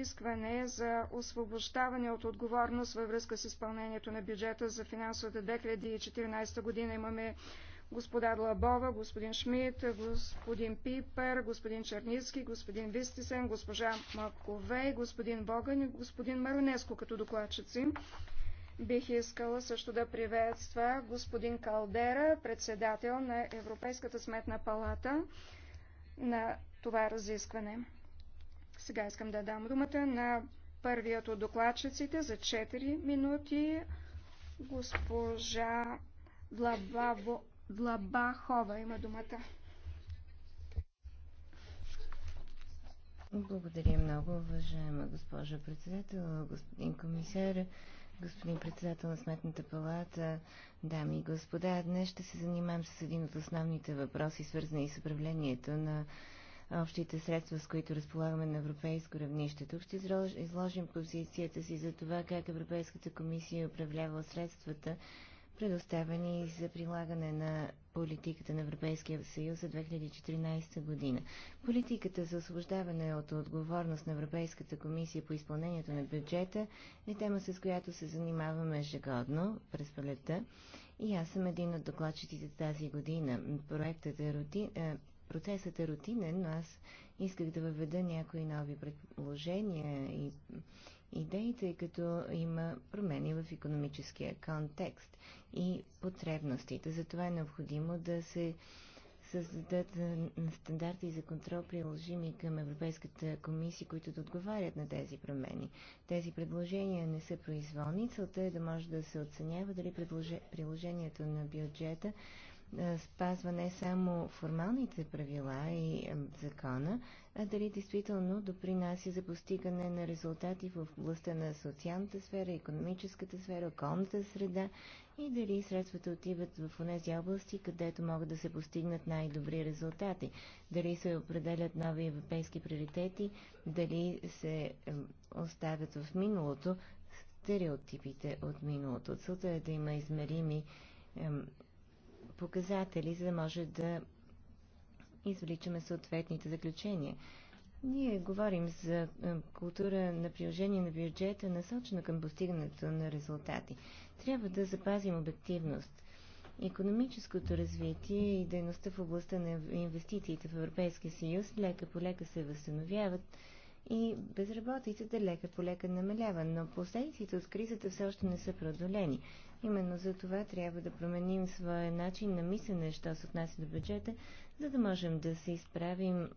Искване за освобождаване от отговорност във връзка с изпълнението на бюджета за финансовата 2014 година. Имаме господа Длабова, господин Шмидт, господин Пипер, господин Черницки, господин Вистисен, госпожа Маковей, господин Боган и господин Маронеско като докладчици. Бих искала също да приветства господин Калдера, председател на Европейската сметна палата на това разискване. Сега искам да дам думата на първият от докладчиците за 4 минути. Госпожа Длабаво... има думата. Благодаря много, уважаема госпожа председател, господин комисар, господин председател на Сметната палата, дами и господа. Днес ще се занимавам с един от основните въпроси, свързани с управлението на общите средства, с които разполагаме на европейско равнище. Тук ще изложим позицията си за това как Европейската комисия е управлява средствата, предоставени за прилагане на политиката на Европейския съюз за 2014 година. Политиката за освобождаване от отговорност на Европейската комисия по изпълнението на бюджета е тема, с която се занимаваме ежегодно през пролетта. И аз съм един от докладчиците тази година. Проектът е, рути, е процесът е рутинен, но аз исках да въведа някои нови предложения и идеи, тъй като има промени в економическия контекст и потребностите. Затова е необходимо да се създадат стандарти за контрол, приложими към Европейската комисия, които да отговарят на тези промени. Тези предложения не са произволни. Целта е да може да се оценява дали приложението на бюджета е, спазва не само формалните правила и е, закона, а дали действително допринася за постигане на резултати в областта на социалната сфера, економическата сфера, околната среда и дали средствата отиват в тези области, където могат да се постигнат най-добри резултати, дали се определят нови европейски приоритети, дали се е, оставят в миналото стереотипите от миналото. Целта е да има измерими показатели, за да може да извличаме съответните заключения. Ние говорим за е, култура на приложение на бюджета, насочена към постигането на резултати. Трябва да запазим обективност. Економическото развитие и дейността в областта на инвестициите в Европейския съюз лека по лека се възстановяват и безработицата лека по лека намалява, но последиците от кризата все още не са преодолени. Именно за това трябва да променим своя начин на мислене, що се отнася до бюджета, за да можем да се изправим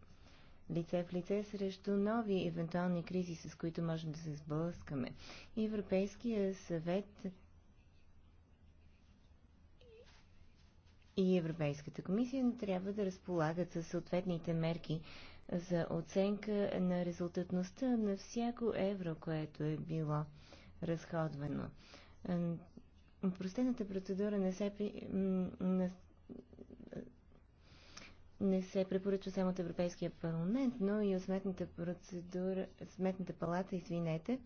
лице в лице срещу нови евентуални кризи, с които можем да се сблъскаме. Европейския съвет и Европейската комисия трябва да разполагат със съответните мерки за оценка на резултатността на всяко евро, което е било разходвано простената процедура не се, не, не се препоръчва само от Европейския парламент, но и от сметната, процедура, сметната палата, извинете,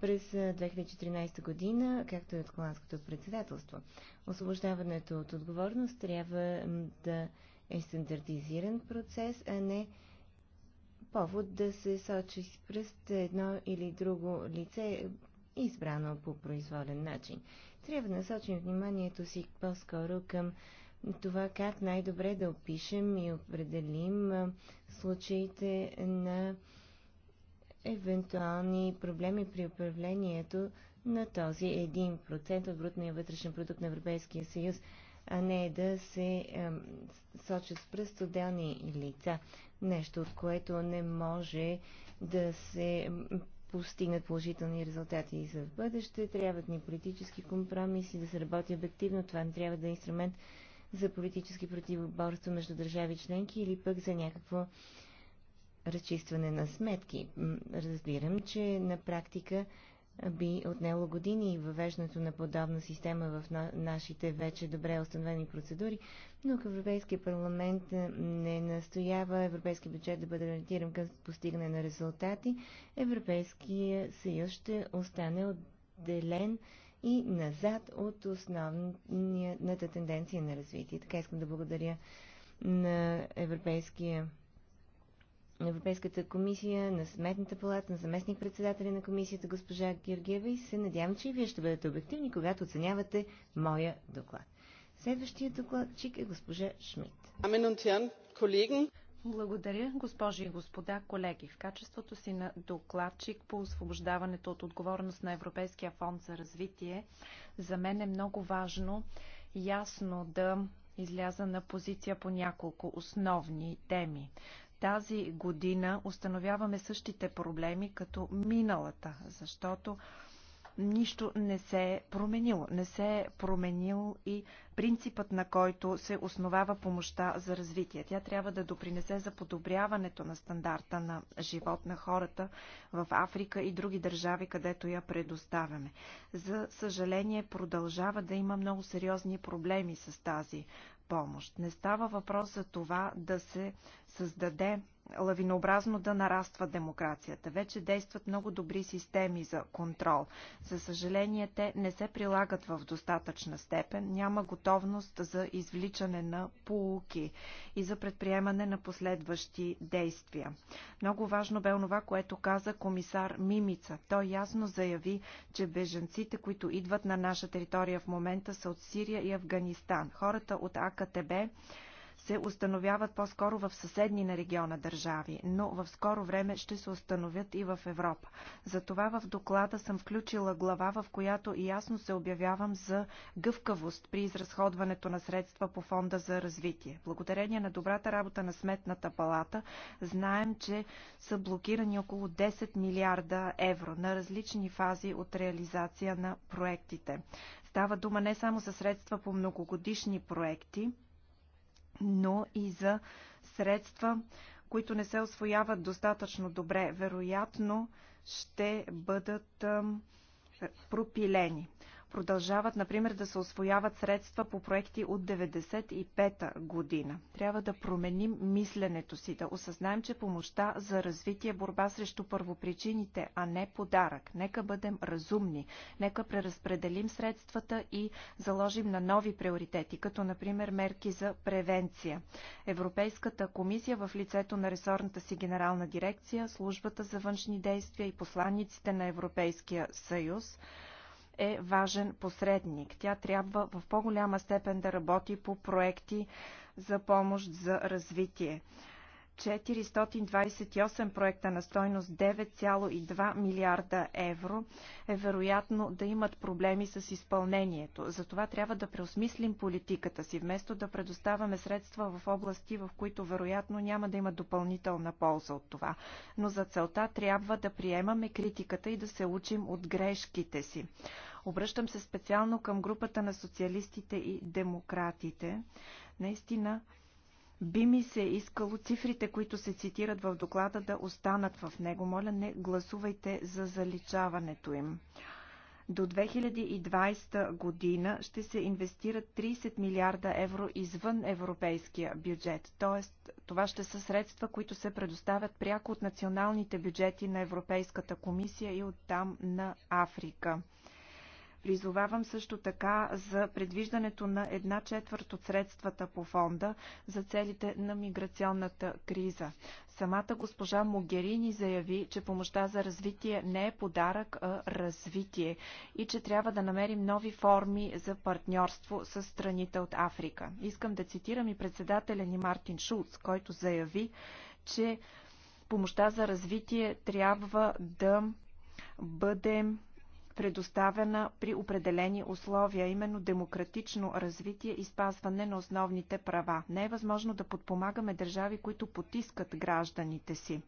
през 2014 година, както и от холандското председателство. Освобождаването от отговорност трябва да е стандартизиран процес, а не повод да се сочи с пръст едно или друго лице, избрано по произволен начин. Трябва да насочим вниманието си по-скоро към това как най-добре да опишем и определим случаите на евентуални проблеми при управлението на този 1% от брутния вътрешен продукт на Европейския съюз, а не да се е, сочат с пръст отделни лица. Нещо, от което не може да се постигнат положителни резултати и за в бъдеще. Трябват ни политически компромиси, да се работи обективно. Това не трябва да е инструмент за политически противоборство между държави членки или пък за някакво разчистване на сметки. Разбирам, че на практика би отнело години и въвеждането на подобна система в нашите вече добре установени процедури, но ако Европейския парламент е, не настоява европейски бюджет да бъде ориентиран към постигане на резултати, Европейския съюз ще остане отделен и назад от основната тенденция на развитие. Така искам да благодаря на Европейския на Европейската комисия, на Сметната палата, на заместник-председателя на комисията госпожа Георгиева и се надявам, че и вие ще бъдете обективни, когато оценявате моя доклад. Следващия докладчик е госпожа Шмидт. Благодаря, госпожи и господа, колеги. В качеството си на докладчик по освобождаването от отговорност на Европейския фонд за развитие, за мен е много важно ясно да изляза на позиция по няколко основни теми тази година установяваме същите проблеми като миналата, защото нищо не се е променило. Не се е променил и принципът, на който се основава помощта за развитие. Тя трябва да допринесе за подобряването на стандарта на живот на хората в Африка и други държави, където я предоставяме. За съжаление, продължава да има много сериозни проблеми с тази помощ. Не става въпрос за това да се създаде лавинообразно да нараства демокрацията. Вече действат много добри системи за контрол. За съжаление, те не се прилагат в достатъчна степен. Няма готовност за извличане на полуки и за предприемане на последващи действия. Много важно бе онова, което каза комисар Мимица. Той ясно заяви, че беженците, които идват на наша територия в момента, са от Сирия и Афганистан. Хората от АКТБ се установяват по-скоро в съседни на региона държави, но в скоро време ще се установят и в Европа. Затова в доклада съм включила глава, в която и ясно се обявявам за гъвкавост при изразходването на средства по фонда за развитие. Благодарение на добрата работа на Сметната палата, знаем, че са блокирани около 10 милиарда евро на различни фази от реализация на проектите. Става дума не само за средства по многогодишни проекти, но и за средства, които не се освояват достатъчно добре. Вероятно ще бъдат пропилени продължават, например, да се освояват средства по проекти от 95-та година. Трябва да променим мисленето си, да осъзнаем, че помощта за развитие борба срещу първопричините, а не подарък. Нека бъдем разумни, нека преразпределим средствата и заложим на нови приоритети, като например мерки за превенция. Европейската комисия в лицето на ресорната си генерална дирекция, службата за външни действия и посланниците на Европейския съюз, е важен посредник. Тя трябва в по-голяма степен да работи по проекти за помощ за развитие. 428 проекта на стойност 9,2 милиарда евро е вероятно да имат проблеми с изпълнението. Затова трябва да преосмислим политиката си, вместо да предоставяме средства в области, в които вероятно няма да има допълнителна полза от това. Но за целта трябва да приемаме критиката и да се учим от грешките си. Обръщам се специално към групата на социалистите и демократите. Наистина, би ми се искало цифрите, които се цитират в доклада, да останат в него. Моля, не гласувайте за заличаването им. До 2020 година ще се инвестират 30 милиарда евро извън европейския бюджет. Тоест, това ще са средства, които се предоставят пряко от националните бюджети на Европейската комисия и оттам на Африка. Призовавам също така за предвиждането на една четвърт от средствата по фонда за целите на миграционната криза. Самата госпожа Могерини заяви, че помощта за развитие не е подарък, а развитие и че трябва да намерим нови форми за партньорство с страните от Африка. Искам да цитирам и председателя ни Мартин Шулц, който заяви, че помощта за развитие трябва да бъде предоставена при определени условия, именно демократично развитие и спазване на основните права. Не е възможно да подпомагаме държави, които потискат гражданите си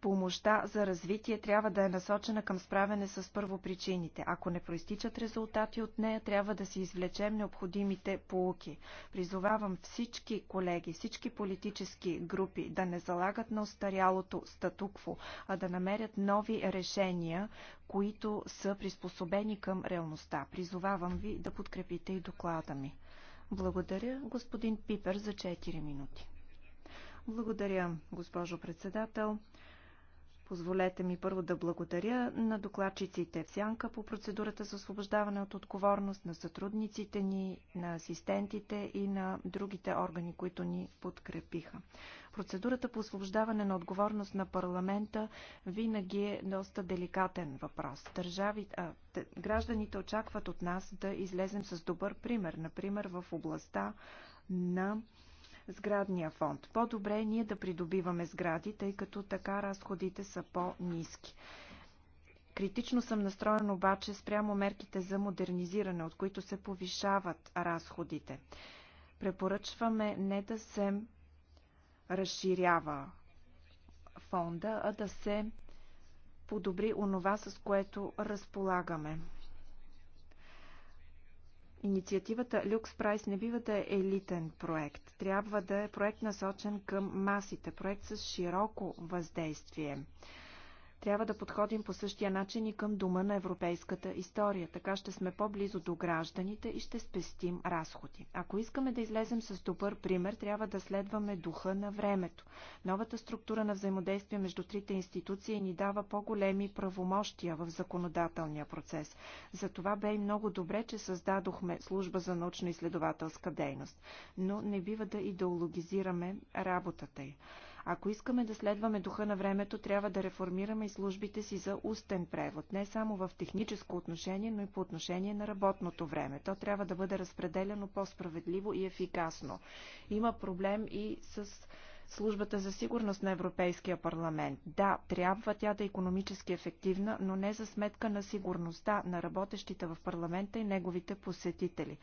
помощта за развитие трябва да е насочена към справяне с първопричините. Ако не проистичат резултати от нея, трябва да си извлечем необходимите полуки. Призовавам всички колеги, всички политически групи да не залагат на остарялото статукво, а да намерят нови решения, които са приспособени към реалността. Призовавам ви да подкрепите и доклада ми. Благодаря, господин Пипер, за 4 минути. Благодаря, госпожо председател. Позволете ми първо да благодаря на докладчиците в Сянка по процедурата за освобождаване от отговорност, на сътрудниците ни, на асистентите и на другите органи, които ни подкрепиха. Процедурата по освобождаване на отговорност на парламента винаги е доста деликатен въпрос. Държави, а, гражданите очакват от нас да излезем с добър пример, например в областта на сградния фонд. По-добре е ние да придобиваме сгради, тъй като така разходите са по-низки. Критично съм настроен обаче спрямо мерките за модернизиране, от които се повишават разходите. Препоръчваме не да се разширява фонда, а да се подобри онова, с което разполагаме. Инициативата Lux Price не бива да е елитен проект. Трябва да е проект насочен към масите, проект с широко въздействие. Трябва да подходим по същия начин и към дума на европейската история. Така ще сме по-близо до гражданите и ще спестим разходи. Ако искаме да излезем с добър пример, трябва да следваме духа на времето. Новата структура на взаимодействие между трите институции ни дава по-големи правомощия в законодателния процес. Затова бе и много добре, че създадохме служба за научно-изследователска дейност. Но не бива да идеологизираме работата й. Ако искаме да следваме духа на времето, трябва да реформираме и службите си за устен превод, не само в техническо отношение, но и по отношение на работното време. То трябва да бъде разпределено по-справедливо и ефикасно. Има проблем и с службата за сигурност на Европейския парламент. Да, трябва тя да е економически ефективна, но не за сметка на сигурността на работещите в парламента и неговите посетители.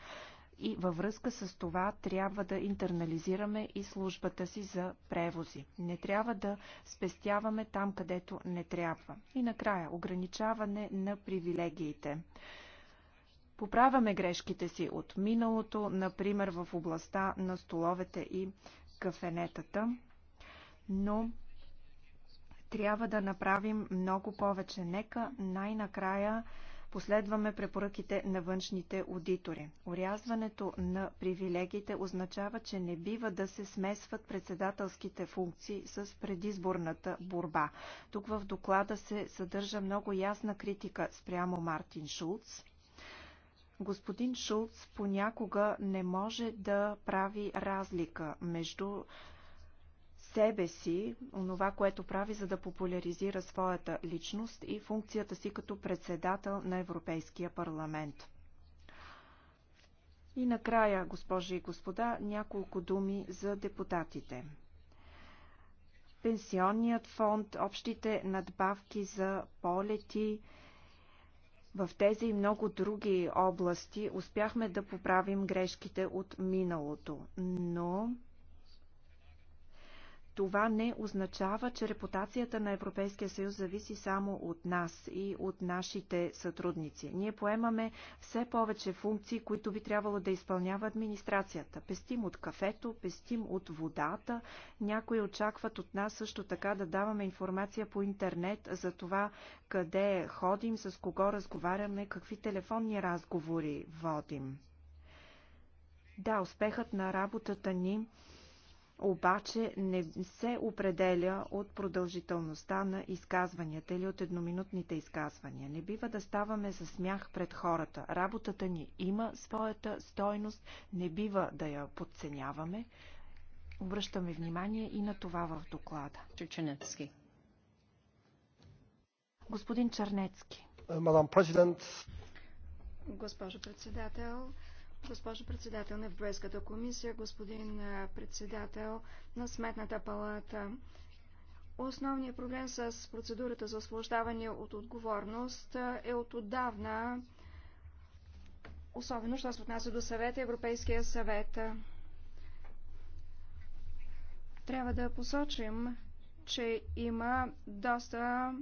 И във връзка с това трябва да интернализираме и службата си за превози. Не трябва да спестяваме там, където не трябва. И накрая, ограничаване на привилегиите. Поправяме грешките си от миналото, например в областта на столовете и кафенетата, но трябва да направим много повече. Нека най-накрая последваме препоръките на външните аудитори. Орязването на привилегиите означава, че не бива да се смесват председателските функции с предизборната борба. Тук в доклада се съдържа много ясна критика спрямо Мартин Шулц. Господин Шулц понякога не може да прави разлика между себе си, онова, което прави, за да популяризира своята личност и функцията си като председател на Европейския парламент. И накрая, госпожи и господа, няколко думи за депутатите. Пенсионният фонд, общите надбавки за полети, в тези и много други области успяхме да поправим грешките от миналото, но това не означава, че репутацията на Европейския съюз зависи само от нас и от нашите сътрудници. Ние поемаме все повече функции, които би трябвало да изпълнява администрацията. Пестим от кафето, пестим от водата. Някои очакват от нас също така да даваме информация по интернет за това къде ходим, с кого разговаряме, какви телефонни разговори водим. Да, успехът на работата ни обаче не се определя от продължителността на изказванията или от едноминутните изказвания. Не бива да ставаме за смях пред хората. Работата ни има своята стойност, не бива да я подценяваме. Обръщаме внимание и на това в доклада. Чеченецки. Господин Чернецки. Мадам президент. Госпожо председател, Госпожо председател на Европейската комисия, господин председател на Сметната палата, основният проблем с процедурата за освобождаване от отговорност е от отдавна, особено що се отнася до съвета, Европейския съвет. Трябва да посочим, че има доста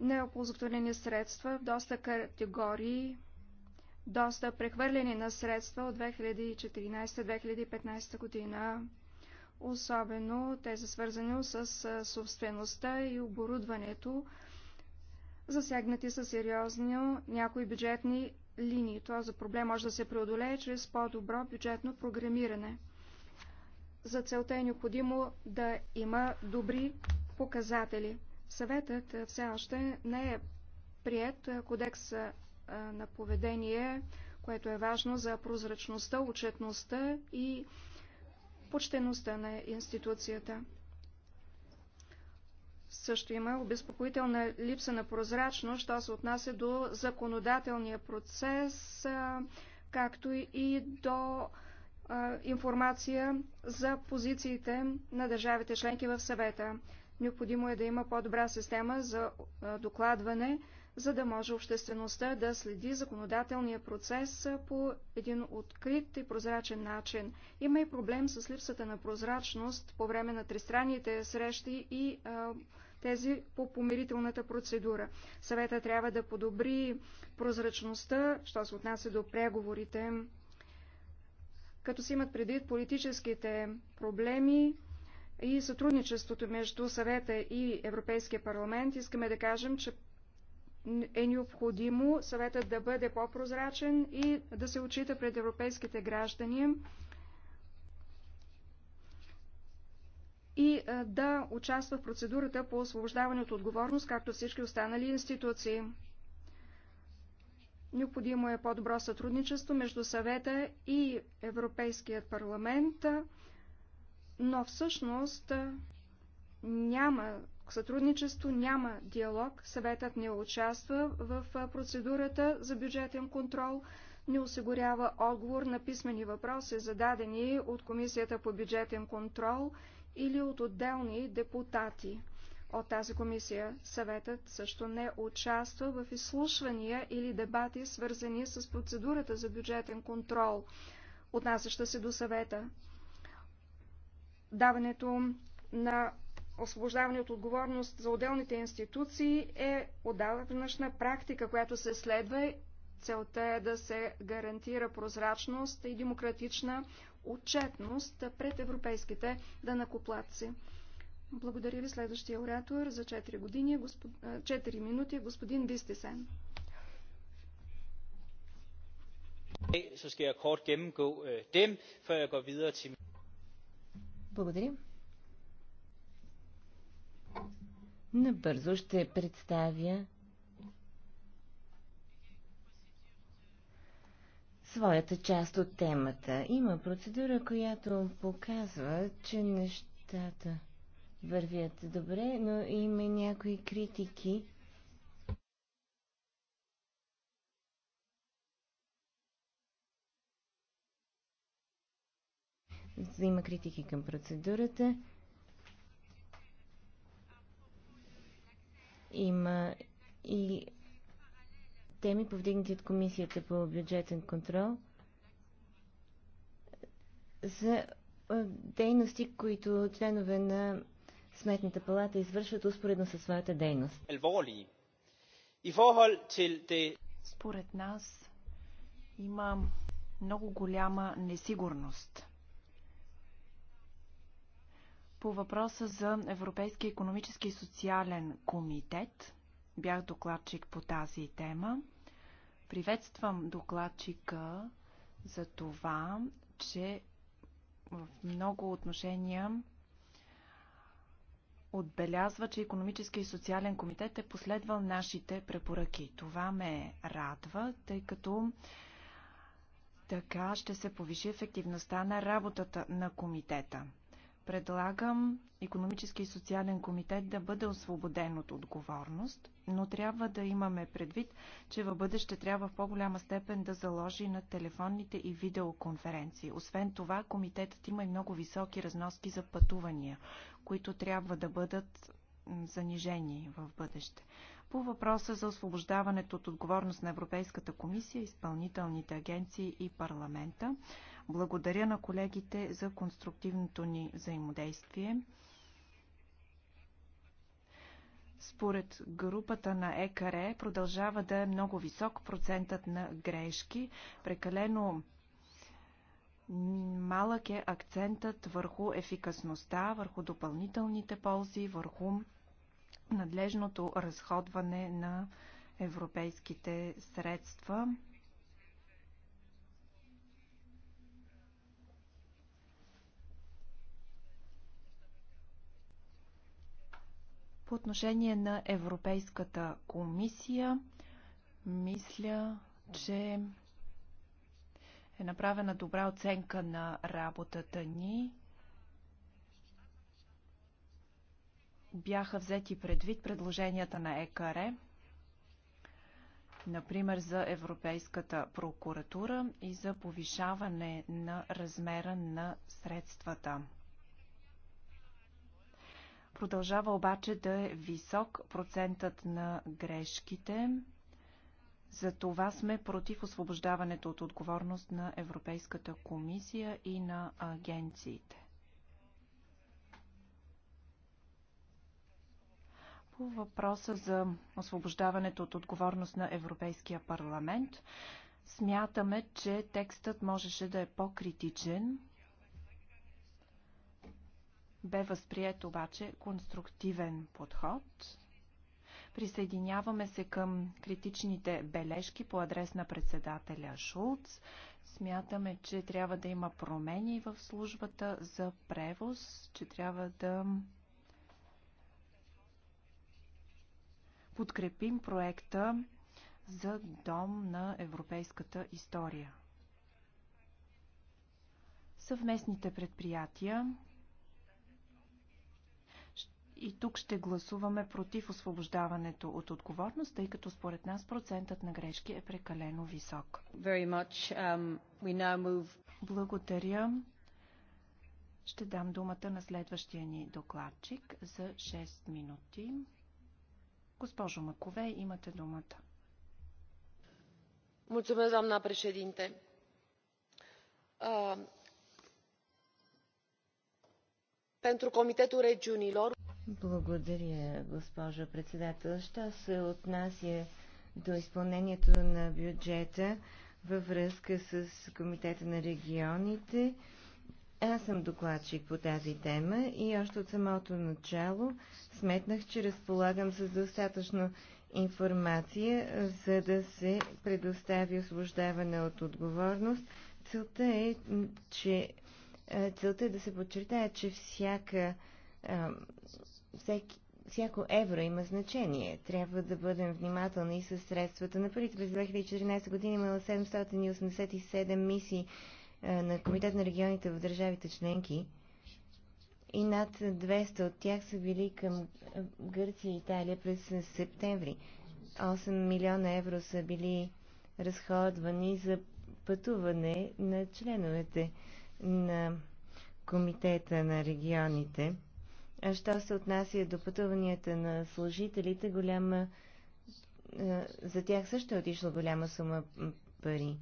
неоползотворени средства, доста категории доста прехвърлени на средства от 2014-2015 година, особено тези свързани с собствеността и оборудването, засегнати са сериозно някои бюджетни линии. Този проблем може да се преодолее чрез по-добро бюджетно програмиране. За целта е необходимо да има добри показатели. Съветът все още не е прият кодекс на поведение, което е важно за прозрачността, отчетността и почтеността на институцията. Също има обезпокоителна липса на прозрачност, що се отнася до законодателния процес, както и до информация за позициите на държавите членки в съвета. Необходимо е да има по-добра система за докладване за да може обществеността да следи законодателния процес по един открит и прозрачен начин. Има и проблем с липсата на прозрачност по време на тристранните срещи и а, тези по помирителната процедура. Съвета трябва да подобри прозрачността, що се отнася до преговорите. Като си имат предвид политическите проблеми, и сътрудничеството между съвета и Европейския парламент, искаме да кажем, че е необходимо съветът да бъде по-прозрачен и да се отчита пред европейските граждани и да участва в процедурата по освобождаване от отговорност, както всички останали институции. Необходимо е по-добро сътрудничество между съвета и Европейският парламент, но всъщност няма сътрудничество, няма диалог, съветът не участва в процедурата за бюджетен контрол, не осигурява отговор на писмени въпроси, зададени от Комисията по бюджетен контрол или от отделни депутати от тази комисия. Съветът също не участва в изслушвания или дебати, свързани с процедурата за бюджетен контрол, отнасяща се до съвета. Даването на освобождаване от отговорност за отделните институции е отдавнашна практика, която се следва. Целта е да се гарантира прозрачност и демократична отчетност пред европейските данакоплатци. Благодаря ви следващия оратор за 4, години, господ... 4 минути, господин Вистисен. Øh, Благодаря. Набързо ще представя своята част от темата. Има процедура, която показва, че нещата вървят добре, но има някои критики. Има критики към процедурата. Има и теми, повдигнати от Комисията по бюджетен контрол, за дейности, които членове на Сметната палата извършват успоредно със своята дейност. Според нас има много голяма несигурност по въпроса за Европейския економически и социален комитет бях докладчик по тази тема. Приветствам докладчика за това, че в много отношения отбелязва, че Економически и социален комитет е последвал нашите препоръки. Това ме радва, тъй като така ще се повиши ефективността на работата на комитета предлагам економически и социален комитет да бъде освободен от отговорност, но трябва да имаме предвид, че в бъдеще трябва в по-голяма степен да заложи на телефонните и видеоконференции. Освен това, комитетът има и много високи разноски за пътувания, които трябва да бъдат занижени в бъдеще. По въпроса за освобождаването от отговорност на Европейската комисия, изпълнителните агенции и парламента, благодаря на колегите за конструктивното ни взаимодействие. Според групата на ЕКРЕ продължава да е много висок процентът на грешки. Прекалено малък е акцентът върху ефикасността, върху допълнителните ползи, върху надлежното разходване на европейските средства. По отношение на Европейската комисия, мисля, че е направена добра оценка на работата ни. Бяха взети предвид предложенията на ЕКР, например за Европейската прокуратура и за повишаване на размера на средствата. Продължава обаче да е висок процентът на грешките. За това сме против освобождаването от отговорност на Европейската комисия и на агенциите. По въпроса за освобождаването от отговорност на Европейския парламент, смятаме, че текстът можеше да е по-критичен бе възприят обаче конструктивен подход. Присъединяваме се към критичните бележки по адрес на председателя Шулц. Смятаме, че трябва да има промени в службата за превоз, че трябва да подкрепим проекта за дом на европейската история. Съвместните предприятия и тук ще гласуваме против освобождаването от отговорност, тъй като според нас процентът на грешки е прекалено висок. Um, move... Благодаря. Ще дам думата на следващия ни докладчик за 6 минути. Госпожо Макове, имате думата. на doamna președinte. Pentru Comitetul Regiunilor, благодаря, госпожо председател. Що се отнася до изпълнението на бюджета във връзка с Комитета на регионите, аз съм докладчик по тази тема и още от самото начало сметнах, че разполагам с достатъчно информация, за да се предостави освобождаване от отговорност. Целта е, че, е, целта е да се подчертая, че всяка всеки, всяко евро има значение. Трябва да бъдем внимателни с средствата. На парите през 2014 година имало 787 мисии на Комитет на регионите в държавите членки и над 200 от тях са били към Гърция и Италия през септември. 8 милиона евро са били разходвани за пътуване на членовете на Комитета на регионите Що се отнася до пътуванията на служителите, голяма, за тях също е отишла голяма сума пари.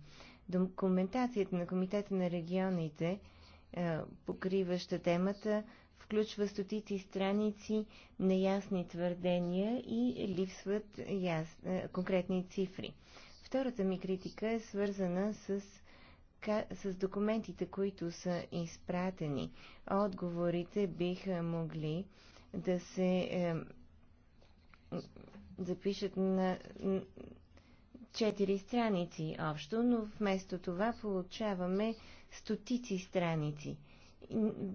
Документацията на Комитета на регионите, покриваща темата, включва стотици страници, неясни твърдения и липсват яс... конкретни цифри. Втората ми критика е свързана с с документите, които са изпратени. Отговорите биха могли да се е, запишат на четири страници общо, но вместо това получаваме стотици страници,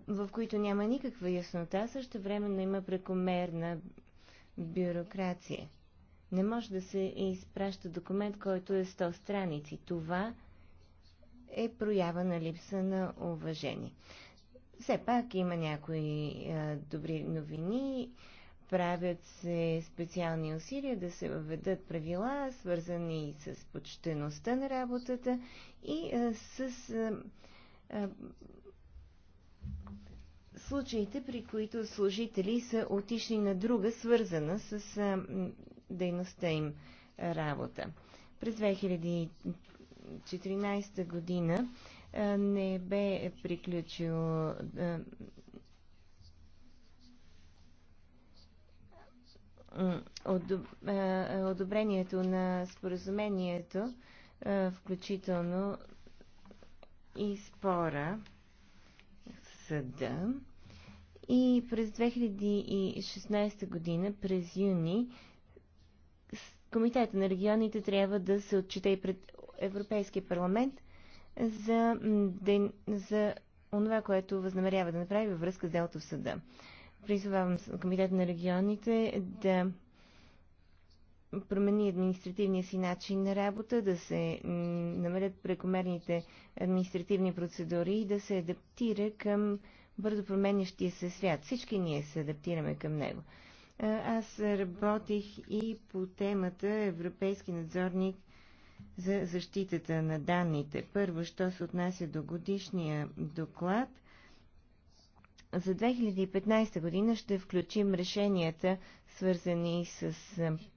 в които няма никаква яснота, също времено има прекомерна бюрокрация. Не може да се изпраща документ, който е 100 страници. Това е проява на липса на уважение. Все пак има някои а, е, добри новини. Правят се специални усилия да се въведат правила, свързани с почтеността на работата и а, е, с а, е, а, случаите, при които служители са отишли на друга, свързана с а, дейността им работа. През 2014 година не бе приключил одобрението на споразумението, включително и спора в съда. И през 2016 година, през юни, Комитета на регионите трябва да се отчете и пред Европейския парламент за, ден, за онова, което възнамерява да направи във връзка с делото в съда. Призовавам Комитета на регионите да промени административния си начин на работа, да се намерят прекомерните административни процедури и да се адаптира към бързо променящия се свят. Всички ние се адаптираме към него. Аз работих и по темата Европейски надзорник за защитата на данните. Първо, що се отнася до годишния доклад, за 2015 година ще включим решенията, свързани с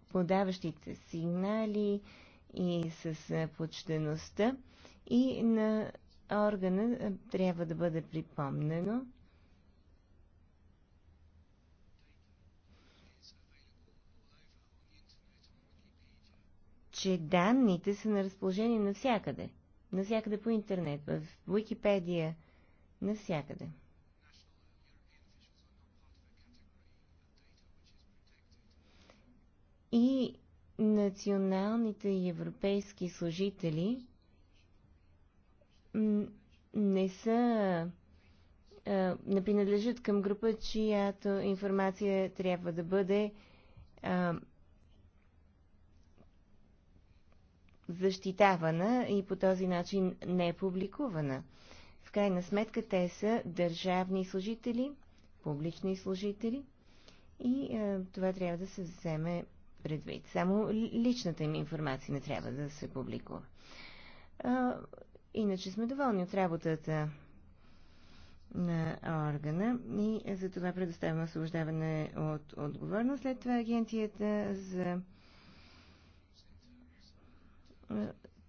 подаващите сигнали и с почтеността и на органа трябва да бъде припомнено, че данните са на разположение навсякъде. Навсякъде по интернет, в Википедия, навсякъде. И националните и европейски служители не са не принадлежат към група, чиято информация трябва да бъде защитавана и по този начин не е публикувана. В крайна сметка те са държавни служители, публични служители и е, това трябва да се вземе предвид. Само личната им информация не трябва да се публикува. Е, иначе сме доволни от работата на органа и за това предоставяме освобождаване от отговорност. След това агенцията за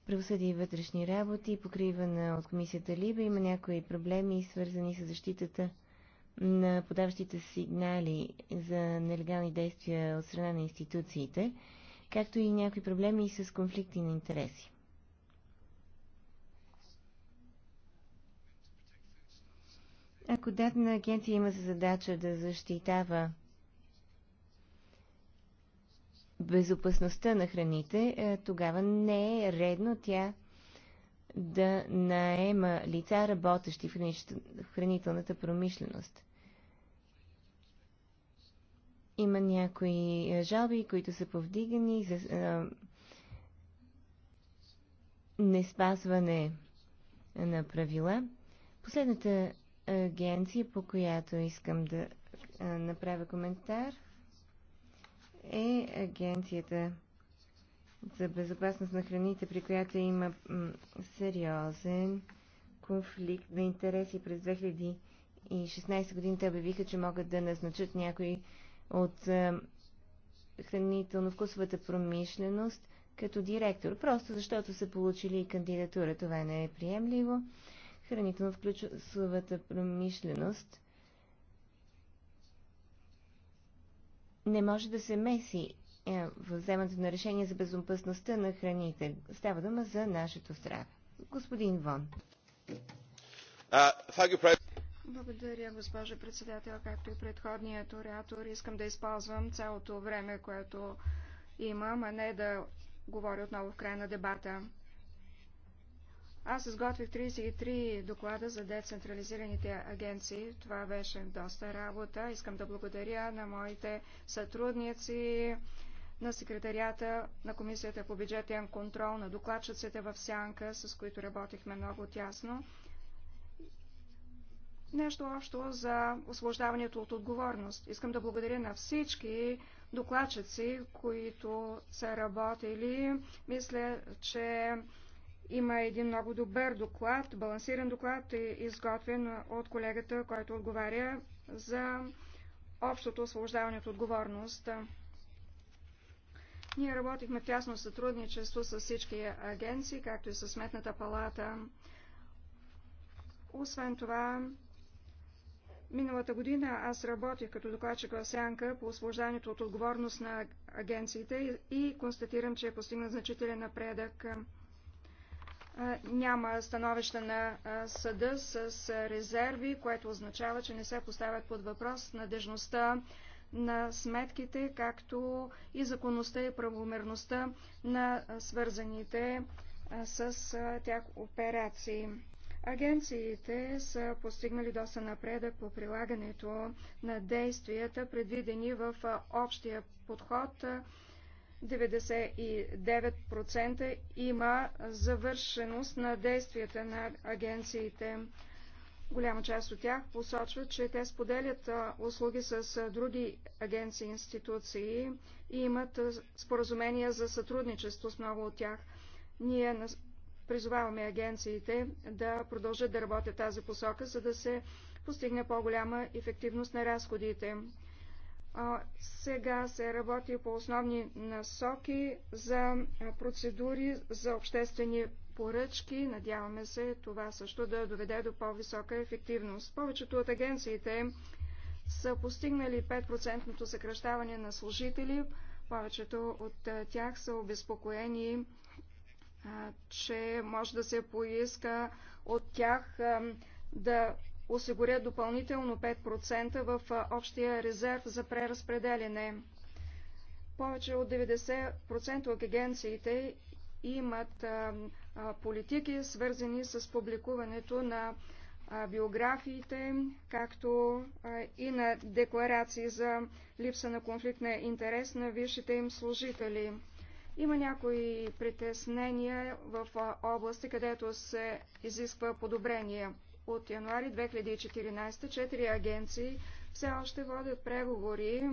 правосъдие и вътрешни работи, покривана от комисията Либа. Има някои проблеми, свързани с защитата на подаващите сигнали за нелегални действия от страна на институциите, както и някои проблеми с конфликти на интереси. Ако дадена агенция има за задача да защитава безопасността на храните, е, тогава не е редно тя да наема лица, работещи в, хранителната промишленост. Има някои е, жалби, които са повдигани за а, е, неспазване на правила. Последната агенция, по която искам да а, направя коментар – е агенцията за безопасност на храните, при която има сериозен конфликт на интереси през 2016 година. Те обявиха, че могат да назначат някои от хранително-вкусовата промишленост като директор, просто защото са получили кандидатура. Това не е приемливо. Хранително-вкусовата промишленост – не може да се меси е, в вземането на решение за безопасността на храните. Става дума за нашето здраве. Господин Вон. благодаря, госпожо председател, както и предходният оратор. Искам да използвам цялото време, което имам, а не да говоря отново в края на дебата. Аз изготвих 33 доклада за децентрализираните агенции. Това беше доста работа. Искам да благодаря на моите сътрудници, на секретарията на Комисията по бюджетен контрол, на докладчиците в Сянка, с които работихме много тясно. Нещо общо за освобождаването от отговорност. Искам да благодаря на всички докладчици, които са работили. Мисля, че има един много добър доклад, балансиран доклад, е изготвен от колегата, който отговаря за общото освобождаване от отговорност. Ние работихме в тясно сътрудничество с всички агенции, както и с Сметната палата. Освен това, миналата година аз работих като докладчик в Сянка по освобождаването от отговорност на агенциите и констатирам, че е постигнат значителен напредък няма становище на съда с резерви, което означава, че не се поставят под въпрос надежността на сметките, както и законността и правомерността на свързаните с тях операции. Агенциите са постигнали доста напредък по прилагането на действията, предвидени в общия подход 99% има завършеност на действията на агенциите. Голяма част от тях посочват, че те споделят услуги с други агенции и институции и имат споразумения за сътрудничество с много от тях. Ние призоваваме агенциите да продължат да работят тази посока, за да се постигне по-голяма ефективност на разходите. Сега се работи по основни насоки за процедури за обществени поръчки. Надяваме се това също да доведе до по-висока ефективност. Повечето от агенциите са постигнали 5% съкръщаване на служители. Повечето от тях са обезпокоени, че може да се поиска от тях да осигуря допълнително 5% в общия резерв за преразпределене. Повече от 90% от агенциите имат политики, свързани с публикуването на биографиите, както и на декларации за липса на конфликт на интерес на висшите им служители. Има някои притеснения в области, където се изисква подобрение от януари 2014 четири агенции все още водят преговори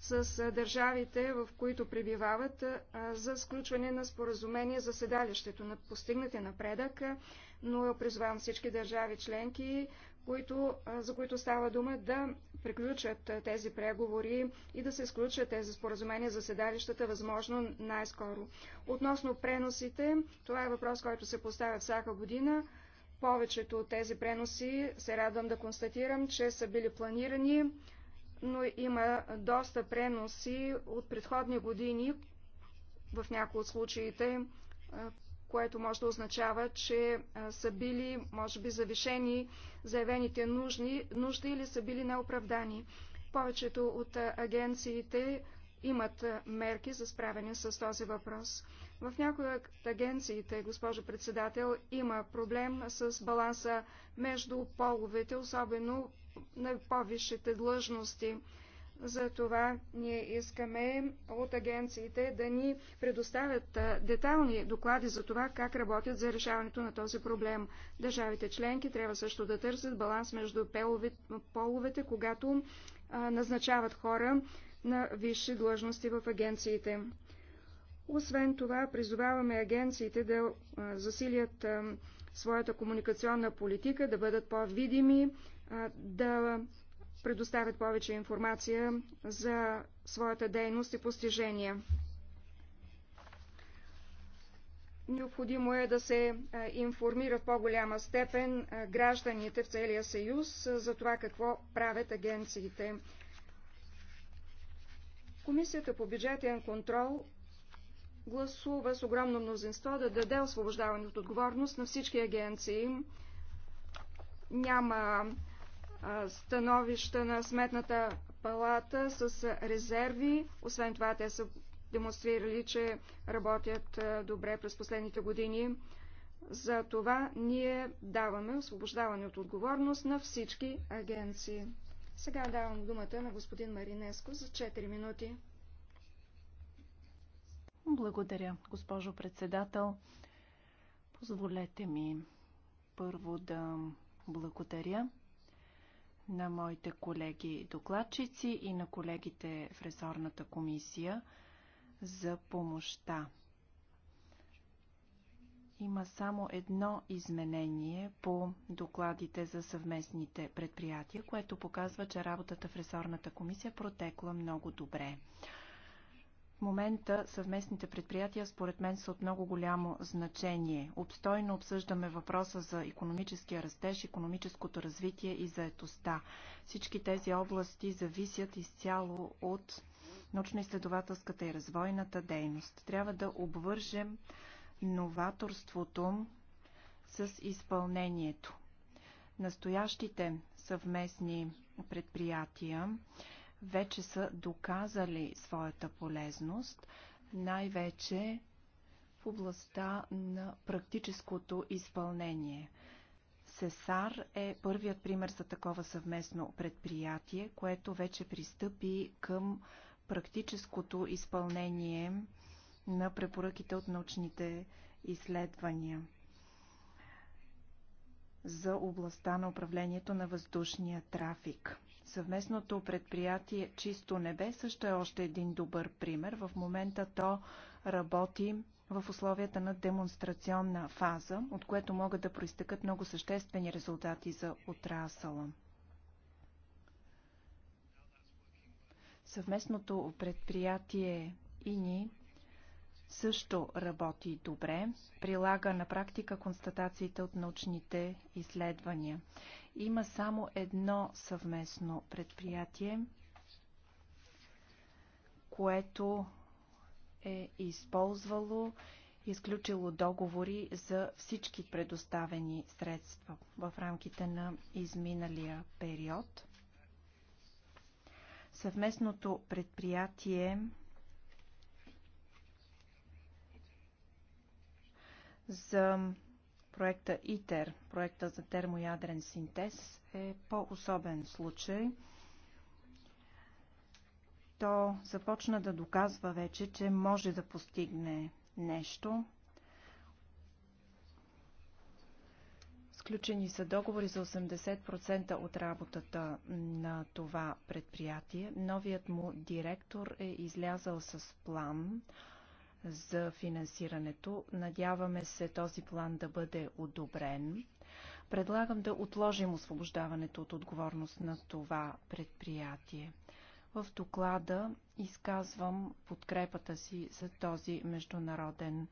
с държавите, в които пребивават, за сключване на споразумение за седалището на постигнати е напредък, но призвавам всички държави членки, които, за които става дума да приключат тези преговори и да се сключат тези споразумения за седалищата възможно най-скоро. Относно преносите, това е въпрос, който се поставя всяка година. Повечето от тези преноси се радвам да констатирам, че са били планирани, но има доста преноси от предходни години, в някои от случаите, което може да означава, че са били, може би, завишени заявените нужни, нужди или са били неоправдани. Повечето от агенциите имат мерки за справяне с този въпрос. В някои от агенциите, госпожо председател, има проблем с баланса между половете, особено на по-висшите длъжности. Затова ние искаме от агенциите да ни предоставят детални доклади за това как работят за решаването на този проблем. Държавите членки трябва също да търсят баланс между половете, когато назначават хора на висши длъжности в агенциите. Освен това, призоваваме агенциите да засилят своята комуникационна политика, да бъдат по-видими, да предоставят повече информация за своята дейност и постижения. Необходимо е да се информира в по-голяма степен гражданите в целия съюз за това какво правят агенциите. Комисията по бюджетен контрол гласува с огромно мнозинство да даде освобождаване от отговорност на всички агенции. Няма становища на Сметната палата с резерви. Освен това, те са демонстрирали, че работят добре през последните години. За това ние даваме освобождаване от отговорност на всички агенции. Сега давам думата на господин Маринеско за 4 минути. Благодаря, госпожо председател. Позволете ми първо да благодаря на моите колеги докладчици и на колегите в ресорната комисия за помощта. Има само едно изменение по докладите за съвместните предприятия, което показва, че работата в ресорната комисия протекла много добре. В момента съвместните предприятия според мен са от много голямо значение. Обстойно обсъждаме въпроса за економическия растеж, економическото развитие и заетостта. Всички тези области зависят изцяло от научно-изследователската и развойната дейност. Трябва да обвържем новаторството с изпълнението. Настоящите съвместни предприятия вече са доказали своята полезност, най-вече в областта на практическото изпълнение. Сесар е първият пример за такова съвместно предприятие, което вече пристъпи към практическото изпълнение на препоръките от научните изследвания за областта на управлението на въздушния трафик. Съвместното предприятие Чисто небе също е още един добър пример. В момента то работи в условията на демонстрационна фаза, от което могат да проистъкат много съществени резултати за отрасъла. Съвместното предприятие ИНИ също работи добре, прилага на практика констатациите от научните изследвания. Има само едно съвместно предприятие, което е използвало изключило договори за всички предоставени средства в рамките на изминалия период. Съвместното предприятие за проекта ИТЕР, проекта за термоядрен синтез, е по-особен случай. То започна да доказва вече, че може да постигне нещо. Сключени са договори за 80% от работата на това предприятие. Новият му директор е излязал с план – за финансирането. Надяваме се този план да бъде одобрен. Предлагам да отложим освобождаването от отговорност на това предприятие. В доклада изказвам подкрепата си за този международен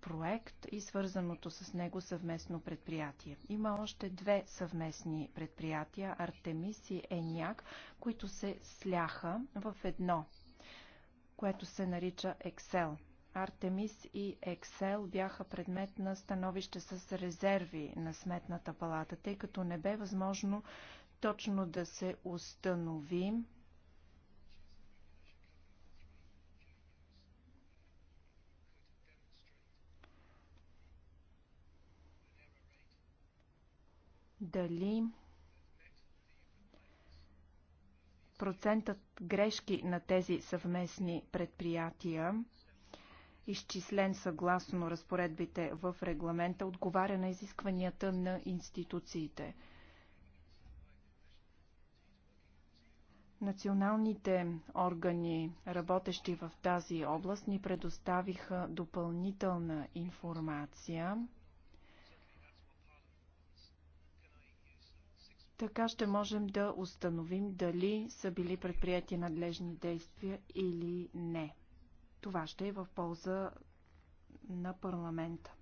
проект и свързаното с него съвместно предприятие. Има още две съвместни предприятия, Артемис и Еняк, които се сляха в едно, което се нарича Excel. Артемис и Ексел бяха предмет на становище с резерви на Сметната палата, тъй като не бе възможно точно да се установи дали процентът грешки на тези съвместни предприятия изчислен съгласно разпоредбите в регламента, отговаря на изискванията на институциите. Националните органи, работещи в тази област, ни предоставиха допълнителна информация. Така ще можем да установим дали са били предприяти надлежни действия или не. Това ще е в полза на парламента.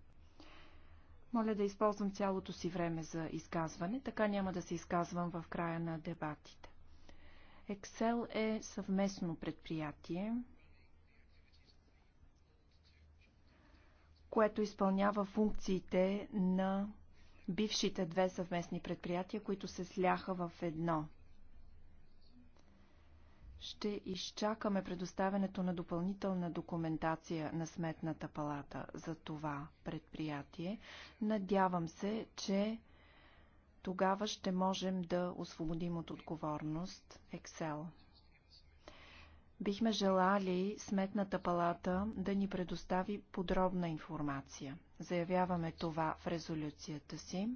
Моля да използвам цялото си време за изказване, така няма да се изказвам в края на дебатите. Excel е съвместно предприятие, което изпълнява функциите на бившите две съвместни предприятия, които се сляха в едно – ще изчакаме предоставянето на допълнителна документация на Сметната палата за това предприятие. Надявам се, че тогава ще можем да освободим от отговорност Excel. Бихме желали Сметната палата да ни предостави подробна информация. Заявяваме това в резолюцията си.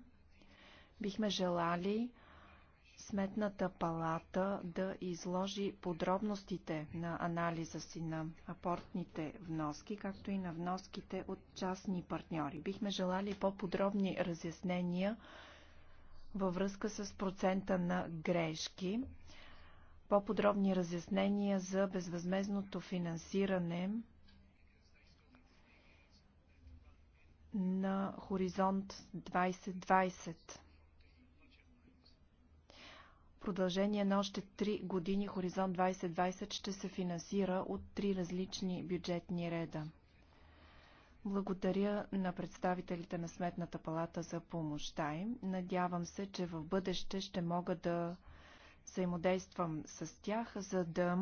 Бихме желали Сметната палата да изложи подробностите на анализа си на апортните вноски, както и на вноските от частни партньори. Бихме желали по-подробни разяснения във връзка с процента на грешки, по-подробни разяснения за безвъзмезното финансиране на Хоризонт 2020 продължение на още 3 години Хоризонт 2020 ще се финансира от три различни бюджетни реда. Благодаря на представителите на Сметната палата за помощта им. Надявам се, че в бъдеще ще мога да взаимодействам с тях, за да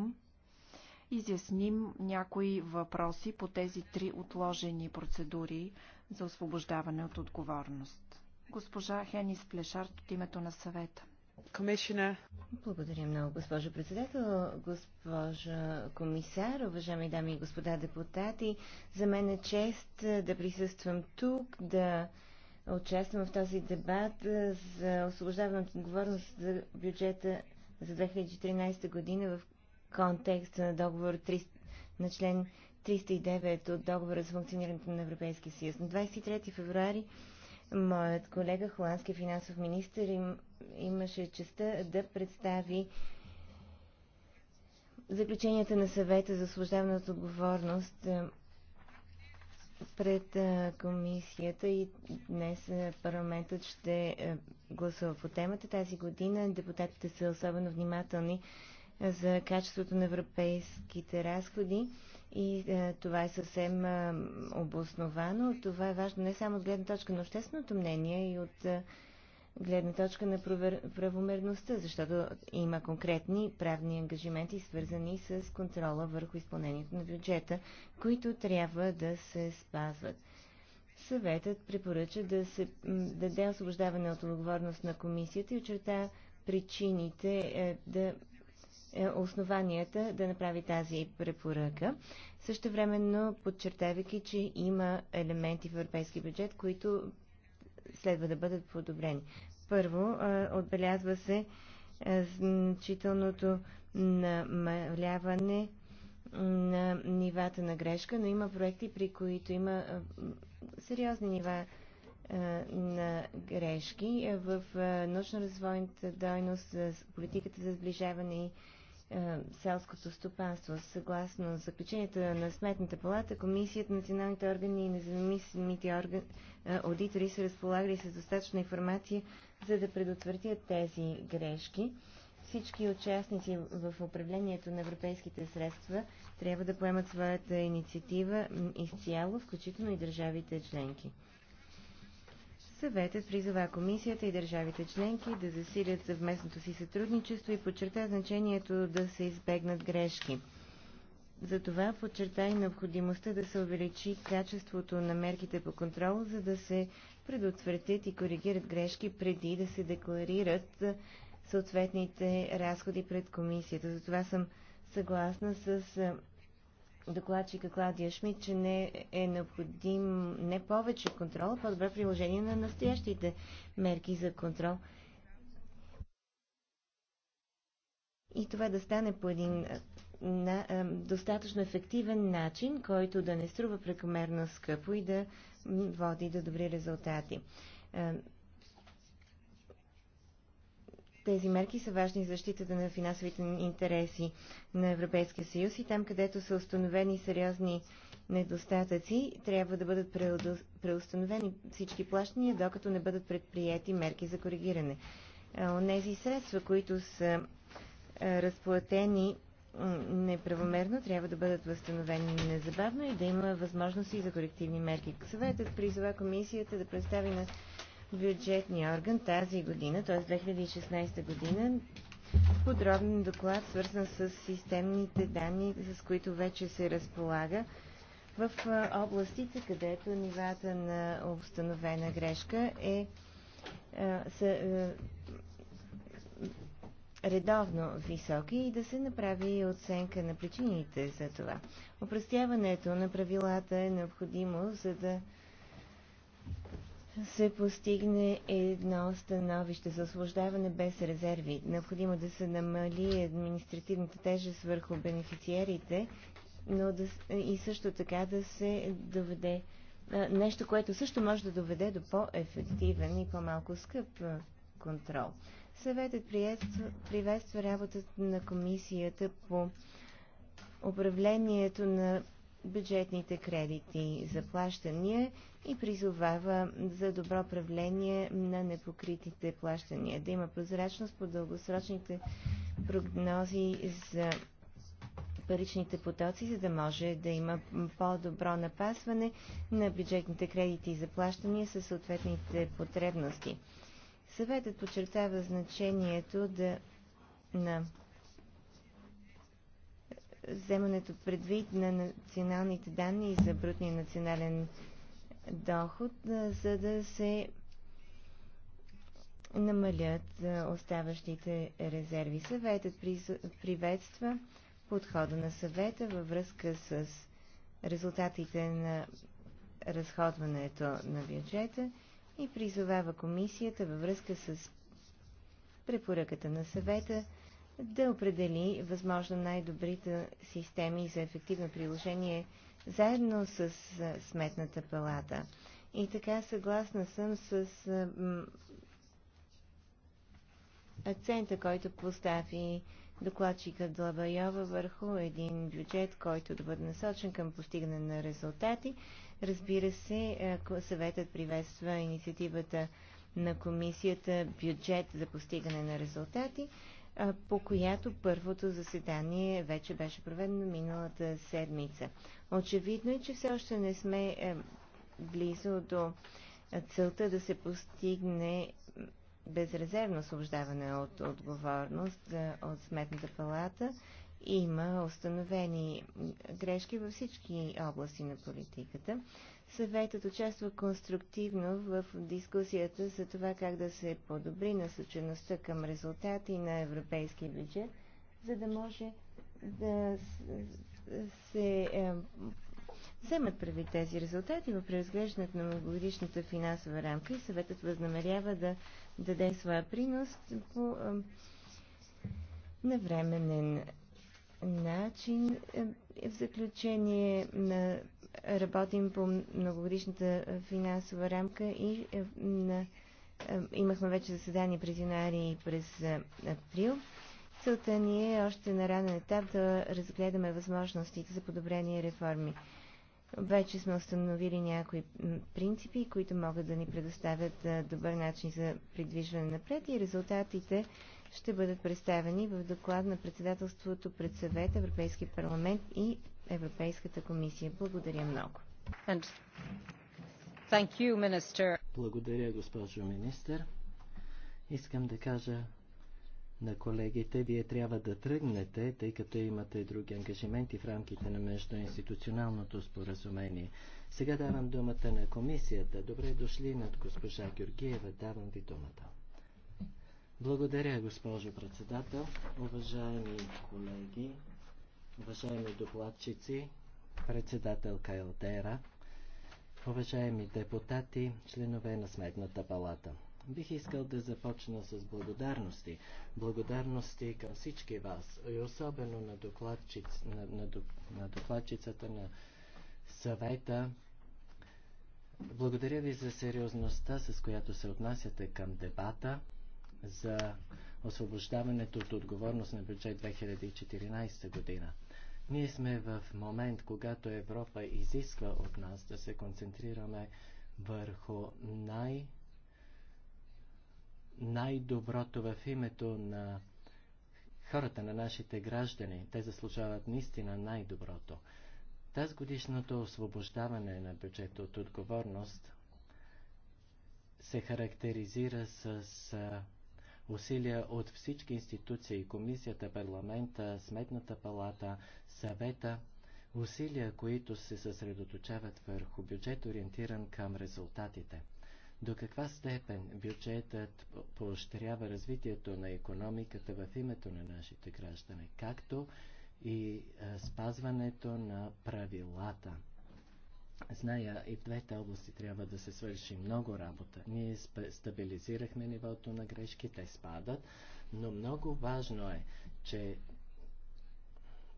изясним някои въпроси по тези три отложени процедури за освобождаване от отговорност. Госпожа Хенис Плешарт от името на съвета. Commissioner. Благодаря много, госпожо председател, госпожа комисар, уважаеми дами и господа депутати. За мен е чест е, да присъствам тук, да участвам в този дебат е, за освобождаване от отговорност за бюджета за 2013 година в контекста на договор 3, на член 309 от договора за функционирането на Европейския съюз. На 23 февруари Моят колега, холандски финансов министр, им, имаше честа да представи заключенията на съвета за служебна отговорност е, пред е, комисията и днес е, парламентът ще гласува по темата. Тази година депутатите са особено внимателни за качеството на европейските разходи. И е, това е съвсем е, обосновано. Това е важно не само от гледна точка на общественото мнение и от е, гледна точка на провер... правомерността, защото има конкретни правни ангажименти, свързани с контрола върху изпълнението на бюджета, които трябва да се спазват. Съветът препоръча да се даде освобождаване от отговорност на комисията и очерта причините е, да е, основанията да направи тази препоръка. Също времено подчертавайки, че има елементи в европейски бюджет, които следва да бъдат подобрени. Първо, е, отбелязва се е, значителното намаляване на нивата на грешка, но има проекти, при които има сериозни нива на грешки в научно-развойната дойност, политиката за сближаване и е, селското стопанство. Съгласно заключенията на Сметната палата, Комисията, националните органи и независимите органи, е, аудитори са разполагали с достатъчна информация, за да предотвратят тези грешки. Всички участници в управлението на европейските средства трябва да поемат своята инициатива изцяло, включително и държавите членки. Съветът призова комисията и държавите членки да засилят съвместното си сътрудничество и подчерта значението да се избегнат грешки. Затова подчерта и необходимостта да се увеличи качеството на мерките по контрол, за да се предотвратят и коригират грешки преди да се декларират съответните разходи пред комисията. Затова съм съгласна с докладчика Кладия Шмидт, че не е необходим не повече контрол, а по-добре приложение на настоящите мерки за контрол. И това да стане по един на, достатъчно ефективен начин, който да не струва прекомерно скъпо и да води до добри резултати. Тези мерки са важни за защитата на финансовите интереси на Европейския съюз и там, където са установени сериозни недостатъци, трябва да бъдат преустановени всички плащания, докато не бъдат предприяти мерки за коригиране. Онези средства, които са разплатени неправомерно, трябва да бъдат възстановени незабавно и да има възможности за корективни мерки. Съветът призова комисията да представи на бюджетния орган тази година, т.е. 2016 година, подробен доклад, свързан с системните данни, с които вече се разполага в областите, където нивата на обстановена грешка е, е, са, е редовно високи и да се направи оценка на причините за това. Опростяването на правилата е необходимо, за да се постигне едно становище за освобождаване без резерви. Необходимо да се намали административната тежест върху бенефициерите, но да, и също така да се доведе нещо, което също може да доведе до по-ефективен и по-малко скъп контрол. Съветът приветства, приветства работата на комисията по управлението на бюджетните кредити за плащания и призовава за добро правление на непокритите плащания, да има прозрачност по дългосрочните прогнози за паричните потоци, за да може да има по-добро напасване на бюджетните кредити и заплащания със съответните потребности. Съветът подчертава значението да, на вземането предвид на националните данни за брутния национален доход, за да се намалят оставащите резерви. Съветът приветства подхода на съвета във връзка с резултатите на разходването на бюджета и призовава комисията във връзка с препоръката на съвета да определи възможно най-добрите системи за ефективно приложение заедно с Сметната палата. И така съгласна съм с акцента, който постави докладчика Длабайова върху един бюджет, който да бъде насочен към постигане на резултати. Разбира се, ако съветът приветства инициативата на комисията бюджет за постигане на резултати, по която първото заседание вече беше проведено миналата седмица. Очевидно е, че все още не сме е, близо до е, целта да се постигне безрезервно освобождаване от отговорност е, от Сметната палата. Има установени грешки във всички области на политиката. Съветът участва конструктивно в дискусията за това как да се подобри насочеността към резултати на европейския бюджет, за да може да се вземат прави тези резултати в преразглеждането на многогодишната финансова рамка и съветът възнамерява да даде своя принос по навременен начин. Е, в заключение на работим по многогодишната финансова рамка и е, на, е, имахме вече заседание през януари и през е, април. Целта ни е още на ранен етап да разгледаме възможностите за подобрение реформи. Вече сме установили някои принципи, които могат да ни предоставят добър начин за придвижване напред и резултатите ще бъдат представени в доклад на председателството пред съвет, Европейски парламент и Европейската комисия. Благодаря много. Thank you, minister. Благодаря, госпожо министър. Искам да кажа на колегите, вие трябва да тръгнете, тъй като имате други ангажименти в рамките на междуинституционалното споразумение. Сега давам думата на комисията. Добре дошли над госпожа Георгиева. Давам ви думата. Благодаря, госпожо председател. Уважаеми колеги, уважаеми докладчици, председател Кайлдера, уважаеми депутати, членове на Сметната палата. Бих искал да започна с благодарности. Благодарности към всички вас и особено на, докладчиц, на, на, на докладчицата на съвета. Благодаря ви за сериозността, с която се отнасяте към дебата за освобождаването от отговорност на бюджет 2014 година. Ние сме в момент, когато Европа изисква от нас да се концентрираме върху най- най-доброто в името на хората, на нашите граждани. Те заслужават наистина най-доброто. Таз годишното освобождаване на бюджета от отговорност се характеризира с усилия от всички институции, комисията, парламента, сметната палата, съвета, усилия, които се съсредоточават върху бюджет, ориентиран към резултатите. До каква степен бюджетът поощрява развитието на економиката в името на нашите граждани, както и спазването на правилата? Зная, и в двете области трябва да се свърши много работа. Ние стабилизирахме нивото на грешки, те спадат, но много важно е, че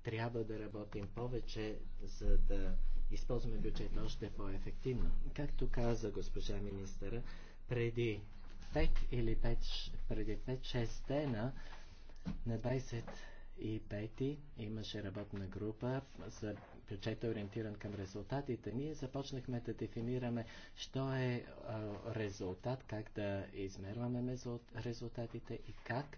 трябва да работим повече, за да използваме бюджета още по-ефективно. Както каза госпожа министъра, преди 5 или 5, преди 5-6 дена на 25 имаше работна група за бюджета, е ориентиран към резултатите, ние започнахме да дефинираме, що е резултат, как да измерваме резултатите и как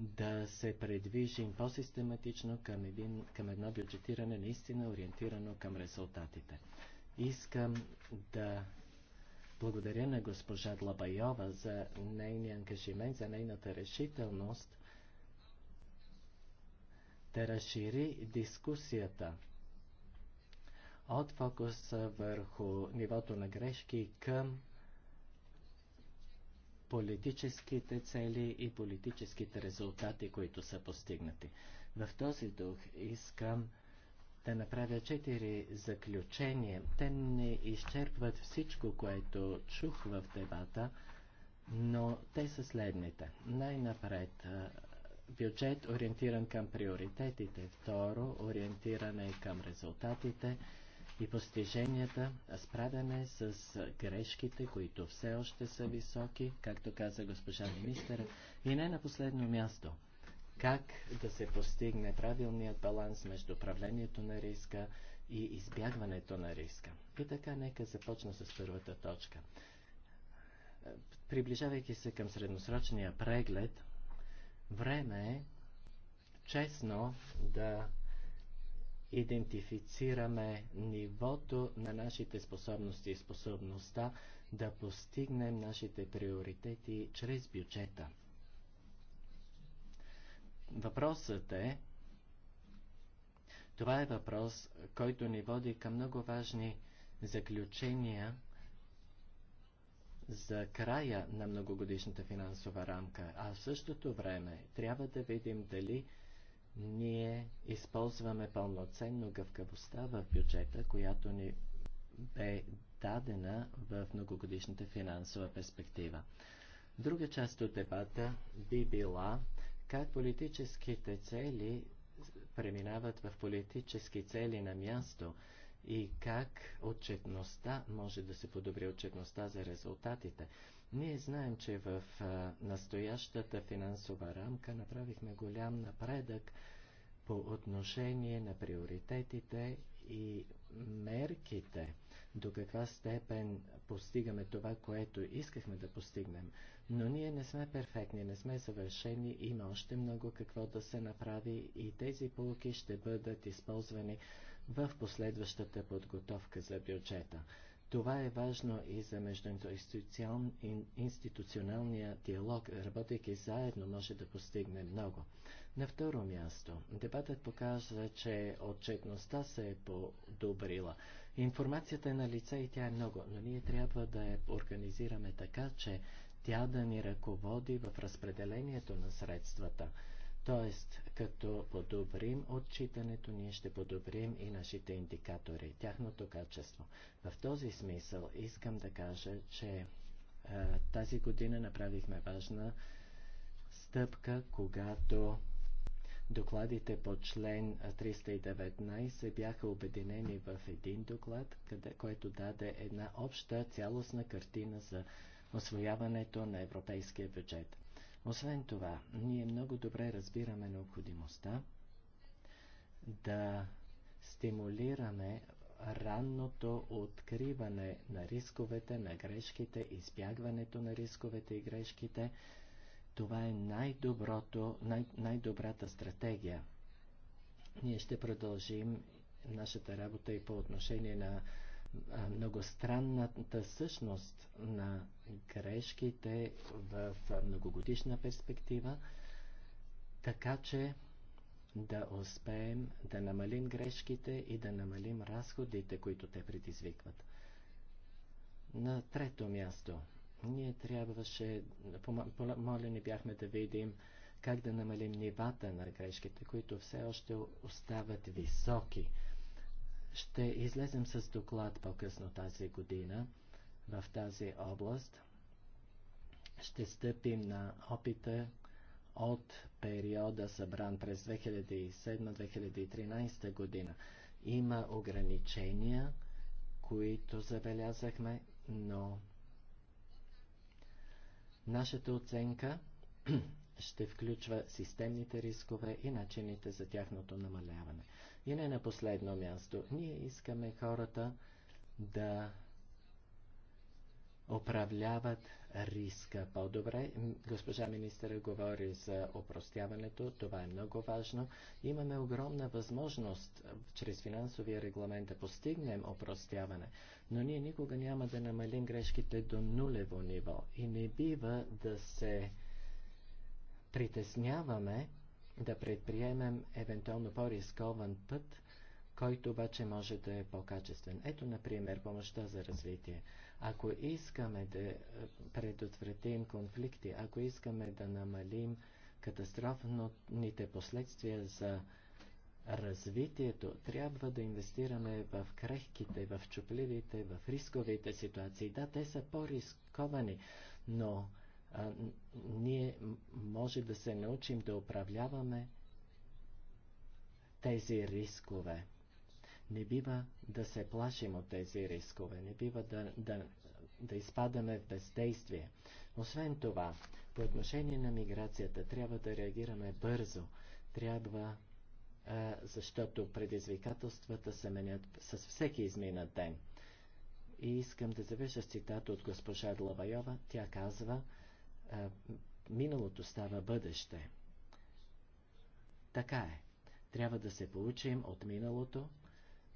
да се предвижим по-систематично към, един, към едно бюджетиране, наистина ориентирано към резултатите. Искам да благодаря на госпожа Длабайова за нейния ангажимент, за нейната решителност да разшири дискусията от фокуса върху нивото на грешки към политическите цели и политическите резултати, които са постигнати. В този дух искам да направя четири заключения. Те не изчерпват всичко, което чух в дебата, но те са следните. Най-напред бюджет ориентиран към приоритетите, второ ориентиране към резултатите, и постиженията, справяме с грешките, които все още са високи, както каза госпожа министър, и не на последно място. Как да се постигне правилният баланс между управлението на риска и избягването на риска. И така, нека започна с първата точка. Приближавайки се към средносрочния преглед, време е честно да идентифицираме нивото на нашите способности и способността да постигнем нашите приоритети чрез бюджета. Въпросът е, това е въпрос, който ни води към много важни заключения за края на многогодишната финансова рамка, а в същото време трябва да видим дали ние използваме пълноценно гъвкавостта в бюджета, която ни бе дадена в многогодишната финансова перспектива. Друга част от дебата би била как политическите цели преминават в политически цели на място и как отчетността може да се подобри отчетността за резултатите. Ние знаем, че в настоящата финансова рамка направихме голям напредък по отношение на приоритетите и мерките, до каква степен постигаме това, което искахме да постигнем. Но ние не сме перфектни, не сме съвършени, има още много какво да се направи и тези полки ще бъдат използвани в последващата подготовка за бюджета. Това е важно и за междуинституционалния диалог. Работейки заедно може да постигне много. На второ място, дебатът показва, че отчетността се е подобрила. Информацията е на лице и тя е много, но ние трябва да я организираме така, че тя да ни ръководи в разпределението на средствата. Тоест, като подобрим отчитането, ние ще подобрим и нашите индикатори, тяхното качество. В този смисъл искам да кажа, че а, тази година направихме важна стъпка, когато докладите по член 319 бяха обединени в един доклад, къде, който даде една обща цялостна картина за освояването на европейския бюджет. Освен това, ние много добре разбираме необходимостта да стимулираме ранното откриване на рисковете, на грешките, избягването на рисковете и грешките. Това е най-доброто, най- доброто най добрата най стратегия. Ние ще продължим нашата работа и по отношение на многостранната същност на грешките в многогодишна перспектива, така че да успеем да намалим грешките и да намалим разходите, които те предизвикват. На трето място, ние трябваше, помолени бяхме да видим как да намалим нивата на грешките, които все още остават високи – ще излезем с доклад по-късно тази година в тази област. Ще стъпим на опита от периода събран през 2007-2013 година. Има ограничения, които забелязахме, но нашата оценка ще включва системните рискове и начините за тяхното намаляване. И не на последно място, ние искаме хората да управляват риска по-добре. Госпожа министър, говори за опростяването, това е много важно. Имаме огромна възможност чрез финансовия регламент да постигнем опростяване, но ние никога няма да намалим грешките до нулево ниво и не бива да се притесняваме да предприемем евентуално по-рискован път, който обаче може да е по-качествен. Ето, например, помощта за развитие. Ако искаме да предотвратим конфликти, ако искаме да намалим катастрофните последствия за развитието, трябва да инвестираме в крехките, в чупливите, в рисковите ситуации. Да, те са по-рисковани, но а, ние може да се научим да управляваме тези рискове. Не бива да се плашим от тези рискове, не бива да, да, да изпадаме в бездействие. Освен това, по отношение на миграцията трябва да реагираме бързо. Трябва, а, защото предизвикателствата се менят с всеки изминат ден. И искам да завърша цитата цитат от госпожа Длавайова. Тя казва, миналото става бъдеще. Така е. Трябва да се получим от миналото,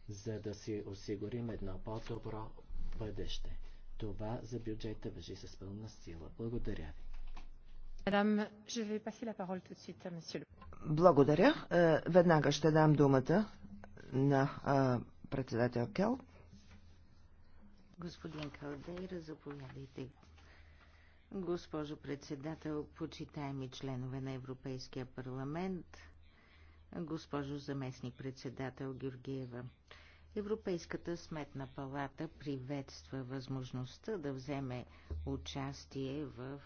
за да си осигурим едно по-добро бъдеще. Това за бюджета въжи с пълна сила. Благодаря ви. Благодаря. Е, веднага ще дам думата на председател Кел. Господин Калдейра, заповядайте. Госпожо председател, почитаеми членове на Европейския парламент, госпожо заместник председател Георгиева. Европейската сметна палата приветства възможността да вземе участие в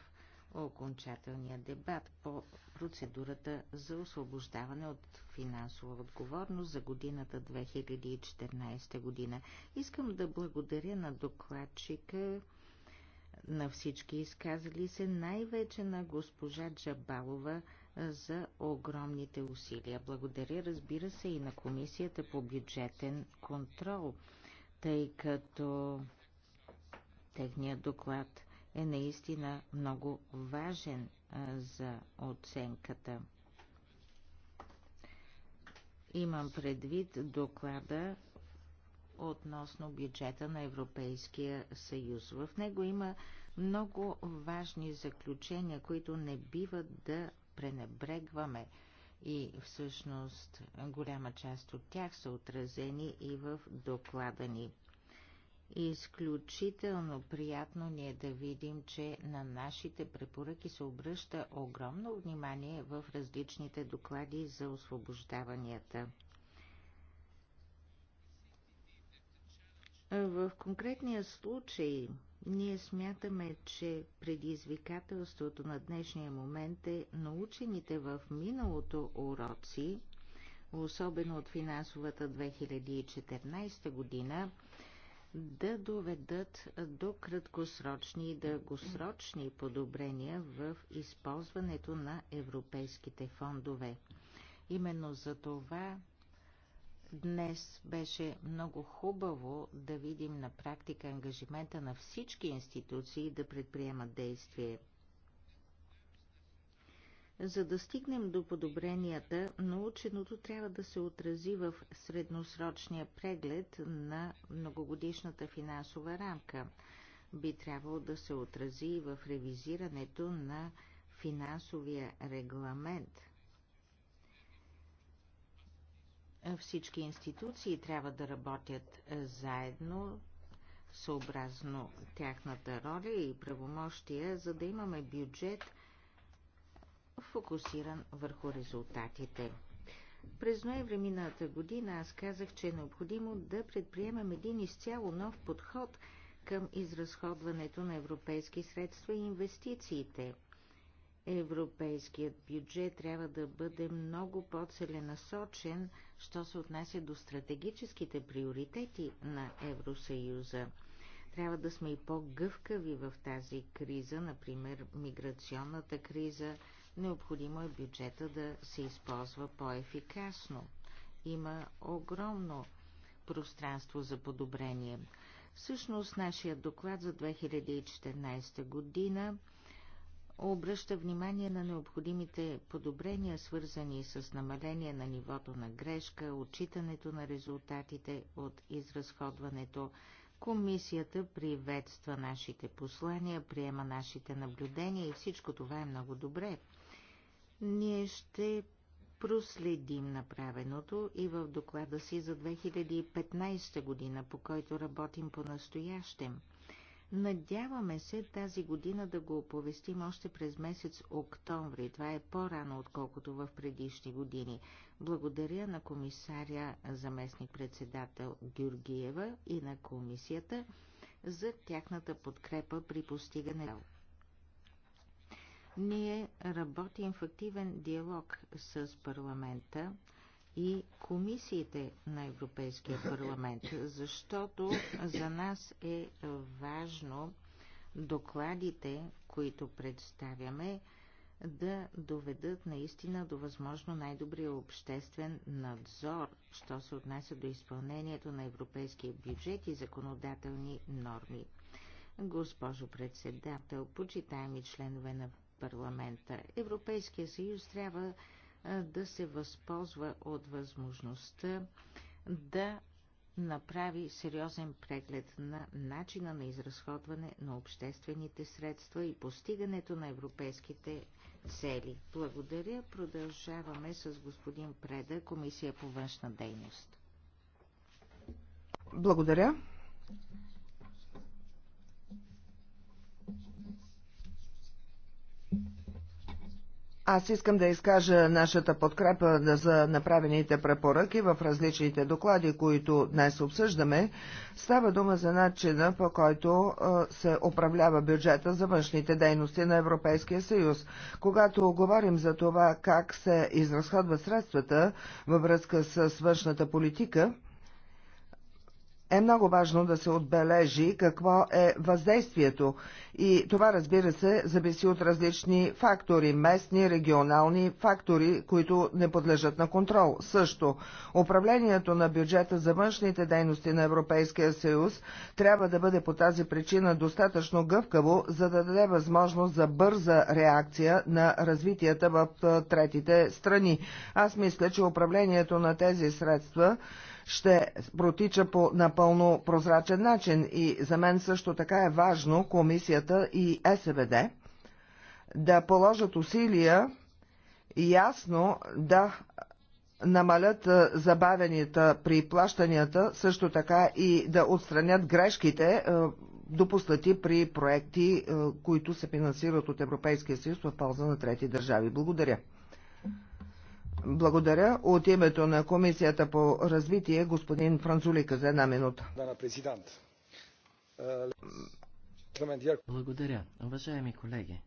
окончателния дебат по процедурата за освобождаване от финансова отговорност за годината 2014 година. Искам да благодаря на докладчика на всички изказали се, най-вече на госпожа Джабалова за огромните усилия. Благодаря, разбира се, и на Комисията по бюджетен контрол, тъй като техният доклад е наистина много важен за оценката. Имам предвид доклада относно бюджета на Европейския съюз. В него има много важни заключения, които не бива да пренебрегваме и всъщност голяма част от тях са отразени и в доклада ни. Изключително приятно ни е да видим, че на нашите препоръки се обръща огромно внимание в различните доклади за освобождаванията. В конкретния случай ние смятаме, че предизвикателството на днешния момент е научените в миналото уроци, особено от финансовата 2014 година, да доведат до краткосрочни и дългосрочни подобрения в използването на европейските фондове. Именно за това Днес беше много хубаво да видим на практика ангажимента на всички институции да предприемат действие. За да стигнем до подобренията, наученото трябва да се отрази в средносрочния преглед на многогодишната финансова рамка. Би трябвало да се отрази и в ревизирането на финансовия регламент. Всички институции трябва да работят е, заедно, съобразно тяхната роля и правомощия, за да имаме бюджет фокусиран върху резултатите. През ноември миналата година аз казах, че е необходимо да предприемем един изцяло нов подход към изразходването на европейски средства и инвестициите – Европейският бюджет трябва да бъде много по-целенасочен, що се отнася до стратегическите приоритети на Евросъюза. Трябва да сме и по-гъвкави в тази криза, например миграционната криза. Необходимо е бюджета да се използва по-ефикасно. Има огромно пространство за подобрение. Всъщност нашия доклад за 2014 година обръща внимание на необходимите подобрения, свързани с намаление на нивото на грешка, отчитането на резултатите от изразходването. Комисията приветства нашите послания, приема нашите наблюдения и всичко това е много добре. Ние ще проследим направеното и в доклада си за 2015 година, по който работим по настоящем – Надяваме се тази година да го оповестим още през месец октомври. Това е по-рано, отколкото в предишни години. Благодаря на комисаря заместник-председател Георгиева и на комисията за тяхната подкрепа при постигане. Ние работим в активен диалог с парламента и комисиите на Европейския парламент, защото за нас е важно докладите, които представяме, да доведат наистина до възможно най-добрия обществен надзор, що се отнася до изпълнението на европейския бюджет и законодателни норми. Госпожо председател, почитаеми членове на парламента, Европейския съюз трябва да се възползва от възможността да направи сериозен преглед на начина на изразходване на обществените средства и постигането на европейските цели. Благодаря. Продължаваме с господин Преда, Комисия по външна дейност. Благодаря. Аз искам да изкажа нашата подкрепа за направените препоръки в различните доклади, които днес обсъждаме. Става дума за начина, по който се управлява бюджета за външните дейности на Европейския съюз. Когато говорим за това как се изразходват средствата във връзка с външната политика, е много важно да се отбележи какво е въздействието и това разбира се зависи от различни фактори, местни, регионални фактори, които не подлежат на контрол. Също, управлението на бюджета за външните дейности на Европейския съюз трябва да бъде по тази причина достатъчно гъвкаво, за да даде възможност за бърза реакция на развитията в третите страни. Аз мисля, че управлението на тези средства ще протича по напълно прозрачен начин и за мен също така е важно комисията и СВД да положат усилия ясно да намалят забавенията при плащанията, също така и да отстранят грешките, допуснати при проекти, които се финансират от Европейския съюз в полза на трети държави. Благодаря. Благодаря. От името на Комисията по развитие, господин Францулика, за една минута. Е, Благодаря. Уважаеми колеги,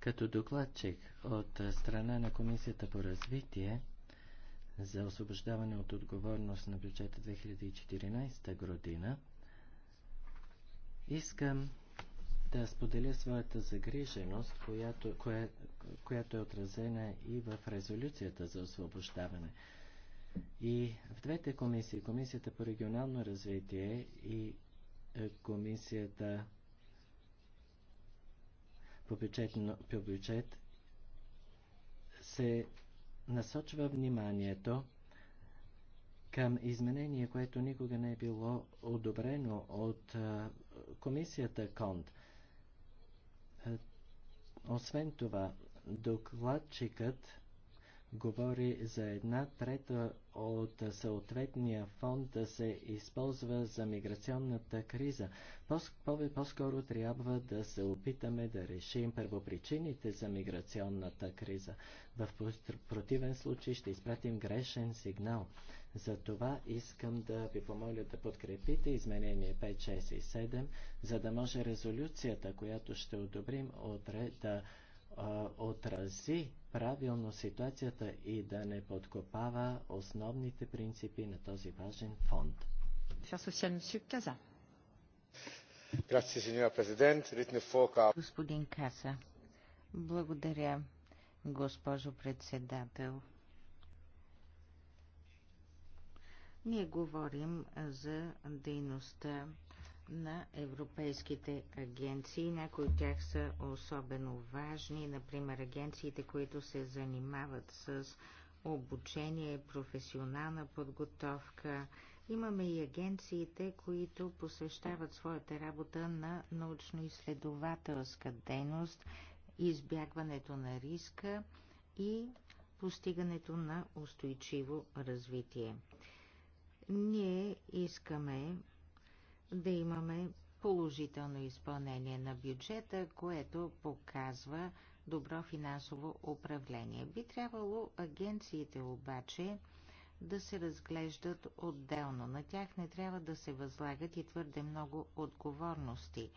като докладчик от страна на Комисията по развитие за освобождаване от отговорност на бюджета 2014 година, искам да споделя своята загриженост, която, която е отразена и в резолюцията за освобождаване. И в двете комисии, Комисията по регионално развитие и е, Комисията по бюджет, по бюджет се насочва вниманието към изменение, което никога не е било одобрено от е, комисията КОНД. Освен това, докладчикът говори за една трета от съответния фонд да се използва за миграционната криза. По-скоро трябва да се опитаме да решим първопричините за миграционната криза. В противен случай ще изпратим грешен сигнал. За това искам да ви помоля да подкрепите изменение 5, 6 и 7, за да може резолюцията, която ще одобрим отред да а, отрази правилно ситуацията и да не подкопава основните принципи на този важен фонд. Господин Каса, благодаря, госпожо председател. Ние говорим за дейността на европейските агенции. Някои от тях са особено важни, например агенциите, които се занимават с обучение, професионална подготовка. Имаме и агенциите, които посвещават своята работа на научно-изследователска дейност, избягването на риска и постигането на устойчиво развитие. Ние искаме да имаме положително изпълнение на бюджета, което показва добро финансово управление. Би трябвало агенциите обаче да се разглеждат отделно. На тях не трябва да се възлагат и твърде много отговорности.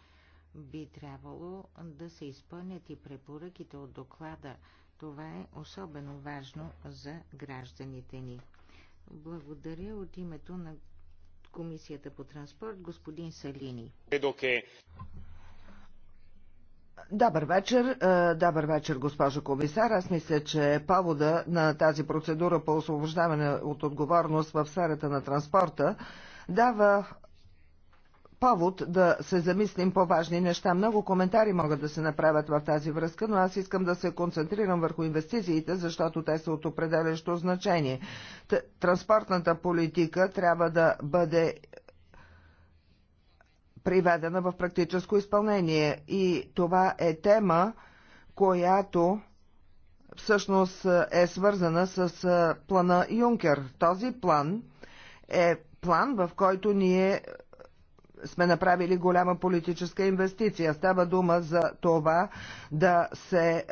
Би трябвало да се изпълнят и препоръките от доклада. Това е особено важно за гражданите ни. Благодаря от името на Комисията по транспорт, господин Салини. Добър вечер, е, добър вечер, госпожо комисар. Аз мисля, че повода на тази процедура по освобождаване от отговорност в сферата на транспорта дава е, повод да се замислим по важни неща. Много коментари могат да се направят в тази връзка, но аз искам да се концентрирам върху инвестициите, защото те са от определящо значение. Транспортната политика трябва да бъде приведена в практическо изпълнение и това е тема, която всъщност е свързана с плана Юнкер. Този план е план, в който ние сме направили голяма политическа инвестиция. Става дума за това да се е,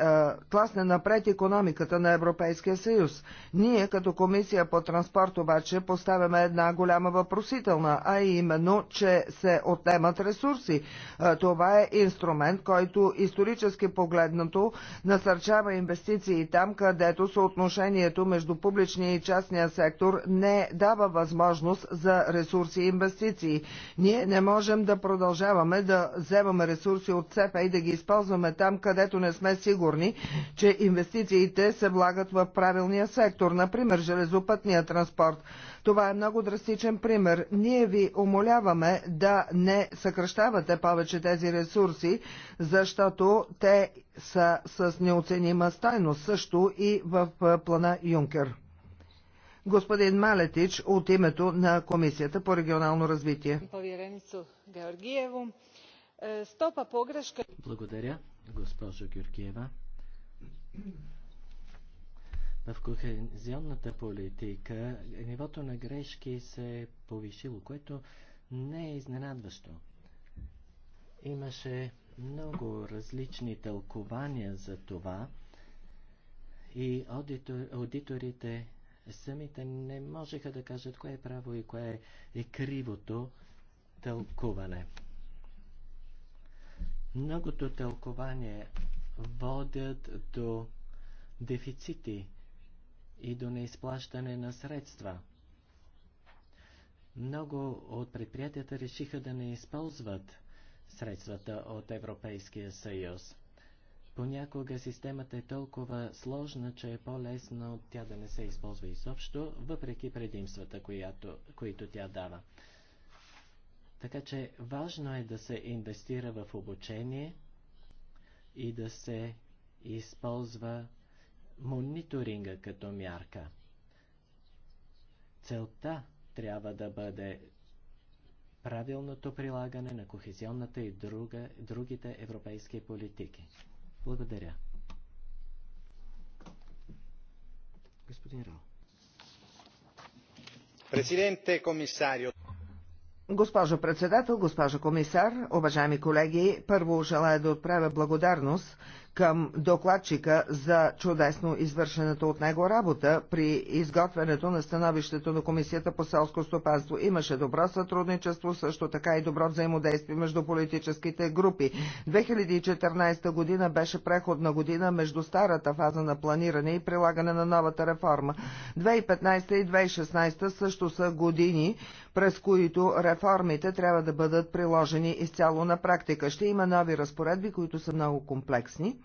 тласне напред економиката на Европейския съюз. Ние като комисия по транспорт обаче поставяме една голяма въпросителна, а именно, че се отнемат ресурси. Е, това е инструмент, който исторически погледнато насърчава инвестиции там, където съотношението между публичния и частния сектор не дава възможност за ресурси и инвестиции. Ние не можем да продължаваме да вземаме ресурси от ЦЕПА и да ги използваме там, където не сме сигурни, че инвестициите се влагат в правилния сектор, например железопътния транспорт. Това е много драстичен пример. Ние ви умоляваме да не съкръщавате повече тези ресурси, защото те са с неоценима стойност също и в плана Юнкер господин Малетич от името на Комисията по регионално развитие. Е, Благодаря, госпожо Георгиева. В кохезионната политика нивото на грешки се е повишило, което не е изненадващо. Имаше много различни тълкования за това и аудиторите самите не можеха да кажат кое е право и кое е кривото тълкуване. Многото тълкование водят до дефицити и до неизплащане на средства. Много от предприятията решиха да не използват средствата от Европейския съюз. Понякога системата е толкова сложна, че е по-лесно тя да не се използва изобщо, въпреки предимствата, която, които тя дава. Така че важно е да се инвестира в обучение и да се използва мониторинга като мярка. Целта трябва да бъде правилното прилагане на кохезионната и друга, другите европейски политики. Благодаря. Господин Рао. Президенте, комисарио. Госпожо председател, госпожо комисар, уважаеми колеги, първо желая да отправя благодарност към докладчика за чудесно извършената от него работа при изготвянето на становището на Комисията по селско стопанство. Имаше добро сътрудничество, също така и добро взаимодействие между политическите групи. 2014 година беше преходна година между старата фаза на планиране и прилагане на новата реформа. 2015 и 2016 също са години, през които реформите трябва да бъдат приложени изцяло на практика. Ще има нови разпоредби, които са много комплексни.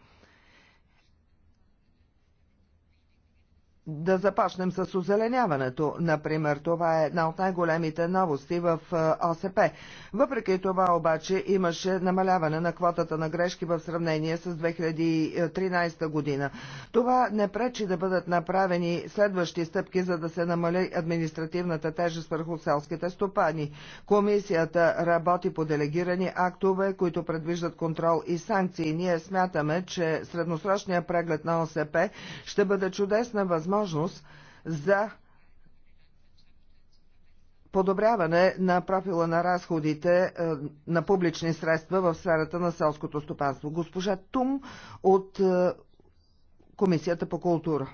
Да започнем с озеленяването. Например, това е една от най-големите новости в е, ОСП. Въпреки това обаче имаше намаляване на квотата на грешки в сравнение с 2013 година. Това не пречи да бъдат направени следващи стъпки, за да се намали административната тежест върху селските стопани. Комисията работи по делегирани актове, които предвиждат контрол и санкции. Ние смятаме, че средносрочният преглед на ОСП ще бъде чудесна възможност възможност за подобряване на профила на разходите е, на публични средства в сферата на селското стопанство. Госпожа Тум от е, Комисията по култура.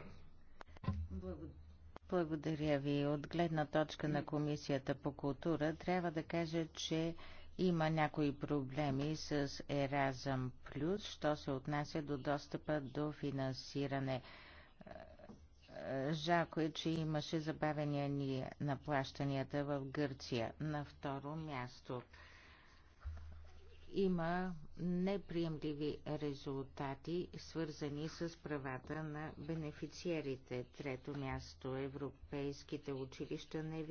Благодаря ви. От гледна точка на Комисията по култура трябва да кажа, че има някои проблеми с Еразъм Плюс, що се отнася до достъпа до финансиране. Жако е, че имаше забавения на плащанията в Гърция. На второ място има неприемливи резултати, свързани с правата на бенефициерите. Трето място европейските училища не,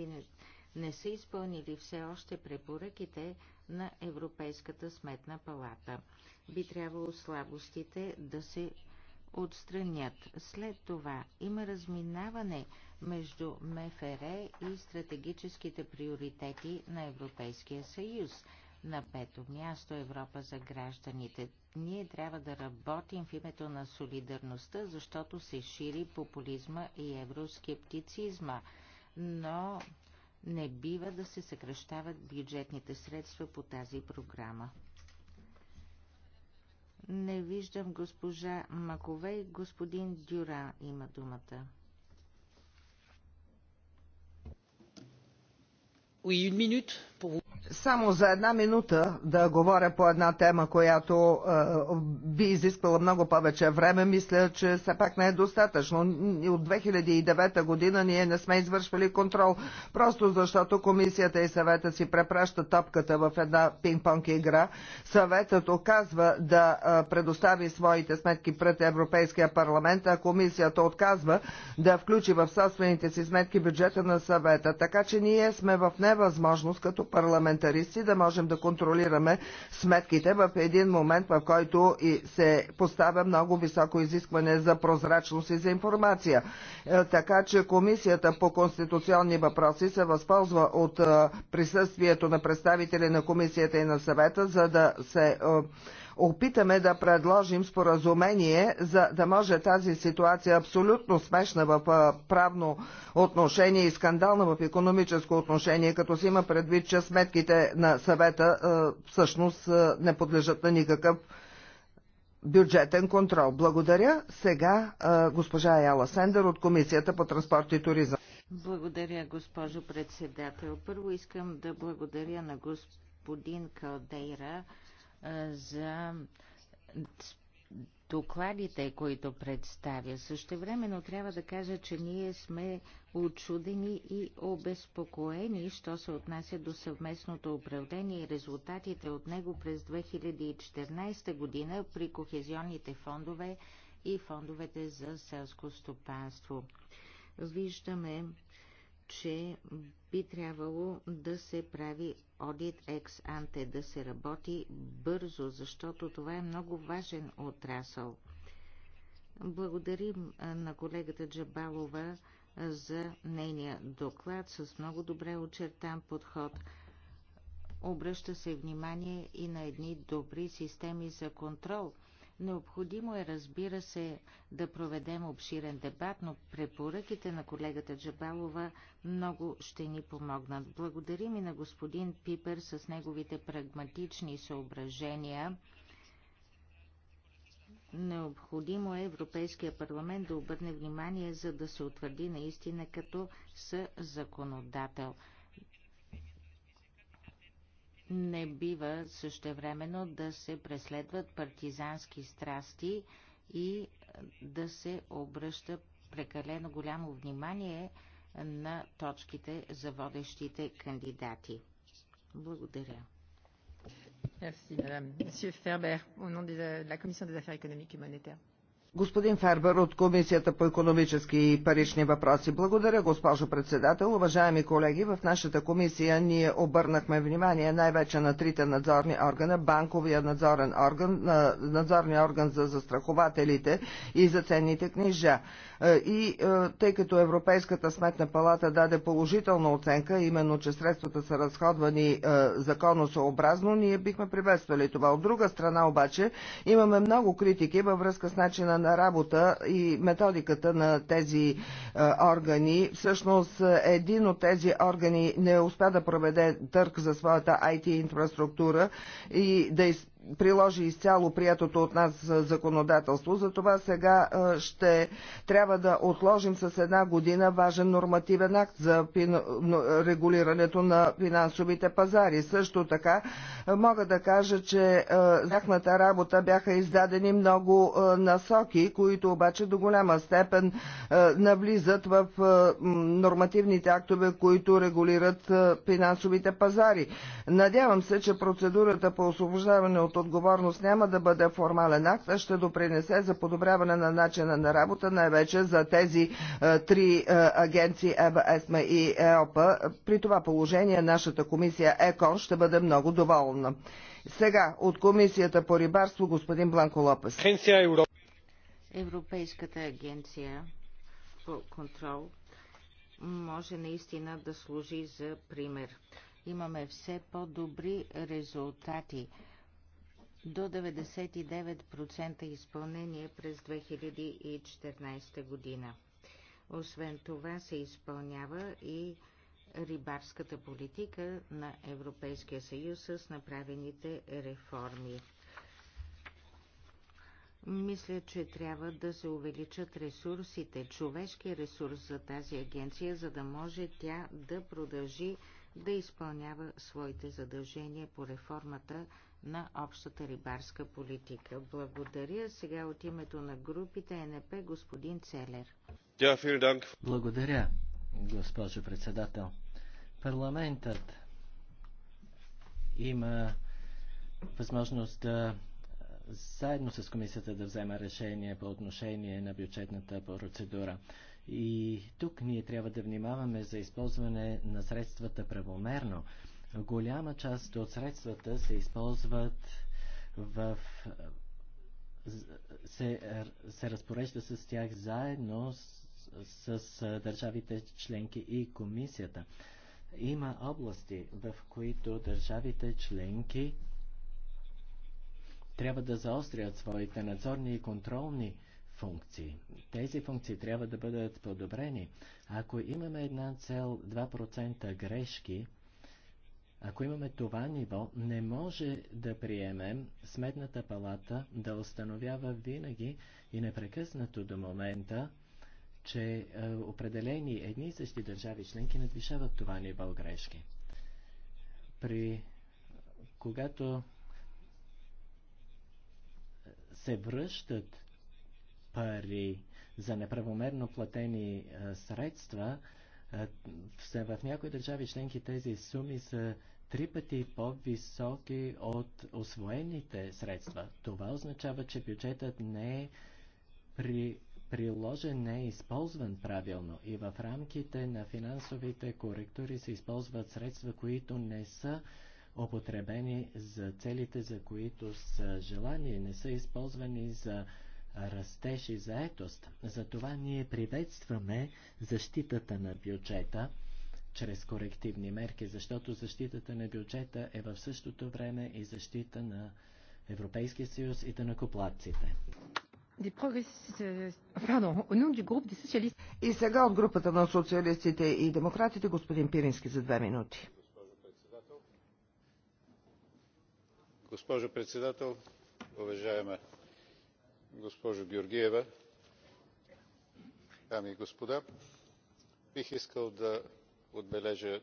не са изпълнили все още препоръките на Европейската сметна палата. Би трябвало слабостите да се отстранят. След това има разминаване между МФР и стратегическите приоритети на Европейския съюз. На пето място Европа за гражданите. Ние трябва да работим в името на солидарността, защото се шири популизма и евроскептицизма. Но не бива да се съкръщават бюджетните средства по тази програма. Не виждам госпожа Макове господин Дюра има думата. Само за една минута да говоря по една тема, която е, би изисквала много повече време, мисля, че все пак не е достатъчно. От 2009 година ние не сме извършвали контрол, просто защото комисията и съвета си препраща топката в една пинг-понг игра. Съветът оказва да е, предостави своите сметки пред Европейския парламент, а комисията отказва да включи в собствените си сметки бюджета на съвета. Така че ние сме в не даде възможност като парламентаристи да можем да контролираме сметките в един момент, в който и се поставя много високо изискване за прозрачност и за информация. Е, така че Комисията по конституционни въпроси се възползва от е, присъствието на представители на Комисията и на съвета, за да се е, опитаме да предложим споразумение, за да може тази ситуация абсолютно смешна в правно отношение и скандална в економическо отношение, като се има предвид, че сметките на съвета всъщност не подлежат на никакъв бюджетен контрол. Благодаря. Сега госпожа Яла Сендер от Комисията по транспорт и туризъм. Благодаря, госпожо председател. Първо искам да благодаря на господин Калдейра за докладите, които представя. Същевременно трябва да кажа, че ние сме очудени и обезпокоени, що се отнася до съвместното управление и резултатите от него през 2014 година при кохезионните фондове и фондовете за селско стопанство. Виждаме че би трябвало да се прави одит екс анте, да се работи бързо, защото това е много важен отрасъл. Благодарим на колегата Джабалова за нейния доклад с много добре очертан подход. Обръща се внимание и на едни добри системи за контрол – Необходимо е, разбира се, да проведем обширен дебат, но препоръките на колегата Джабалова много ще ни помогнат. Благодарим и на господин Пипер с неговите прагматични съображения. Необходимо е Европейския парламент да обърне внимание, за да се утвърди наистина като съ законодател. Не бива същевременно да се преследват партизански страсти и да се обръща прекалено голямо внимание на точките за водещите кандидати. Благодаря. Merci, madame. Monsieur Ferber, au nom de la Commission des affaires économiques et monétaires. Господин Фербер от Комисията по економически и парични въпроси. Благодаря, госпожо председател. Уважаеми колеги, в нашата комисия ние обърнахме внимание най-вече на трите надзорни органа, банковия надзорен орган, надзорния орган за застрахователите и за ценните книжа. Е, и е, тъй като Европейската сметна палата даде положителна оценка, именно че средствата са разходвани е, законосообразно, ние бихме приветствали това. От друга страна обаче имаме много критики във връзка с начина на работа и методиката на тези е, органи. Всъщност един от тези органи не успя да проведе търк за своята IT инфраструктура и да изпълнява приложи изцяло приятото от нас законодателство. Затова сега ще трябва да отложим с една година важен нормативен акт за регулирането на финансовите пазари. Също така мога да кажа, че тяхната работа бяха издадени много насоки, които обаче до голяма степен навлизат в нормативните актове, които регулират финансовите пазари. Надявам се, че процедурата по освобождаване от от отговорност няма да бъде формален акт, а ще допринесе за подобряване на начина на работа, най-вече за тези е, три е, агенции ЕБА, ЕСМА и ЕОПА. При това положение нашата комисия ЕКОН ще бъде много доволна. Сега от комисията по рибарство господин Бланко Лопес. Европейската агенция по контрол може наистина да служи за пример. Имаме все по-добри резултати до 99% изпълнение през 2014 година. Освен това се изпълнява и рибарската политика на Европейския съюз с направените реформи. Мисля, че трябва да се увеличат ресурсите, човешки ресурс за тази агенция, за да може тя да продължи да изпълнява своите задължения по реформата на общата рибарска политика. Благодаря. Сега от името на групите НП господин Целер. Благодаря, госпожо председател. Парламентът има възможност да заедно с комисията да взема решение по отношение на бюджетната процедура. И тук ние трябва да внимаваме за използване на средствата правомерно. Голяма част от средствата се използват в се, се разпорежда с тях заедно с, с държавите членки и комисията. Има области, в които държавите членки трябва да заострят своите надзорни и контролни функции. Тези функции трябва да бъдат подобрени. Ако имаме една цел 2% грешки, ако имаме това ниво, не може да приемем Сметната палата да установява винаги и непрекъснато до момента, че е, определени едни и същи държави членки надвишават това ниво грешки. При когато се връщат пари за неправомерно платени е, средства, е, в някои държави членки тези суми са три пъти по-високи от освоените средства. Това означава, че бюджетът не е при, приложен, не е използван правилно и в рамките на финансовите коректори се използват средства, които не са употребени за целите, за които са желани, не са използвани за растеж и заетост. Затова ние приветстваме защитата на бюджета – чрез корективни мерки, защото защитата на бюджета е в същото време и защита на Европейския съюз и данакоплатците. Euh, и сега от групата на социалистите и демократите господин Пирински за две минути. Госпожо председател, уважаема госпожо Георгиева, дами и господа, бих искал да отбележа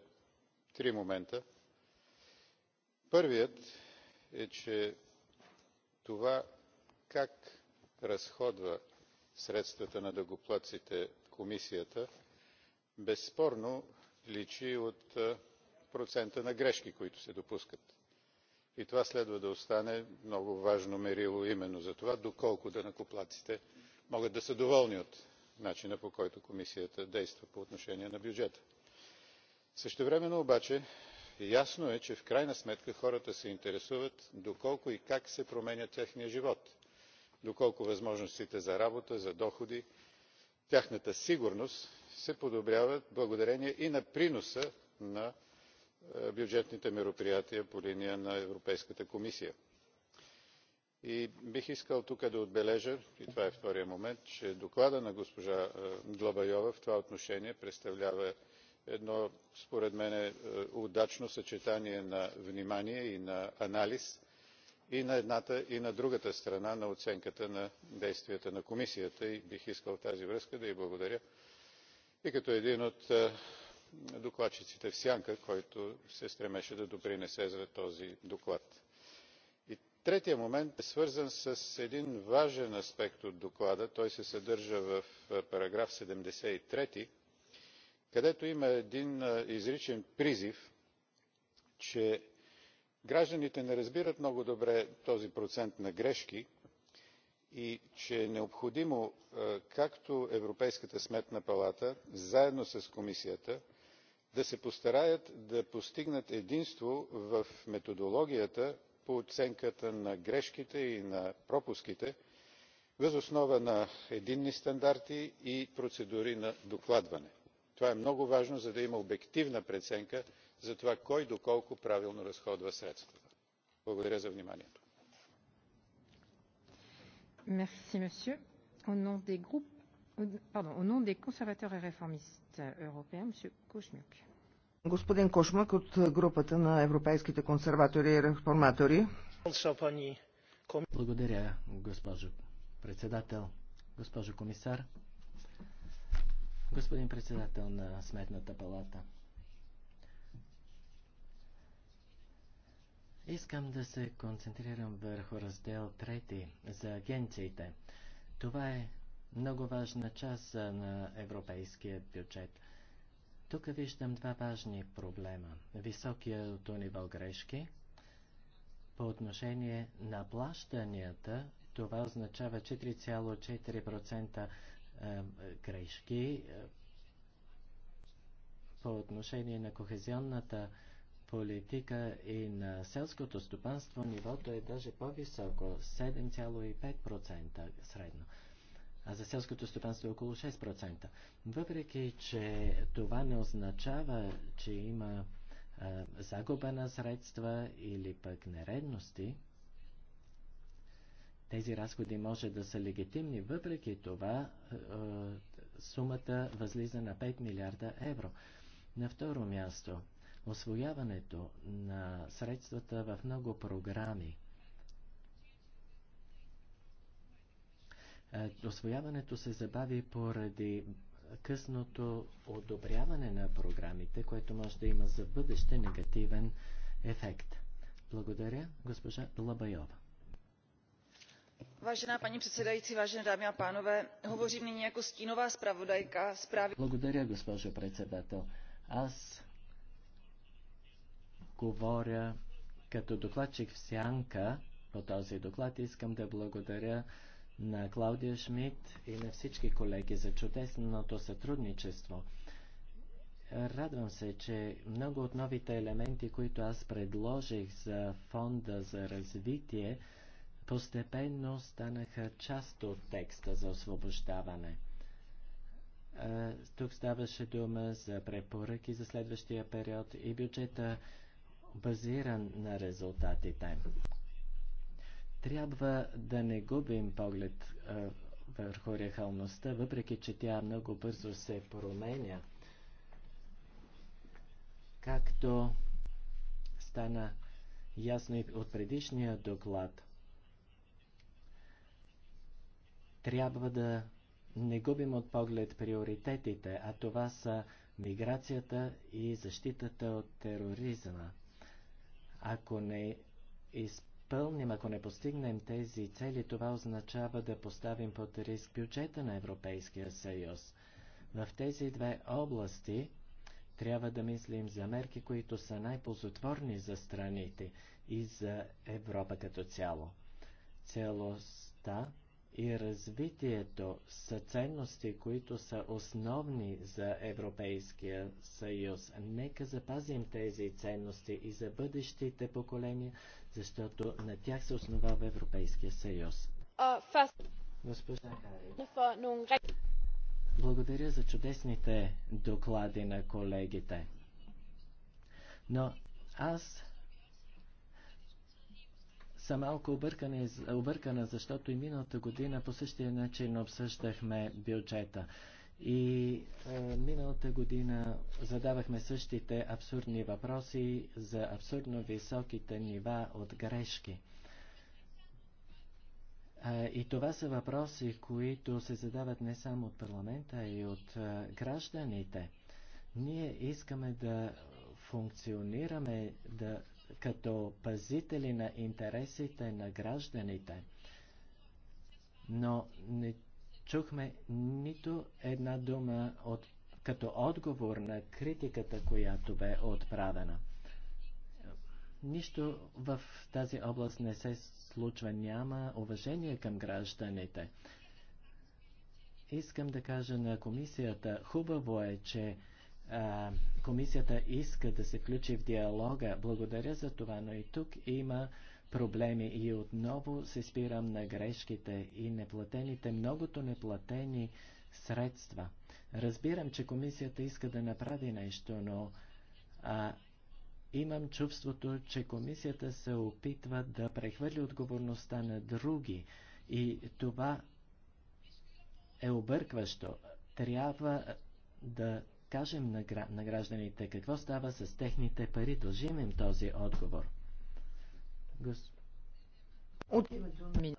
три момента. първият е че това как разходва средствата на дългоплаците комисията безспорно личи от процента на грешки които се допускат и това следва да остане много важно мерило именно за това доколко накоплаците могат да са доволни от начина по който комисията действа по отношение на бюджета същевременно обаче е ясно че в крайна сметка хората се интересуват доколко и как се променя техният живот доколко възможностите за работа за доходи тяхната сигурност се подобряват благодарение и на приноса на е, бюджетните мероприятия по линия на европейската комисия. И бих искал тук да отбележа и това е вторият момент че докладът на госпожа е, длабайова в това отношение представлява едно според мен е, удачно съчетание на внимание и на анализ и на едната и на другата страна на оценката на действията на комисията и бих искал в тази връзка да й благодаря и като един от е, докладчиците в сянка който се стремеше да допринесе за този доклад. третият момент е свързан с един важен аспект от доклада. той се съдържа в е, параграф 73 където има един изричен призив че гражданите не разбират много добре този процент на грешки и че е необходимо както европейската сметна палата заедно с комисията да се постараят да постигнат единство в методологията по оценката на грешките и на пропуските въз основа на единни стандарти и процедури на докладване това е много важно за да има обективна преценка за това кой доколко правилно разходва средствата. благодаря за вниманието. Господин Кошмак от групата на европейските консерватори и реформатори. Благодаря, госпожо председател, госпожо комисар господин председател на Сметната палата. Искам да се концентрирам върху раздел 3 за агенциите. Това е много важна част на европейския бюджет. Тук виждам два важни проблема. Високието ниво грешки по отношение на плащанията, това означава 4,4% грешки по отношение на кохезионната политика и на селското стопанство нивото е даже по-високо 7,5% средно. А за селското стопанство е около 6%. Въпреки, че това не означава, че има а, загуба на средства или пък нередности, тези разходи може да са легитимни, въпреки това е, е, сумата възлиза на 5 милиарда евро. На второ място, освояването на средствата в много програми. Е, освояването се забави поради късното одобряване на програмите, което може да има за бъдеще негативен ефект. Благодаря, госпожа Лабайова paní předsedající dámy a pánové hovořím nyní jako stínová zpravodajka zprávy. благодаря госпожо председател. аз говоря като докладчик в сянка по този доклад искам да благодаря на Клаудия Шмидт и на всички колеги за чудесното сътрудничество. Радвам се, че много от новите елементи, които аз предложих за фонда за развитие, постепенно станаха част от текста за освобождаване. Тук ставаше дума за препоръки за следващия период и бюджета базиран на резултатите. Трябва да не губим поглед върху реалността, въпреки че тя много бързо се променя. Както стана ясно и от предишния доклад – трябва да не губим от поглед приоритетите, а това са миграцията и защитата от тероризма. Ако не изпълним, ако не постигнем тези цели, това означава да поставим под риск бюджета на Европейския съюз. В тези две области трябва да мислим за мерки, които са най-позотворни за страните и за Европа като цяло. Целостта и развитието са ценности, които са основни за Европейския съюз. Нека запазим тези ценности и за бъдещите поколения, защото на тях се основава Европейския съюз. Госпожа Хари. Благодаря за чудесните доклади на колегите. Но аз са малко объркани, объркана, защото и миналата година по същия начин обсъждахме бюджета. И е, миналата година задавахме същите абсурдни въпроси за абсурдно високите нива от грешки. Е, и това са въпроси, които се задават не само от парламента, а и от е, гражданите. Ние искаме да функционираме, да като пазители на интересите на гражданите. Но не чухме нито една дума от, като отговор на критиката, която бе отправена. Нищо в тази област не се случва, няма уважение към гражданите. Искам да кажа на комисията, хубаво е, че комисията иска да се включи в диалога. Благодаря за това, но и тук има проблеми и отново се спирам на грешките и неплатените, многото неплатени средства. Разбирам, че комисията иска да направи нещо, но а, имам чувството, че комисията се опитва да прехвърли отговорността на други и това е объркващо. Трябва да кажем на, гра... на гражданите какво става с техните пари. Дължим им този отговор. Гос... От името на...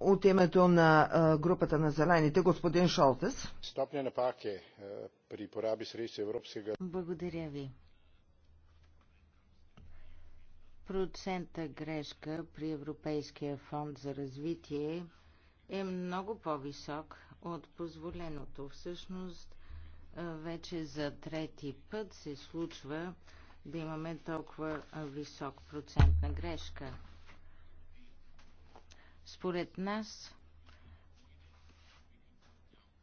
От името на групата на зелените, господин Шолтес. Стопня на паке при пораби средства европейския... Благодаря ви. Процента грешка при Европейския фонд за развитие е много по-висок от позволеното. Всъщност вече за трети път се случва да имаме толкова висок процент на грешка. Според нас,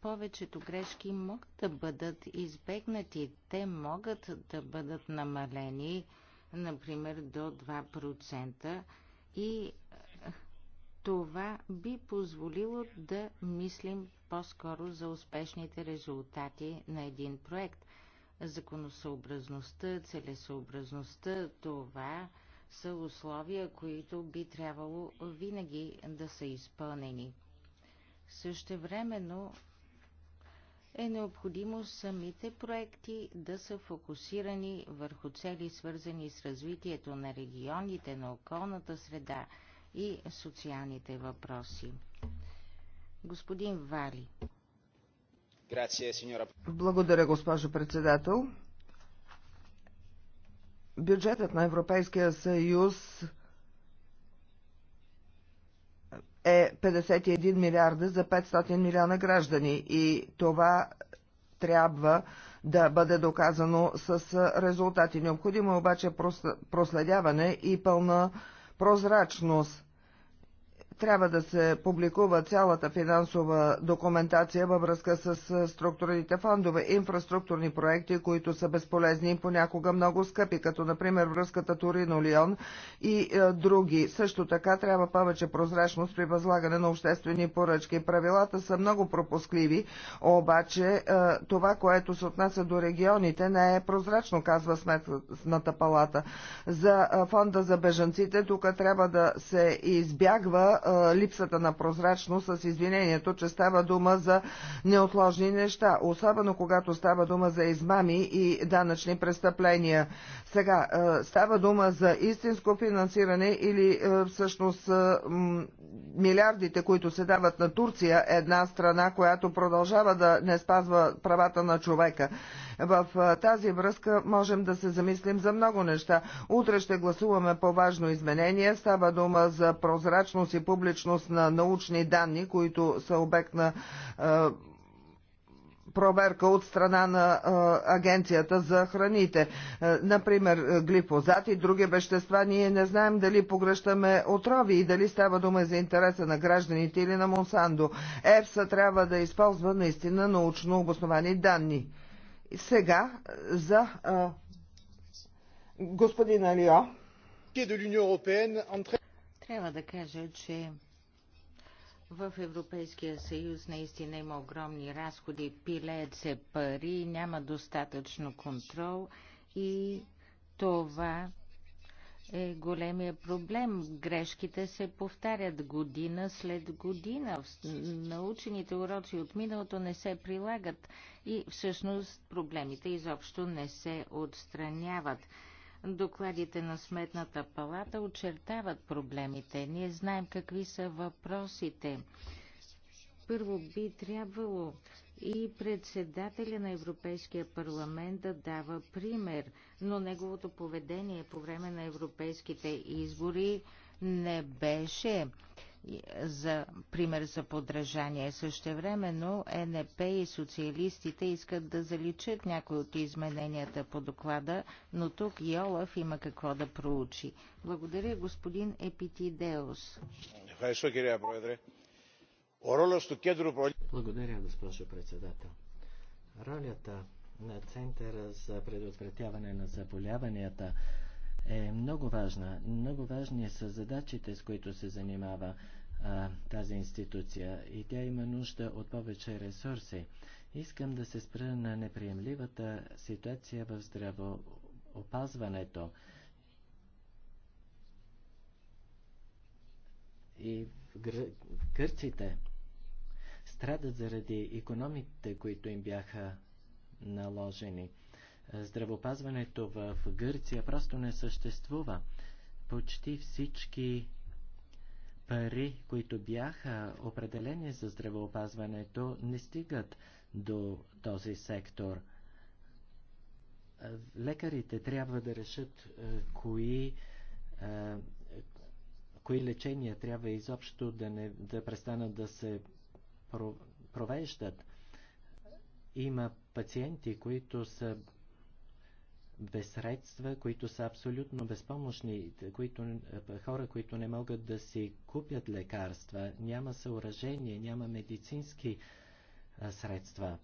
повечето грешки могат да бъдат избегнати. Те могат да бъдат намалени, например, до 2% и това би позволило да мислим по-скоро за успешните резултати на един проект. Законосъобразността, целесъобразността, това са условия, които би трябвало винаги да са изпълнени. Същевременно е необходимо самите проекти да са фокусирани върху цели, свързани с развитието на регионите, на околната среда и социалните въпроси. Господин Вали. Благодаря, госпожо председател. Бюджетът на Европейския съюз е 51 милиарда за 500 милиона граждани и това трябва да бъде доказано с резултати. Необходимо е обаче проследяване и пълна прозрачност трябва да се публикува цялата финансова документация във връзка с структурните фондове, инфраструктурни проекти, които са безполезни и понякога много скъпи, като например връзката Торино-Лион и е, други. Също така трябва повече прозрачност при възлагане на обществени поръчки. Правилата са много пропускливи, обаче е, това, което се отнася до регионите, не е прозрачно, казва Сметната палата. За е, фонда за бежанците тук трябва да се избягва липсата на прозрачност с извинението, че става дума за неотложни неща, особено когато става дума за измами и данъчни престъпления. Сега, става дума за истинско финансиране или всъщност милиардите, които се дават на Турция, една страна, която продължава да не спазва правата на човека. В тази връзка можем да се замислим за много неща. Утре ще гласуваме по важно изменение. Става дума за прозрачност и публичност на научни данни, които са обект на проверка от страна на а, Агенцията за храните. А, например, глифозат и други вещества. Ние не знаем дали погръщаме отрови и дали става дума за интереса на гражданите или на Монсандо. ЕФСА трябва да използва наистина научно обосновани данни. Сега е, за а, е, господин Алио. Е, Трябва да кажа, че в Европейския съюз наистина има огромни разходи, пилеят се пари, няма достатъчно контрол и това е големия проблем. Грешките се повтарят година след година. Научените уроци от миналото не се прилагат и всъщност проблемите изобщо не се отстраняват. Докладите на Сметната палата очертават проблемите. Ние знаем какви са въпросите. Първо би трябвало и председателя на Европейския парламент да дава пример, но неговото поведение по време на европейските избори не беше за пример за подражание. Същевременно НП и социалистите искат да заличат някои от измененията по доклада, но тук и Олаф има какво да проучи. Благодаря господин Епитидеус. Ευχαριστώ κυρία благодаря, госпожо председател. Ролята на Центъра за предотвратяване на заболяванията е много важна. Много важни са задачите, с които се занимава а, тази институция и тя има нужда от повече ресурси. Искам да се спра на неприемливата ситуация в здравоопазването. И гр... кърците гърците страдат заради економите, които им бяха наложени. Здравопазването в Гърция просто не съществува. Почти всички пари, които бяха определени за здравеопазването, не стигат до този сектор. Лекарите трябва да решат е, кои, е, кои лечения трябва изобщо да, не, да престанат да се провеждат. Има пациенти, които са без средства, които са абсолютно безпомощни, които, хора, които не могат да си купят лекарства, няма съоръжение, няма медицински средства.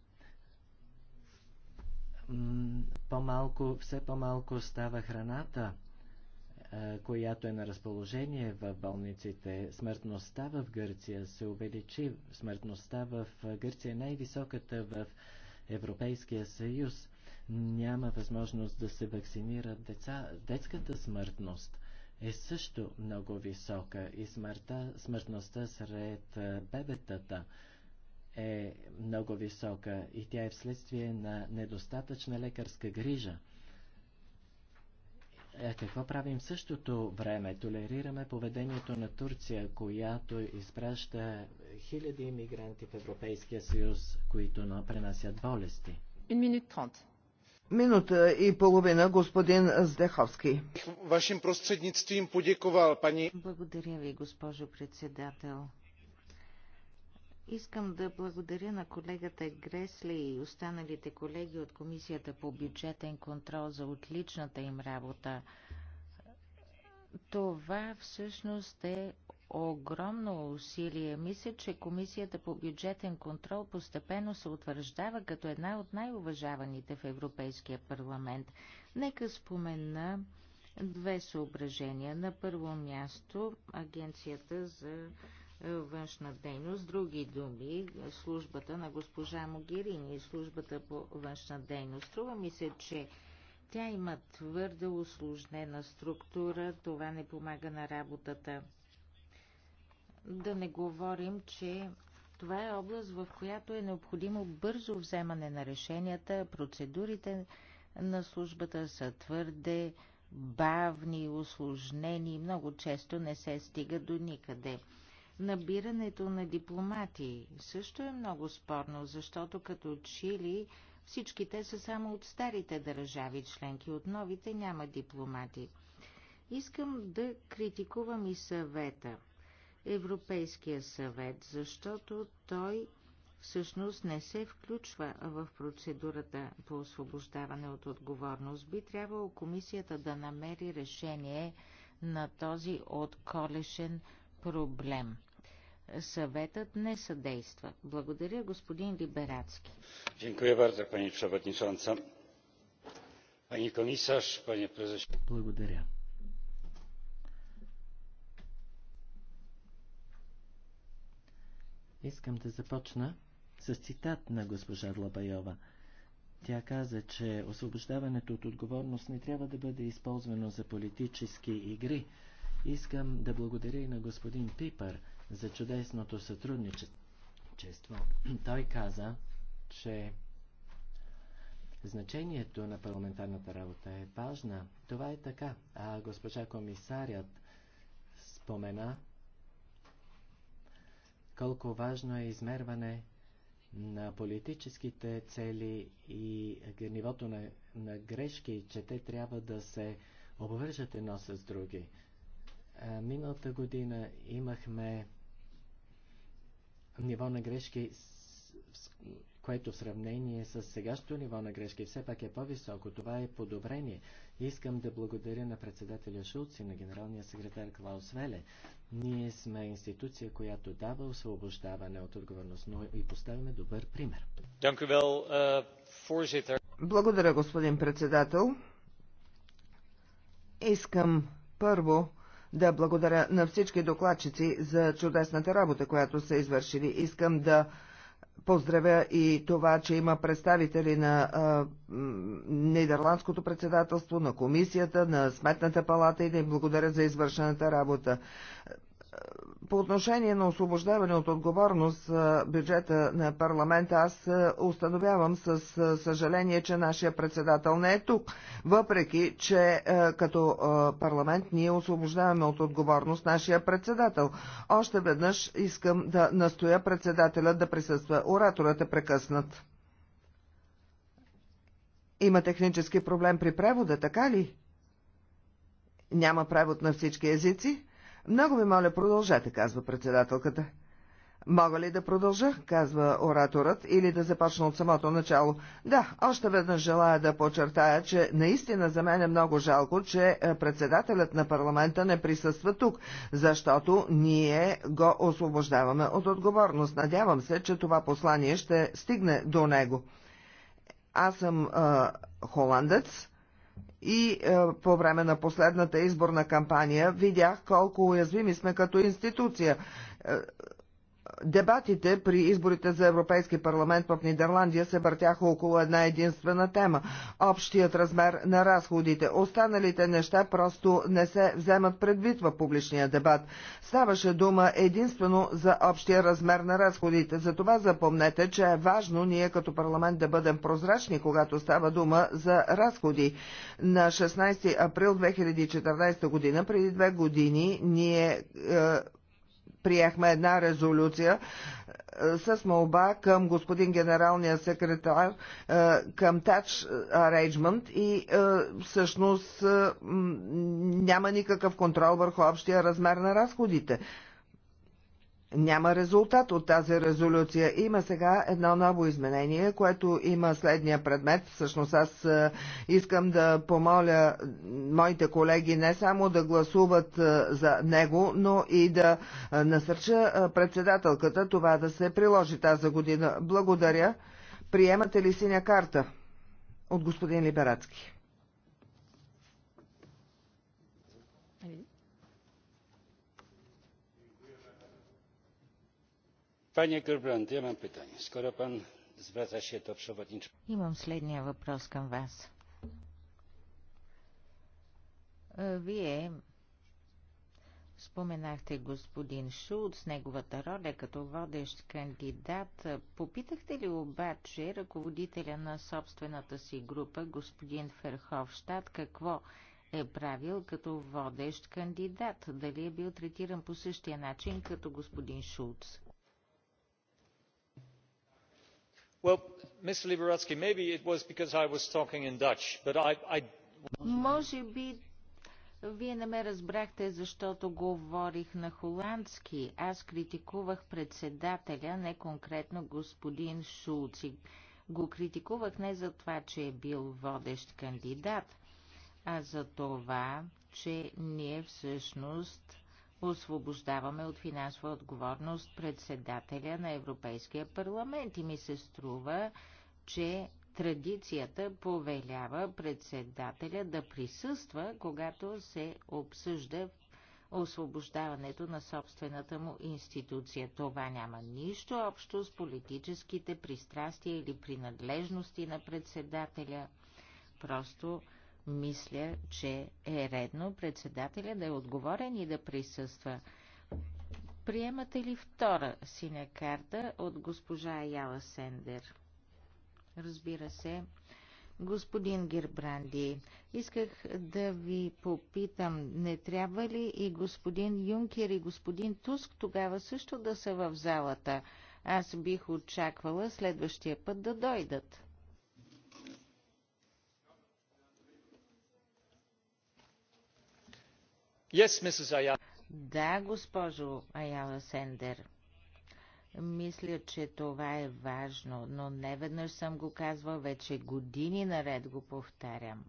По-малко, все по-малко става храната която е на разположение в болниците. Смъртността в Гърция се увеличи. Смъртността в Гърция е най-високата в Европейския съюз. Няма възможност да се вакцинират деца. Детската смъртност е също много висока и смъртта, смъртността сред бебетата е много висока и тя е вследствие на недостатъчна лекарска грижа. Е, какво правим в същото време? Толерираме поведението на Турция, която изпраща хиляди иммигранти в Европейския съюз, които пренасят болести. Минута и половина, господин Здеховски. Вашим посредництвом подяковал, пани. Благодаря ви, госпожо председател. Искам да благодаря на колегата Гресли и останалите колеги от Комисията по бюджетен контрол за отличната им работа. Това всъщност е огромно усилие. Мисля, че Комисията по бюджетен контрол постепенно се утвърждава като една от най-уважаваните в Европейския парламент. Нека спомена две съображения. На първо място Агенцията за външна дейност. Други думи, службата на госпожа Могерини и службата по външна дейност. Струва ми се, че тя има твърде осложнена структура, това не помага на работата. Да не говорим, че това е област, в която е необходимо бързо вземане на решенията, процедурите на службата са твърде бавни, осложнени и много често не се стига до никъде. Набирането на дипломати също е много спорно, защото като Чили всички те са само от старите държави членки, от новите няма дипломати. Искам да критикувам и съвета, Европейския съвет, защото той всъщност не се включва в процедурата по освобождаване от отговорност. Би трябвало комисията да намери решение на този отколешен проблем. Съветът не съдейства. Благодаря, господин Либерацки. Благодаря. Благодаря. Искам да започна с цитат на госпожа Длабайова. Тя каза, че освобождаването от отговорност не трябва да бъде използвано за политически игри – Искам да благодаря и на господин Пипър за чудесното сътрудничество. Той каза, че значението на парламентарната работа е важна. Това е така. А госпожа комисарят спомена колко важно е измерване на политическите цели и нивото на, на грешки, че те трябва да се обвържат едно с други. Е, миналата година имахме ниво на грешки, което в сравнение с сегашното ниво на грешки все пак е по-високо. Това е подобрение. Искам да благодаря на председателя Шулц и на генералния секретар Клаус Веле. Ние сме институция, която дава освобождаване от отговорност, но и поставяме добър пример. Eh, благодаря, господин председател. Искам първо да благодаря на всички докладчици за чудесната работа, която са извършили. Искам да поздравя и това, че има представители на а, Нидерландското председателство, на комисията, на Сметната палата и да им благодаря за извършената работа по отношение на освобождаване от отговорност бюджета на парламента, аз е, установявам с е, съжаление, че нашия председател не е тук. Въпреки, че е, като парламент ние освобождаваме от отговорност нашия председател. Още веднъж искам да настоя председателя да присъства. Ораторът е прекъснат. Има технически проблем при превода, така ли? Няма превод на всички езици? Много ви моля, продължете, казва председателката. Мога ли да продължа, казва ораторът, или да започна от самото начало? Да, още веднъж желая да подчертая, че наистина за мен е много жалко, че е, председателят на парламента не присъства тук, защото ние го освобождаваме от отговорност. Надявам се, че това послание ще стигне до него. Аз съм а, е, холандец и е, по време на последната изборна кампания видях колко уязвими сме като институция. Е, дебатите при изборите за Европейски парламент в Нидерландия се въртяха около една единствена тема – общият размер на разходите. Останалите неща просто не се вземат предвид в публичния дебат. Ставаше дума единствено за общия размер на разходите. Затова запомнете, че е важно ние като парламент да бъдем прозрачни, когато става дума за разходи. На 16 април 2014 година, преди две години, ние е, приехме една резолюция е, с молба към господин генералния секретар е, към Touch Arrangement и е, всъщност няма никакъв контрол върху общия размер на разходите няма резултат от тази резолюция. Има сега едно ново изменение, което има следния предмет. Всъщност аз е, искам да помоля моите колеги не само да гласуват е, за него, но и да е, насърча председателката това да се приложи тази година. Благодаря. Приемате ли синя карта от господин Либерацки? Panie Gerbrand, ja mam pytanie. Skoro pan zwraca się do przewodniczącego... Имам следния въпрос към вас. Е, вие споменахте господин Шулц, неговата роля като водещ кандидат. Попитахте ли обаче ръководителя на собствената си група, господин Ферховщад, какво е правил като водещ кандидат? Дали е бил третиран по същия начин като господин Шулц? Mr. Liberadzki, maybe it was because I was talking in Dutch, but I, Може би вие не ме разбрахте, защото говорих на холандски. Аз критикувах председателя, не конкретно господин шулц Го критикувах не за това, че е бил водещ кандидат, а за това, че ние всъщност освобождаваме от финансова отговорност председателя на Европейския парламент и ми се струва, че традицията повелява председателя да присъства, когато се обсъжда освобождаването на собствената му институция. Това няма нищо общо с политическите пристрастия или принадлежности на председателя. Просто мисля, че е редно председателя да е отговорен и да присъства. Приемате ли втора синя карта от госпожа Яла Сендер? Разбира се. Господин Гербранди, исках да ви попитам, не трябва ли и господин Юнкер и господин Туск тогава също да са в залата? Аз бих очаквала следващия път да дойдат. да, госпожо Аяла Сендер. Мисля, че това е важно, но не веднъж съм го казвал, вече години наред го повтарям.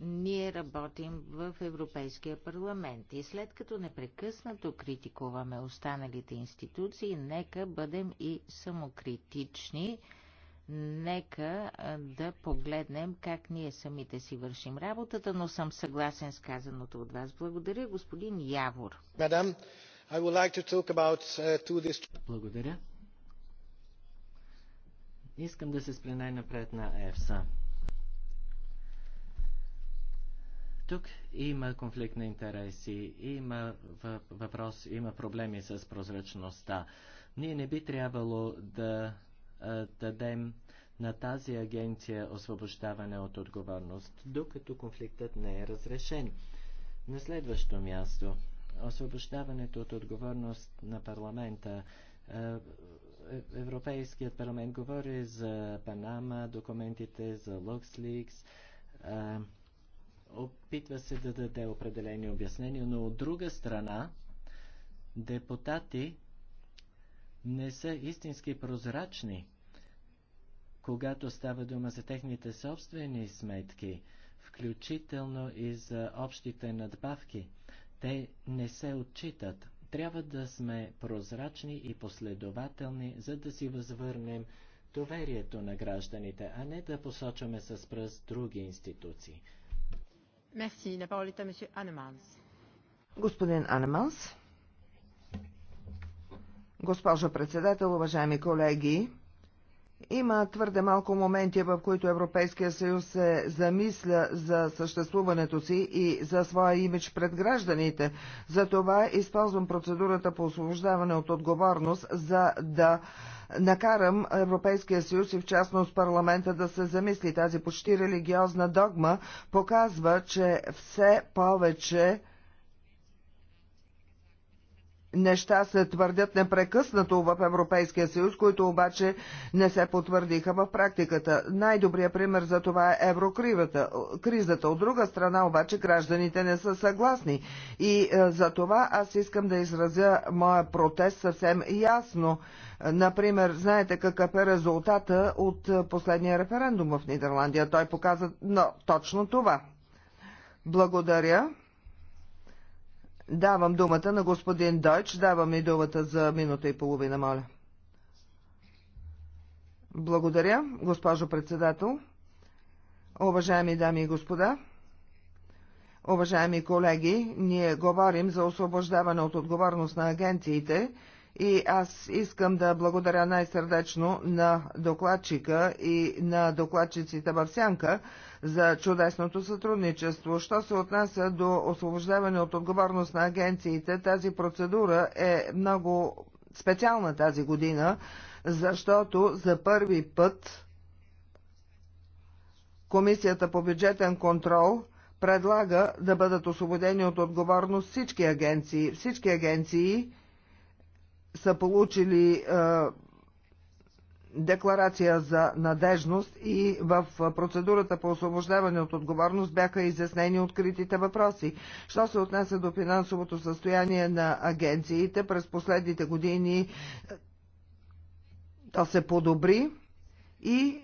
Ние работим в Европейския парламент и след като непрекъснато критикуваме останалите институции, нека бъдем и самокритични Нека да погледнем как ние самите си вършим работата, но съм съгласен с казаното от вас. Благодаря, господин Явор. Мадам, I would like to talk about, uh, to this... Благодаря. Искам да се спре най-напред на ЕФСА. Тук има конфликт на интереси, има въпрос, има проблеми с прозрачността. Ние не би трябвало да дадем на тази агенция освобождаване от отговорност, докато конфликтът не е разрешен. На следващо място, освобождаването от отговорност на парламента. Е, Европейският парламент говори за Панама, документите за LuxLeaks. Опитва се да даде определени обяснения, но от друга страна депутати не са истински прозрачни, когато става дума за техните собствени сметки, включително и за общите надбавки. Те не се отчитат. Трябва да сме прозрачни и последователни, за да си възвърнем доверието на гражданите, а не да посочваме с пръст други институции. Мерси. На parole Господин Анеманс. Госпожо председател, уважаеми колеги, има твърде малко моменти, в които Европейския съюз се замисля за съществуването си и за своя имидж пред гражданите. Затова използвам процедурата по освобождаване от отговорност, за да накарам Европейския съюз и в частност парламента да се замисли. Тази почти религиозна догма показва, че все повече неща се твърдят непрекъснато в Европейския съюз, които обаче не се потвърдиха в практиката. Най-добрият пример за това е еврокривата. Кризата от друга страна обаче гражданите не са съгласни. И е, за това аз искам да изразя моя протест съвсем ясно. Например, знаете какъв е резултата от последния референдум в Нидерландия. Той показа но, точно това. Благодаря. Давам думата на господин Дойч. Давам и думата за минута и половина, моля. Благодаря, госпожо председател. Уважаеми дами и господа, уважаеми колеги, ние говорим за освобождаване от отговорност на агенциите, и аз искам да благодаря най-сърдечно на докладчика и на докладчиците в Сянка за чудесното сътрудничество. Що се отнася до освобождаване от отговорност на агенциите, тази процедура е много специална тази година, защото за първи път Комисията по бюджетен контрол предлага да бъдат освободени от отговорност всички агенции. Всички агенции са получили декларация за надежност и в процедурата по освобождаване от отговорност бяха изяснени откритите въпроси. Що се отнесе до финансовото състояние на агенциите през последните години, то се подобри и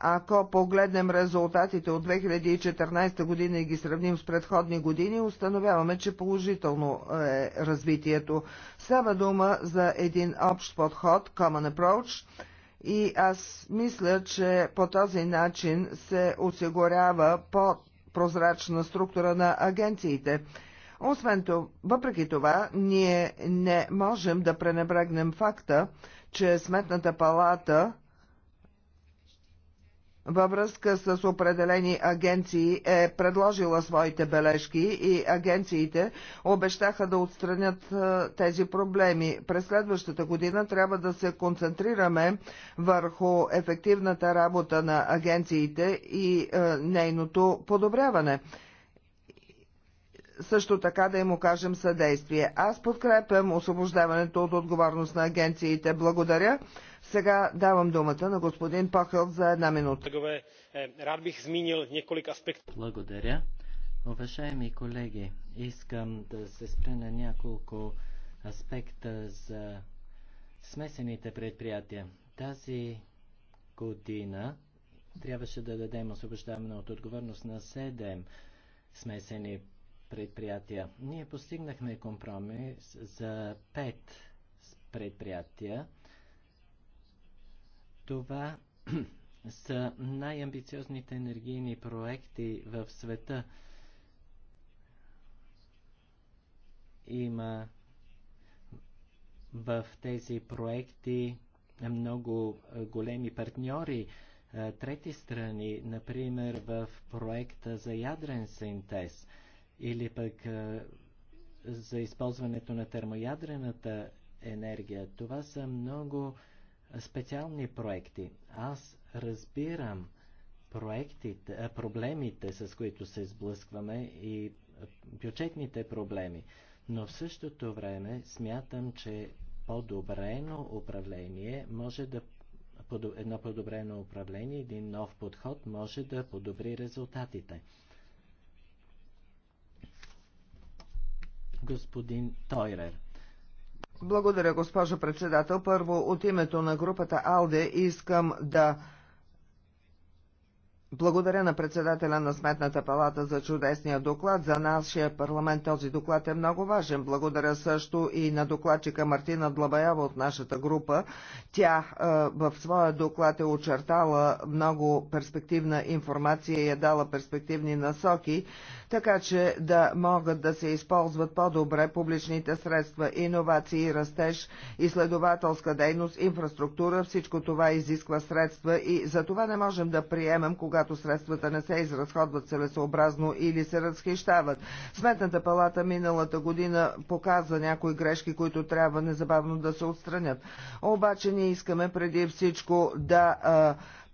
ако погледнем резултатите от 2014 година и ги сравним с предходни години, установяваме, че положително е развитието. Става дума за един общ подход, common approach, и аз мисля, че по този начин се осигурява по-прозрачна структура на агенциите. Освен това, въпреки това, ние не можем да пренебрегнем факта, че Сметната палата – във връзка с определени агенции е предложила своите бележки и агенциите обещаха да отстранят тези проблеми. През следващата година трябва да се концентрираме върху ефективната работа на агенциите и е, нейното подобряване също така да им окажем съдействие. Аз подкрепям освобождаването от отговорност на агенциите. Благодаря. Сега давам думата на господин Пахъл за една минута. Е, рад бих зминил няколко аспекта. Благодаря. Уважаеми колеги, искам да се спра на няколко аспекта за смесените предприятия. Тази година трябваше да дадем освобождаване от отговорност на 7 смесени предприятия. Ние постигнахме компромис за 5 предприятия това са най-амбициозните енергийни проекти в света. Има в тези проекти много големи партньори, е, трети страни, например в проекта за ядрен синтез или пък е, за използването на термоядрената енергия. Това са много специални проекти. Аз разбирам проектите, проблемите, с които се сблъскваме и бюджетните проблеми, но в същото време смятам, че подобрено управление може да едно подобрено управление, един нов подход може да подобри резултатите. Господин Тойрер. Благодаря, госпожо председател. Първо, от името на групата АЛДЕ искам да благодаря на председателя на Сметната палата за чудесния доклад. За нашия парламент този доклад е много важен. Благодаря също и на докладчика Мартина Длабаява от нашата група. Тя е, в своя доклад е очертала много перспективна информация и е дала перспективни насоки, така че да могат да се използват по-добре публичните средства, иновации, растеж, изследователска дейност, инфраструктура. Всичко това изисква средства и за това не можем да приемем, кога когато средствата не се изразходват целесообразно или се разхищават. Сметната палата миналата година показа някои грешки, които трябва незабавно да се отстранят. Обаче ние искаме преди всичко да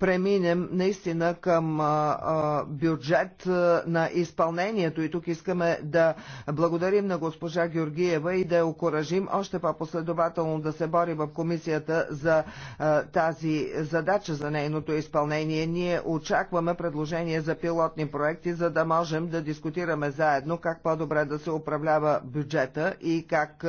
преминем наистина към бюджет на изпълнението. И тук искаме да благодарим на госпожа Георгиева и да я окоражим още по-последователно да се бори в комисията за тази задача за нейното изпълнение. Ние очакваме предложение за пилотни проекти, за да можем да дискутираме заедно как по-добре да се управлява бюджета и как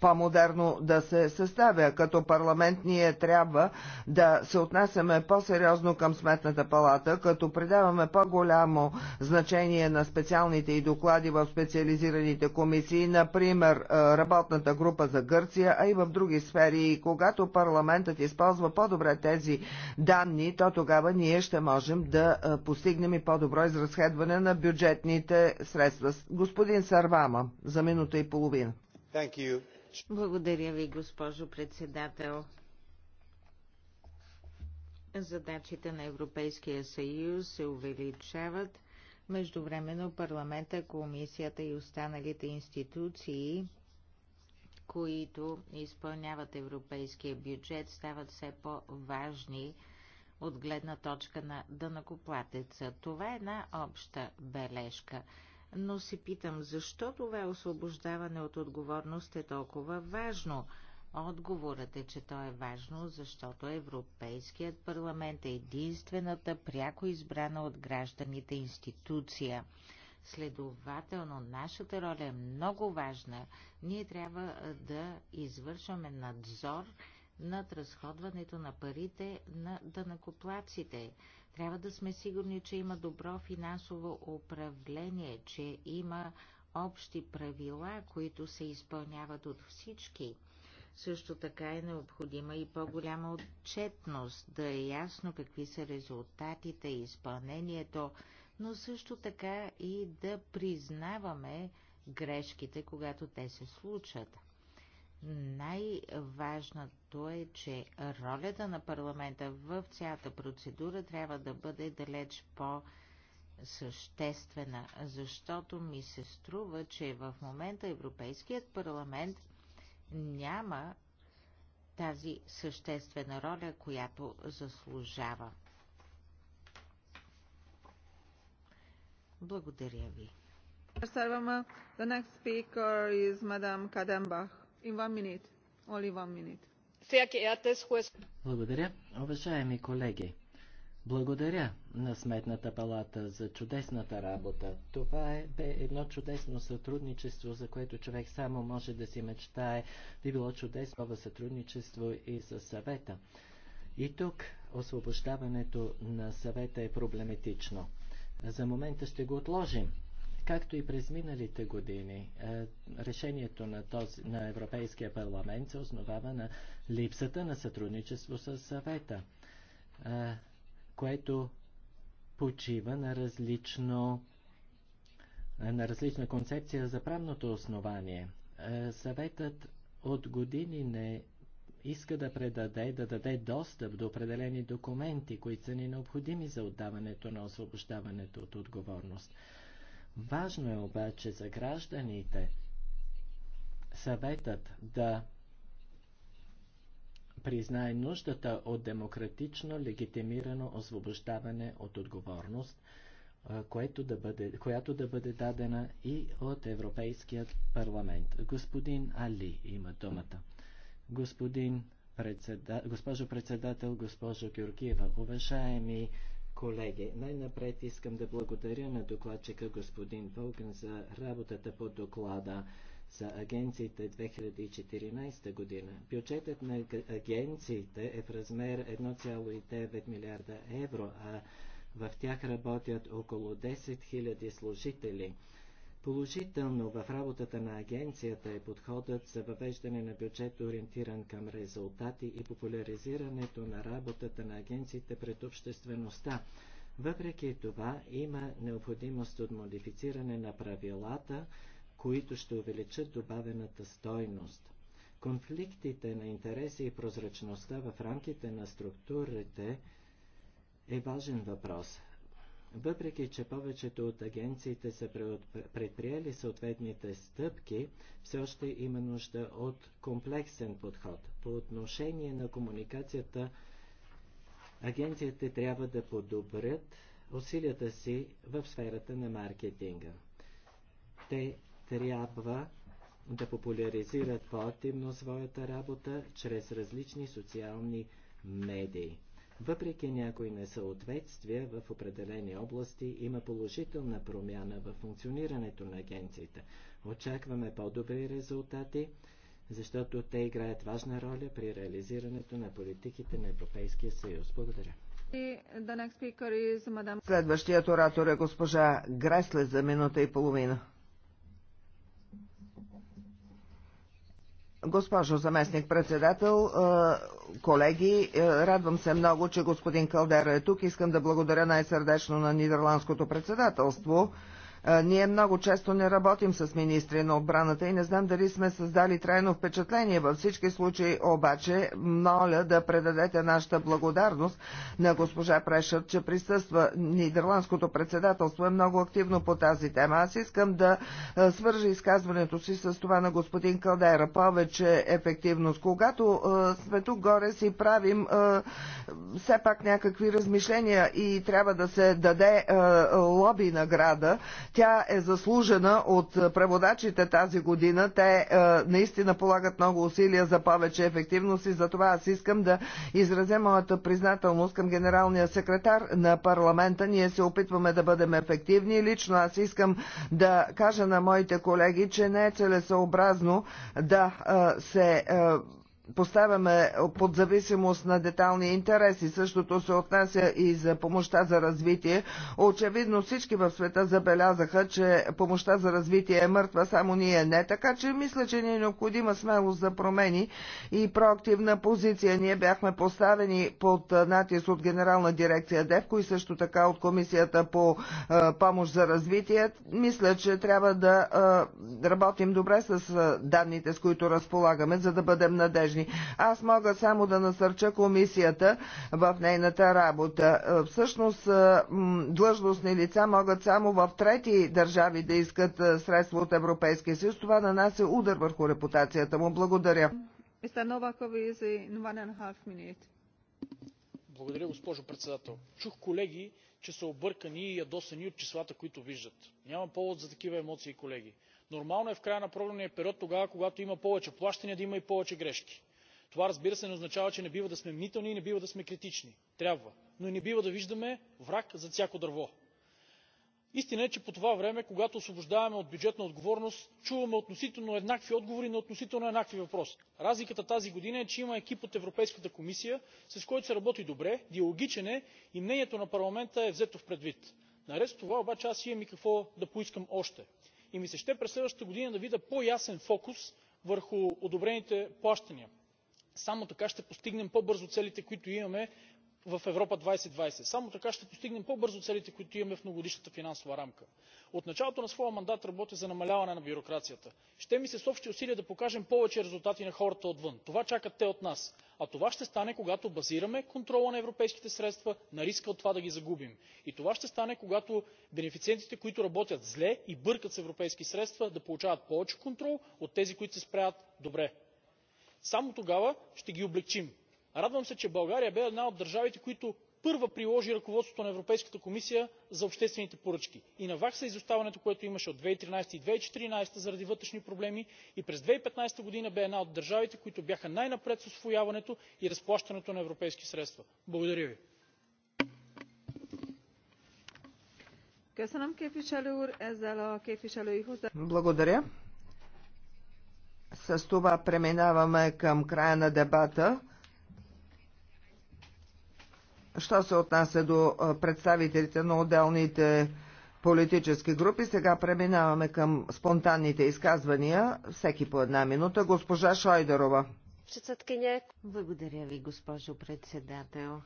по-модерно да се съставя. Като парламент ние трябва да се отнасяме по-сериозно сериозно към Сметната палата, като придаваме по-голямо значение на специалните и доклади в специализираните комисии, например е, работната група за Гърция, а и в други сфери. И когато парламентът използва по-добре тези данни, то тогава ние ще можем да е, постигнем и по-добро изразходване на бюджетните средства. Господин Сарвама, за минута и половина. Благодаря ви, госпожо председател. Задачите на Европейския съюз се увеличават. Междувременно парламента, комисията и останалите институции, които изпълняват европейския бюджет, стават все по-важни от гледна точка на дънакоплатеца. Това е една обща бележка. Но се питам, защо това освобождаване от отговорност е толкова важно – Отговорът е, че то е важно, защото Европейският парламент е единствената пряко избрана от гражданите институция. Следователно, нашата роля е много важна. Ние трябва да извършваме надзор над разходването на парите на дънакоплаците. Трябва да сме сигурни, че има добро финансово управление, че има общи правила, които се изпълняват от всички. Също така е необходима и по-голяма отчетност, да е ясно какви са резултатите и изпълнението, но също така и да признаваме грешките, когато те се случат. Най-важното е, че ролята на парламента в цялата процедура трябва да бъде далеч по- съществена, защото ми се струва, че в момента Европейският парламент няма тази съществена роля, която заслужава. Благодаря ви. Sarvama, the next speaker is Madame Kadembach. In one minute. Only one minute. Благодаря. Уважаеми колеги, благодаря на Сметната палата за чудесната работа. Това е, бе едно чудесно сътрудничество, за което човек само може да си мечтае. Би било чудесно в сътрудничество и за съвета. И тук освобождаването на съвета е проблематично. За момента ще го отложим. Както и през миналите години, е, решението на, този, на Европейския парламент се основава на липсата на сътрудничество с съвета. Е, което почива на различно на различна концепция за правното основание. Е, съветът от години не иска да предаде, да даде достъп до определени документи, които са ни необходими за отдаването на освобождаването от отговорност. Важно е обаче за гражданите съветът да признае нуждата от демократично легитимирано освобождаване от отговорност, което да бъде, която да бъде дадена и от Европейският парламент. Господин Али има думата. Господин председател, Госпожо председател, госпожо Георгиева, уважаеми колеги, най-напред искам да благодаря на докладчика господин Вълган за работата по доклада за агенциите 2014 година. Бюджетът на агенциите е в размер 1,9 милиарда евро, а в тях работят около 10 000 служители. Положително в работата на агенцията е подходът за въвеждане на бюджет ориентиран към резултати и популяризирането на работата на агенциите пред обществеността. Въпреки това има необходимост от модифициране на правилата, които ще увеличат добавената стойност. Конфликтите на интереси и прозрачността в рамките на структурите е важен въпрос. Въпреки, че повечето от агенциите са предприели съответните стъпки, все още има нужда от комплексен подход. По отношение на комуникацията, агенциите трябва да подобрят усилията си в сферата на маркетинга. Те трябва да популяризират по-активно своята работа чрез различни социални медии. Въпреки някои несъответствия в определени области, има положителна промяна в функционирането на агенциите. Очакваме по-добри резултати, защото те играят важна роля при реализирането на политиките на Европейския съюз. Благодаря. Следващият оратор е госпожа Гресле за минута и половина. Госпожо заместник-председател, е, колеги, е, радвам се много, че господин Калдера е тук. Искам да благодаря най-сърдечно на Нидерландското председателство. Ние много често не работим с министри на отбраната и не знам дали сме създали трайно впечатление. Във всички случаи обаче, моля да предадете нашата благодарност на госпожа Прешър, че присъства. Нидерландското председателство е много активно по тази тема. Аз искам да свържа изказването си с това на господин Калдера. Повече ефективност. Когато сме тук горе си правим все пак някакви размишления и трябва да се даде лоби награда, тя е заслужена от преводачите тази година. Те е, наистина полагат много усилия за повече ефективност и затова аз искам да изразя моята признателност към генералния секретар на парламента. Ние се опитваме да бъдем ефективни. Лично аз искам да кажа на моите колеги, че не е целесообразно да е, се. Е, поставяме под зависимост на детални интереси. Същото се отнася и за помощта за развитие. Очевидно всички в света забелязаха, че помощта за развитие е мъртва, само ние не. Така че мисля, че ни е необходима смелост за промени и проактивна позиция. Ние бяхме поставени под натиск от Генерална дирекция ДЕВКО и също така от Комисията по помощ за развитие. Мисля, че трябва да работим добре с данните, с които разполагаме, за да бъдем надежни важни. Аз мога само да насърча комисията в нейната работа. Е, всъщност, е, длъжностни лица могат само в трети държави да искат е, средства от Европейския съюз. Това нанася е удар върху репутацията му. Благодаря. Благодаря, госпожо председател. Чух колеги, че са объркани и ядосани от числата, които виждат. Няма повод за такива емоции, колеги. Нормално е в края на програмния период, тогава когато има повече плащания, да има и повече грешки това разбира се не означава че не бива да сме мнителни и не бива да сме критични трябва но не бива да виждаме враг зад всяко дърво. истина е че по това време когато освобождаваме от бюджетна отговорност чуваме относително еднакви отговори на относително еднакви въпроси. разликата тази година е че има екип от европейската комисия с който се работи добре диалогичен е и мнението на парламента е взето предвид. наред с това обаче аз имам и какво да поискам още и ми се ще през следващата година да видя по ясен фокус върху одобрените плащания само така ще постигнем по бързо целите които имаме в европа. two thousand само така ще постигнем по бързо целите които имаме в многогодишната финансова рамка. от началото на своя мандат работя за намаляване на бюрокрацията. ще ми се с общи усилия да покажем повече резултати на хората отвън. това чакат те от нас. а това ще стане когато базираме контрола на европейските средства на риска от това да ги загубим. и това ще стане когато бенефициентите които работят зле и бъркат с европейски средства да получават повече контрол от тези които се справят добре само тогава ще ги облекчим. радвам се че българя бе една от държавите която първа приложи ръководството на европейската комисия за обществените поръчки и навакса изоставането което имаше от 2013 и 2014 заради вътрешни проблеми и през 2015 година бе една от държавите които бяха най напред с усвояването и разплащането на европейски средства. благодаря ви. Благодаря. С това преминаваме към края на дебата. Що се отнася до представителите на отделните политически групи, сега преминаваме към спонтанните изказвания. Всеки по една минута. Госпожа Шойдерова. Благодаря ви, госпожо председател.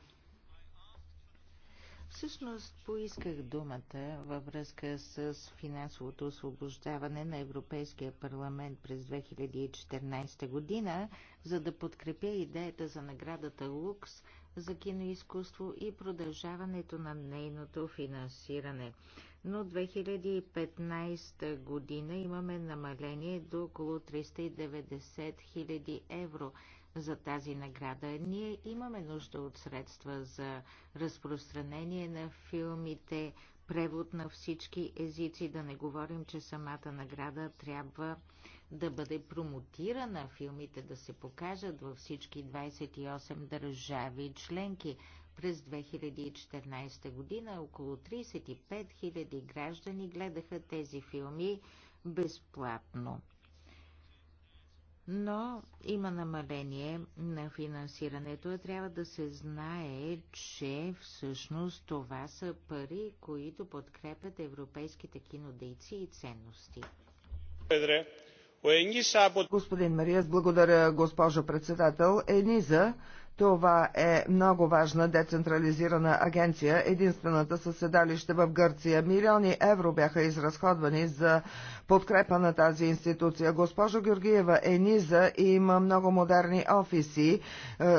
Всъщност поисках думата във връзка с финансовото освобождаване на Европейския парламент през 2014 година, за да подкрепя идеята за наградата Лукс за киноизкуство и продължаването на нейното финансиране. Но 2015 година имаме намаление до около 390 000 евро – за тази награда. Ние имаме нужда от средства за разпространение на филмите, превод на всички езици, да не говорим, че самата награда трябва да бъде промотирана, филмите да се покажат във всички 28 държави членки. През 2014 година около 35 000 граждани гледаха тези филми безплатно но има намаление на финансирането. Трябва да се знае, че всъщност това са пари, които подкрепят европейските кинодейци и ценности. Господин Мариас, благодаря госпожо председател. Ениза това е много важна децентрализирана агенция, единствената със седалище в Гърция. Милиони евро бяха изразходвани за подкрепа на тази институция. Госпожо Георгиева, Ениза има много модерни офиси е,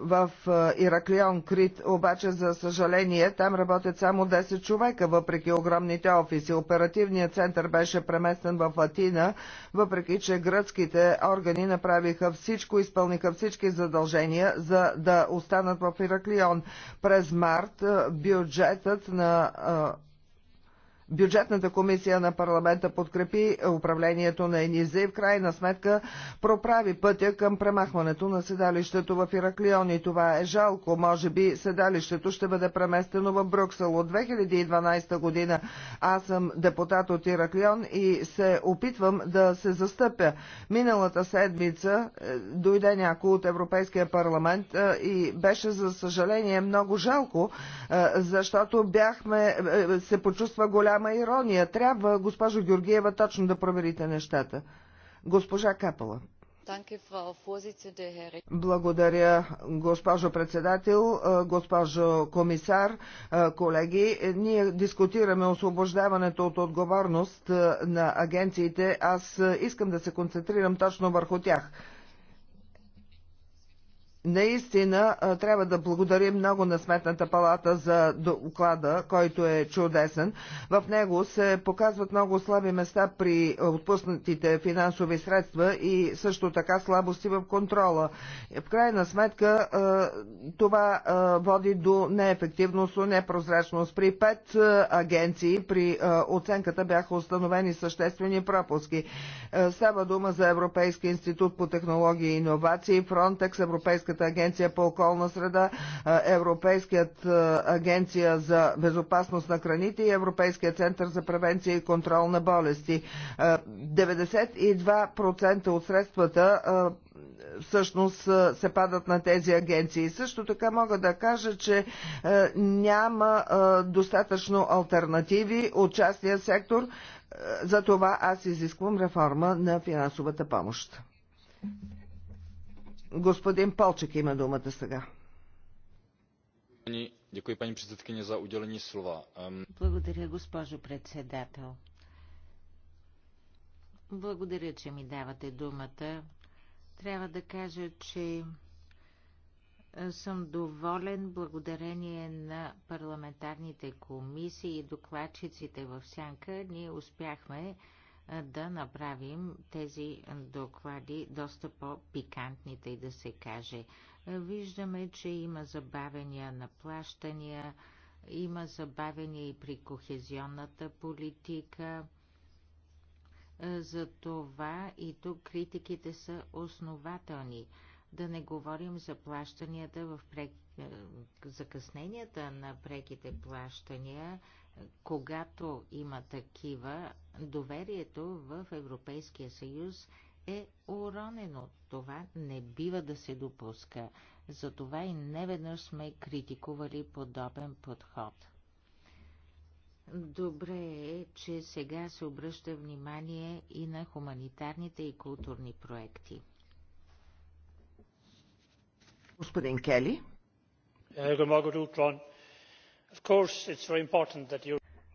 в е, Ираклион, Крит, обаче за съжаление там работят само 10 човека, въпреки огромните офиси. Оперативният център беше преместен в Атина, въпреки че гръцките органи направиха всичко, изпълниха всички задължения за да останат в Ираклион. През март бюджетът на Бюджетната комисия на парламента подкрепи управлението на Ениза и в крайна сметка проправи пътя към премахването на седалището в Ираклион и това е жалко. Може би седалището ще бъде преместено в Брюксел. От 2012 година аз съм депутат от Ираклион и се опитвам да се застъпя. Миналата седмица е, дойде някой от Европейския парламент е, и беше за съжаление много жалко, е, защото бяхме, се почувства голямо голяма ирония. Трябва, госпожо Георгиева, точно да проверите нещата. Госпожа Капала. Благодаря, госпожо председател, госпожо комисар, колеги. Ние дискутираме освобождаването от отговорност на агенциите. Аз искам да се концентрирам точно върху тях. Наистина трябва да благодарим много на Сметната палата за доклада, който е чудесен. В него се показват много слаби места при отпуснатите финансови средства и също така слабости в контрола. В крайна сметка това води до неефективност, непрозрачност. При пет агенции при оценката бяха установени съществени пропуски. Става дума за Европейски институт по технологии и иновации, Фронтекс, Европейска Европейската агенция по околна среда, Европейският агенция за безопасност на храните и Европейския център за превенция и контрол на болести. 92% от средствата всъщност се падат на тези агенции. Също така мога да кажа, че няма достатъчно альтернативи от частния сектор. За това аз изисквам реформа на финансовата помощ. Господин Полчек има думата сега. Děkuji paní předsedkyně za udělení slova. Благодаря, госпожо председател. Благодаря, че ми давате думата. Трябва да кажа, че съм доволен благодарение на парламентарните комисии и докладчиците в Сянка. Ние успяхме да направим тези доклади доста по-пикантните и да се каже. Виждаме, че има забавения на плащания, има забавения и при кохезионната политика. Затова и тук критиките са основателни. Да не говорим за плащанията в прек... закъсненията на преките плащания когато има такива, доверието в Европейския съюз е уронено. Това не бива да се допуска. Затова и неведнъж сме критикували подобен подход. Добре е, че сега се обръща внимание и на хуманитарните и културни проекти. Господин Кели. Е,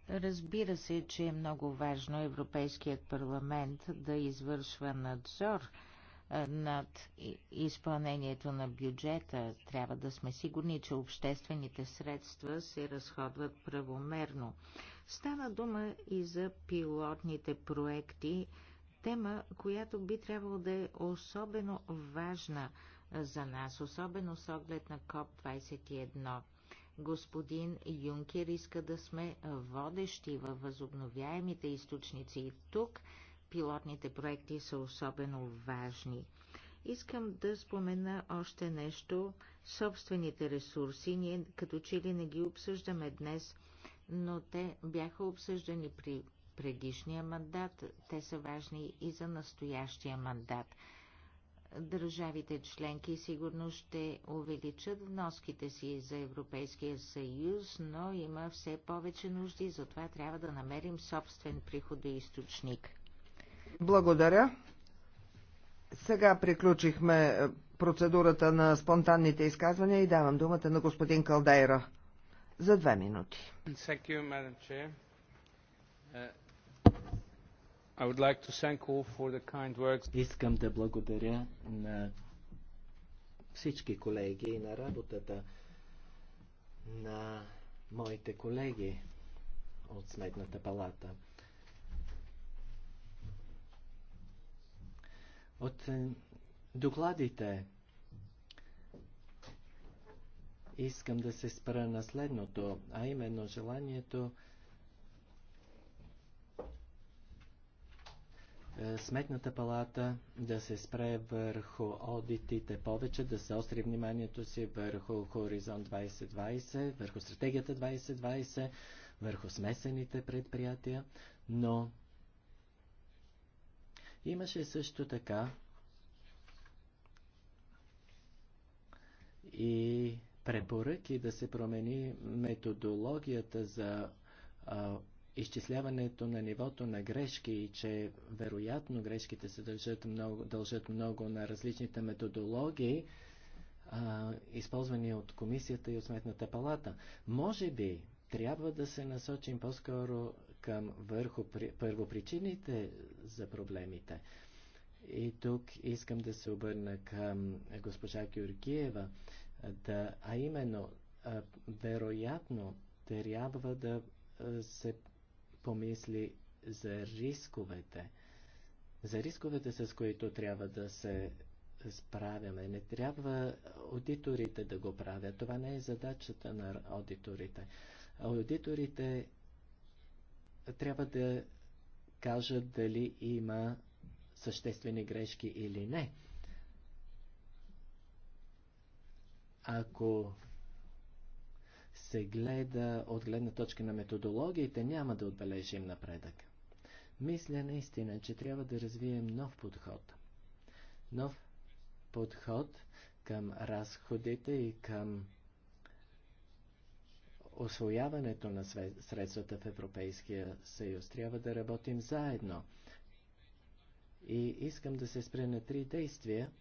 Разбира се, че е много важно Европейският парламент да извършва надзор над изпълнението на бюджета. Трябва да сме сигурни, че обществените средства се разходват правомерно. Стана дума и за пилотните проекти, тема, която би трябвало да е особено важна за нас, особено с оглед на КОП-21 господин Юнкер иска да сме водещи във възобновяемите източници и тук пилотните проекти са особено важни. Искам да спомена още нещо. Собствените ресурси, ние като че ли не ги обсъждаме днес, но те бяха обсъждани при предишния мандат, те са важни и за настоящия мандат. Държавите членки сигурно ще увеличат вноските си за Европейския съюз, но има все повече нужди, затова трябва да намерим собствен приходоисточник. Благодаря. Сега приключихме е, процедурата на спонтанните изказвания и давам думата на господин Калдейра за две минути. Е, I would like to thank all for the kind words. Искам да благодаря на всички колеги и на работата на моите колеги от Сметната палата. От е, докладите искам да се спра на следното, а именно желанието Е, Сметната палата да се спре върху одитите повече, да се остри вниманието си върху Хоризонт 2020, върху стратегията 2020, върху смесените предприятия, но имаше също така и препоръки да се промени методологията за изчисляването на нивото на грешки и че вероятно грешките се дължат много, дължат много на различните методологии, а, използвани от комисията и от сметната палата. Може би трябва да се насочим по-скоро към върху при, първопричините за проблемите. И тук искам да се обърна към госпожа Георгиева, да, а именно, а, вероятно трябва да се помисли за рисковете, за рисковете, с които трябва да се справяме. Не трябва аудиторите да го правят. Това не е задачата на аудиторите. Аудиторите трябва да кажат дали има съществени грешки или не. Ако се гледа от гледна точка на методологиите, няма да отбележим напредък. Мисля наистина, че трябва да развием нов подход. Нов подход към разходите и към освояването на средствата в Европейския съюз. Трябва да работим заедно. И искам да се спре на три действия,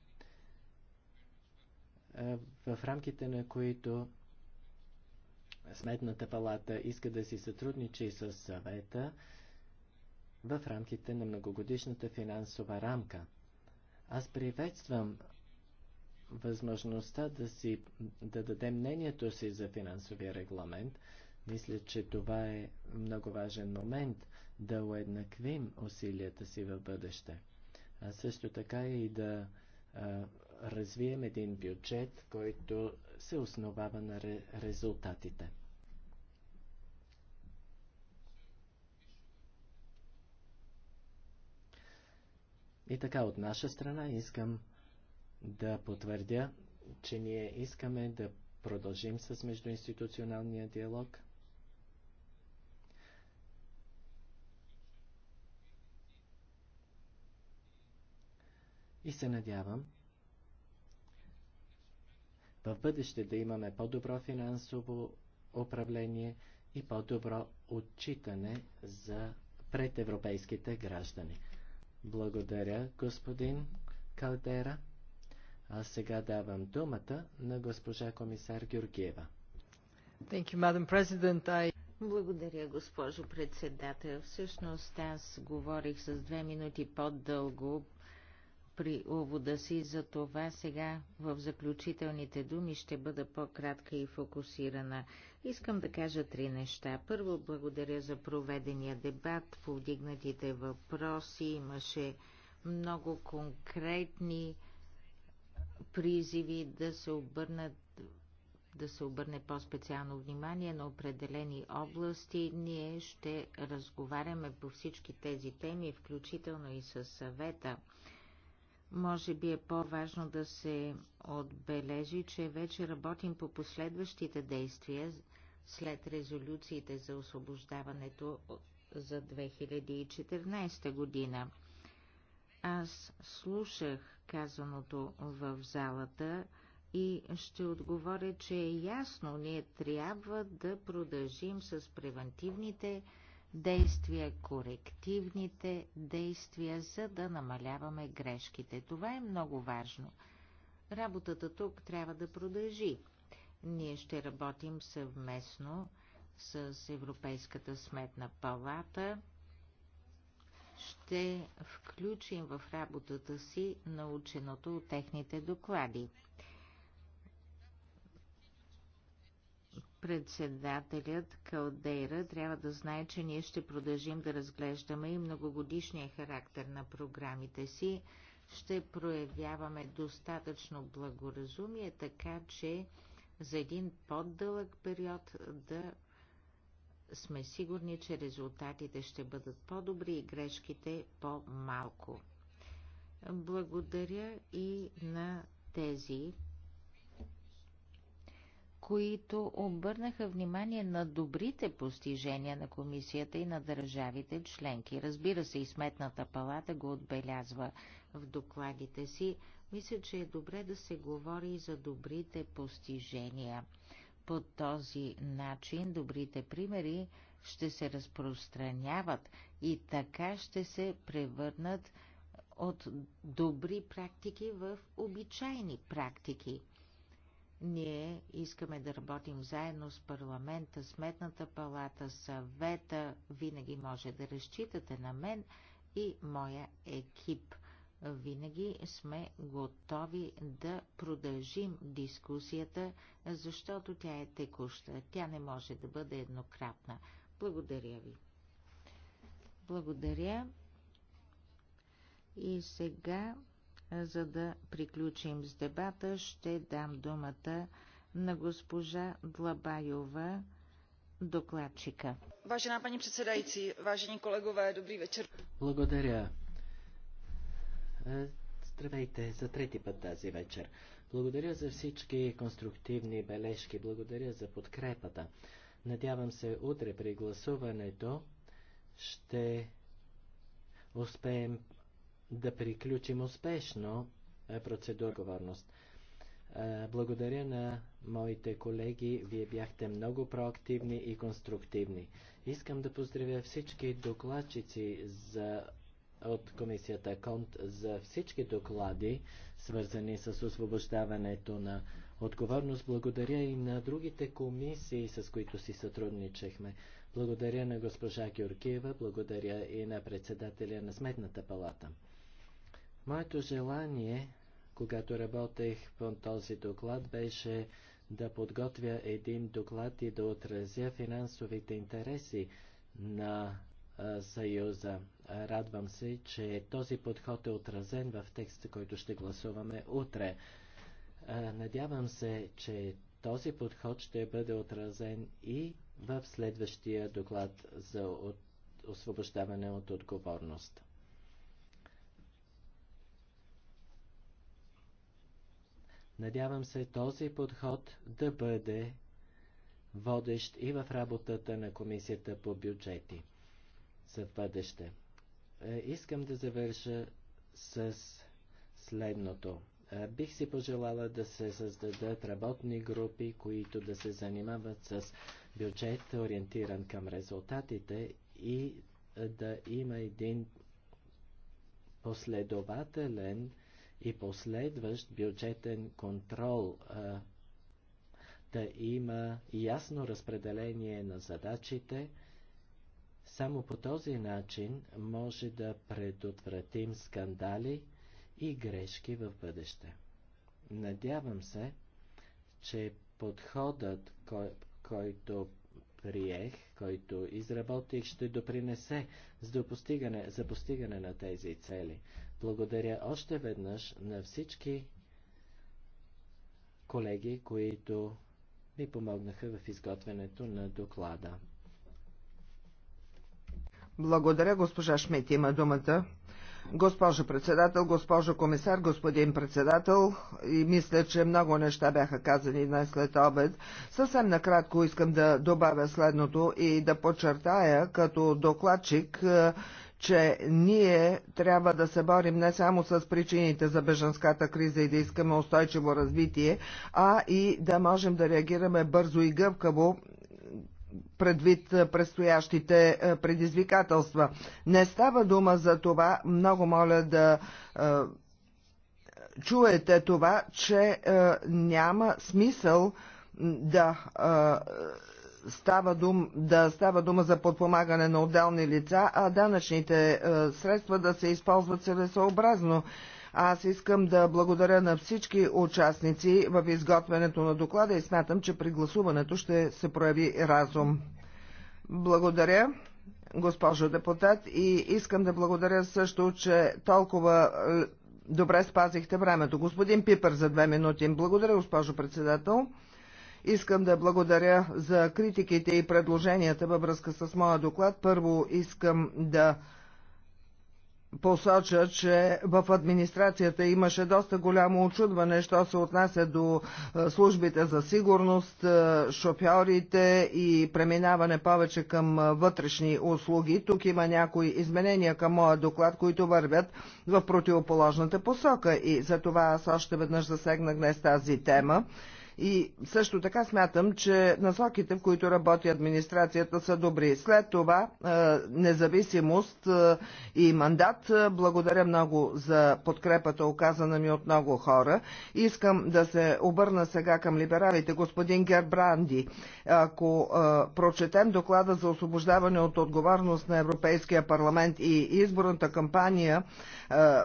в рамките на които Сметната палата иска да си сътрудничи с съвета в рамките на многогодишната финансова рамка. Аз приветствам възможността да, си, да даде мнението си за финансовия регламент. Мисля, че това е много важен момент да уеднаквим усилията си в бъдеще. А също така и да а, развием един бюджет, който се основава на резултатите. И така, от наша страна искам да потвърдя, че ние искаме да продължим с междуинституционалния диалог. И се надявам, в бъдеще да имаме по-добро финансово управление и по-добро отчитане за пред европейските граждани. Благодаря, господин Калдера. А сега давам думата на госпожа комисар Георгиева. Thank you, Madam President. I... Благодаря, госпожо председател. Всъщност аз говорих с две минути по-дълго при увода си, за това сега в заключителните думи ще бъда по-кратка и фокусирана. Искам да кажа три неща. Първо, благодаря за проведения дебат, повдигнатите въпроси, имаше много конкретни призиви да се обърнат да се обърне по-специално внимание на определени области. Ние ще разговаряме по всички тези теми, включително и с съвета. Може би е по-важно да се отбележи, че вече работим по последващите действия след резолюциите за освобождаването за 2014 година. Аз слушах казаното в залата и ще отговоря, че е ясно, ние трябва да продължим с превентивните действия, корективните действия, за да намаляваме грешките. Това е много важно. Работата тук трябва да продължи. Ние ще работим съвместно с Европейската сметна палата. Ще включим в работата си наученото от техните доклади. Председателят Калдейра трябва да знае, че ние ще продължим да разглеждаме и многогодишния характер на програмите си. Ще проявяваме достатъчно благоразумие, така че за един по-дълъг период да сме сигурни, че резултатите ще бъдат по-добри и грешките по-малко. Благодаря и на тези, които обърнаха внимание на добрите постижения на комисията и на държавите членки. Разбира се, и Сметната палата го отбелязва в докладите си. Мисля, че е добре да се говори и за добрите постижения. По този начин добрите примери ще се разпространяват и така ще се превърнат от добри практики в обичайни практики. Ние искаме да работим заедно с парламента, сметната палата, съвета. Винаги може да разчитате на мен и моя екип. Винаги сме готови да продължим дискусията, защото тя е текуща. Тя не може да бъде еднократна. Благодаря ви. Благодаря. И сега за да приключим с дебата, ще дам думата на госпожа Длабаева, докладчика. Важена пани председайци, важени колегове, добри вечер. Благодаря. Е, здравейте за трети път тази вечер. Благодаря за всички конструктивни бележки, благодаря за подкрепата. Надявам се утре при гласуването ще успеем да приключим успешно е, процедура отговорност. Е, благодаря на моите колеги. Вие бяхте много проактивни и конструктивни. Искам да поздравя всички докладчици за, от комисията КОНТ за всички доклади, свързани с освобождаването на отговорност. Благодаря и на другите комисии, с които си сътрудничахме. Благодаря на госпожа Георгиева, благодаря и на председателя на Сметната палата. Моето желание, когато работех по този доклад, беше да подготвя един доклад и да отразя финансовите интереси на Съюза. Радвам се, че този подход е отразен в текста, който ще гласуваме утре. Надявам се, че този подход ще бъде отразен и в следващия доклад за освобождаване от отговорност. Надявам се този подход да бъде водещ и в работата на Комисията по бюджети за бъдеще. Е, искам да завърша с следното. Е, бих си пожелала да се създадат работни групи, които да се занимават с бюджет, ориентиран към резултатите и е, да има един последователен и последващ бюджетен контрол, а, да има ясно разпределение на задачите. Само по този начин може да предотвратим скандали и грешки в бъдеще. Надявам се, че подходът, кой, който приех, който изработих, ще допринесе за постигане, за постигане на тези цели. Благодаря още веднъж на всички колеги, които ми помогнаха в изготвянето на доклада. Благодаря, госпожа Шмит, Има думата. Госпожо председател, госпожо комисар, господин председател, и мисля, че много неща бяха казани днес след обед. Съвсем накратко искам да добавя следното и да подчертая като докладчик че ние трябва да се борим не само с причините за беженската криза и да искаме устойчиво развитие, а и да можем да реагираме бързо и гъвкаво предвид предстоящите е, предизвикателства. Не става дума за това, много моля да е, чуете това, че е, няма смисъл да става, дум, да става дума за подпомагане на отделни лица, а данъчните е, средства да се използват целесообразно. Аз искам да благодаря на всички участници в изготвянето на доклада и смятам, че при гласуването ще се прояви разум. Благодаря, госпожо депутат, и искам да благодаря също, че толкова е, добре спазихте времето. Господин Пипър за две минути. Благодаря, госпожо председател. Искам да благодаря за критиките и предложенията във връзка с моя доклад. Първо искам да посоча, че в администрацията имаше доста голямо очудване, що се отнася до е, службите за сигурност, е, шофьорите и преминаване повече към е, вътрешни услуги. Тук има някои изменения към моя доклад, които вървят в противоположната посока и за това аз още веднъж засегнах днес тази тема. И също така смятам, че насоките, в които работи администрацията, са добри. След това е, независимост е, и мандат. Е, благодаря много за подкрепата, оказана ми от много хора. Искам да се обърна сега към либералите. Господин Гербранди, ако прочетем доклада за освобождаване от отговорност на Европейския парламент и изборната кампания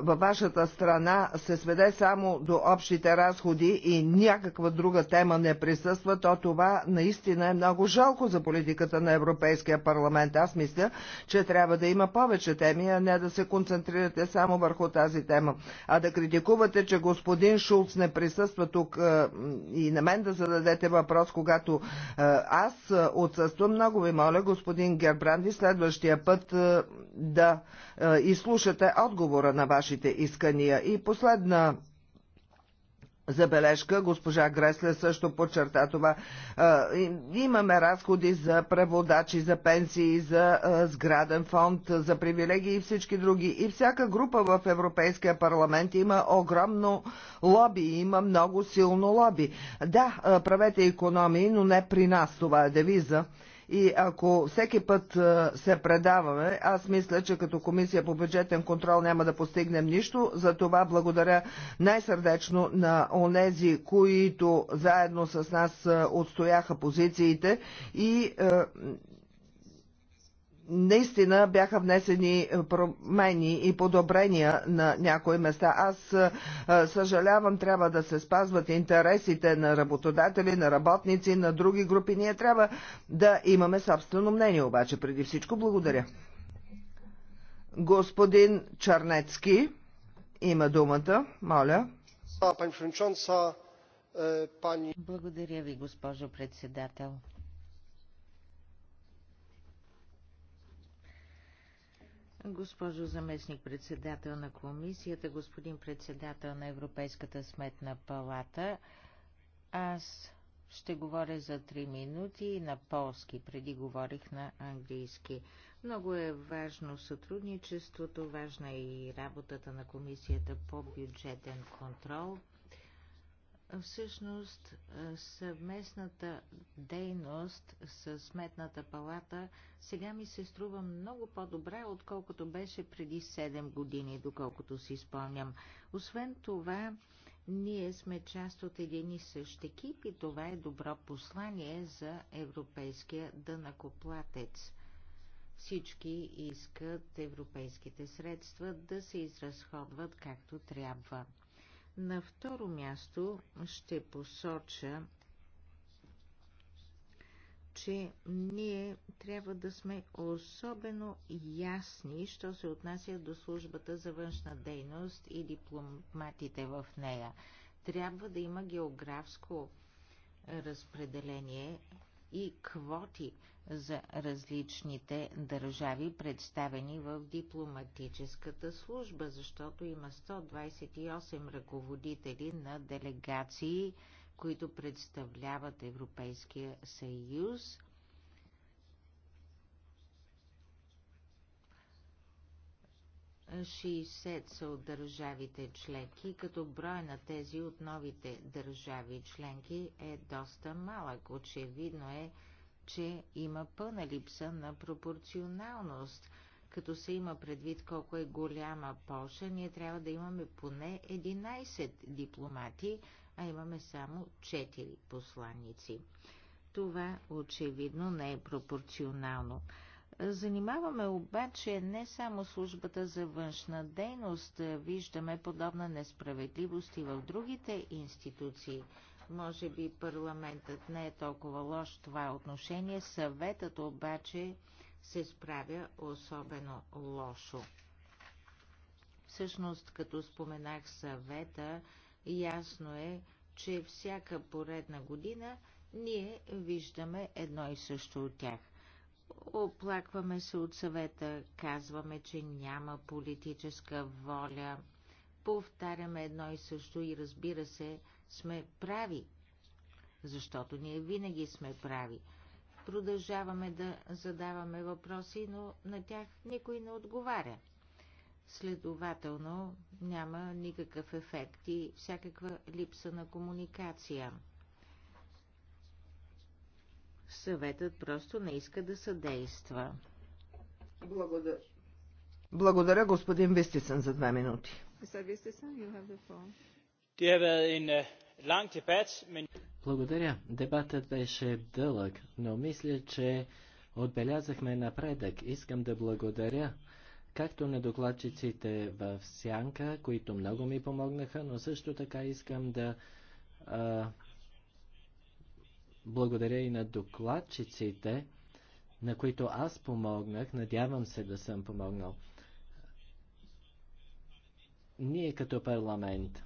във вашата страна се сведе само до общите разходи и някаква друга тема не присъства, то това наистина е много жалко за политиката на Европейския парламент. Аз мисля, че трябва да има повече теми, а не да се концентрирате само върху тази тема. А да критикувате, че господин Шулц не присъства тук е, и на мен да зададете въпрос, когато е, аз е, отсъствам, много ви моля, господин Гербранди, следващия път да изслушате отговора на вашите искания. И последна забележка. Госпожа Гресле също подчерта това. Имаме разходи за преводачи, за пенсии, за сграден фонд, за привилегии и всички други. И всяка група в Европейския парламент има огромно лоби, има много силно лоби. Да, правете економии, но не при нас, това е девиза. И ако всеки път е, се предаваме, аз мисля, че като комисия по бюджетен контрол няма да постигнем нищо. За това благодаря най-сърдечно на онези, които заедно с нас е, отстояха позициите и е, наистина бяха внесени промени и подобрения на някои места. Аз е, е, съжалявам, трябва да се спазват интересите на работодатели, на работници, на други групи. Ние трябва да имаме собствено мнение, обаче преди всичко благодаря. Господин Чарнецки има думата, моля. Е, благодаря ви, госпожо председател. Госпожо заместник-председател на комисията, господин председател на Европейската сметна палата, аз ще говоря за три минути на полски, преди говорих на английски. Много е важно сътрудничеството, важна е и работата на Комисията по бюджетен контрол. Всъщност съвместната дейност с Сметната палата сега ми се струва много по-добра, отколкото беше преди 7 години, доколкото си спомням. Освен това, ние сме част от един и същ екип и това е добро послание за европейския дънакоплатец. Всички искат европейските средства да се изразходват както трябва. На второ място ще посоча, че ние трябва да сме особено ясни, що се отнася до службата за външна дейност и дипломатите в нея. Трябва да има географско разпределение и квоти за различните държави, представени в дипломатическата служба, защото има 128 ръководители на делегации, които представляват Европейския съюз 60 са от държавите членки, като брой на тези от новите държави членки е доста малък. Очевидно е, че има пълна липса на пропорционалност. Като се има предвид колко е голяма Польша, ние трябва да имаме поне 11 дипломати, а имаме само 4 посланици. Това очевидно не е пропорционално. Занимаваме обаче не само службата за външна дейност, виждаме подобна несправедливост и в другите институции. Може би парламентът не е толкова лош това отношение, съветът обаче се справя особено лошо. Всъщност, като споменах съвета, ясно е, че всяка поредна година ние виждаме едно и също от тях. Оплакваме се от съвета, казваме, че няма политическа воля. Повтаряме едно и също и разбира се, сме прави, защото ние винаги сме прави. Продължаваме да задаваме въпроси, но на тях никой не отговаря. Следователно няма никакъв ефект и всякаква липса на комуникация съветът просто не иска да съдейства. Благодаря. Благодаря, господин Вестисън, за две минути. Øh, благодаря. Дебатът беше дълъг, но мисля, че отбелязахме напредък. Искам да благодаря както на докладчиците в Сянка, които много ми помогнаха, но също така искам да а, благодаря и на докладчиците, на които аз помогнах. Надявам се да съм помогнал. Ние като парламент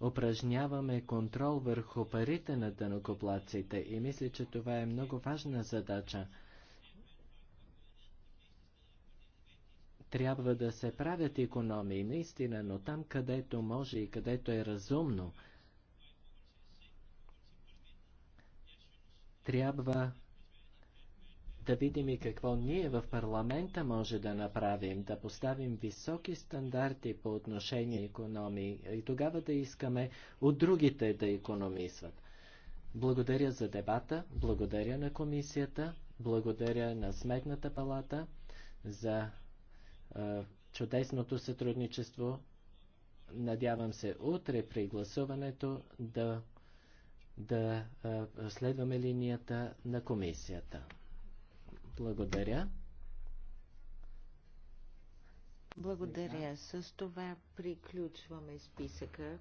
упражняваме контрол върху парите на дънокоплаците и мисля, че това е много важна задача. Трябва да се правят економии, наистина, но там, където може и където е разумно – Трябва да видим и какво ние в парламента може да направим, да поставим високи стандарти по отношение економии и тогава да искаме от другите да економисват. Благодаря за дебата, благодаря на комисията, благодаря на Сметната палата за е, чудесното сътрудничество. Надявам се утре при гласуването да да следваме линията на комисията. Благодаря. Благодаря. С това приключваме списъка.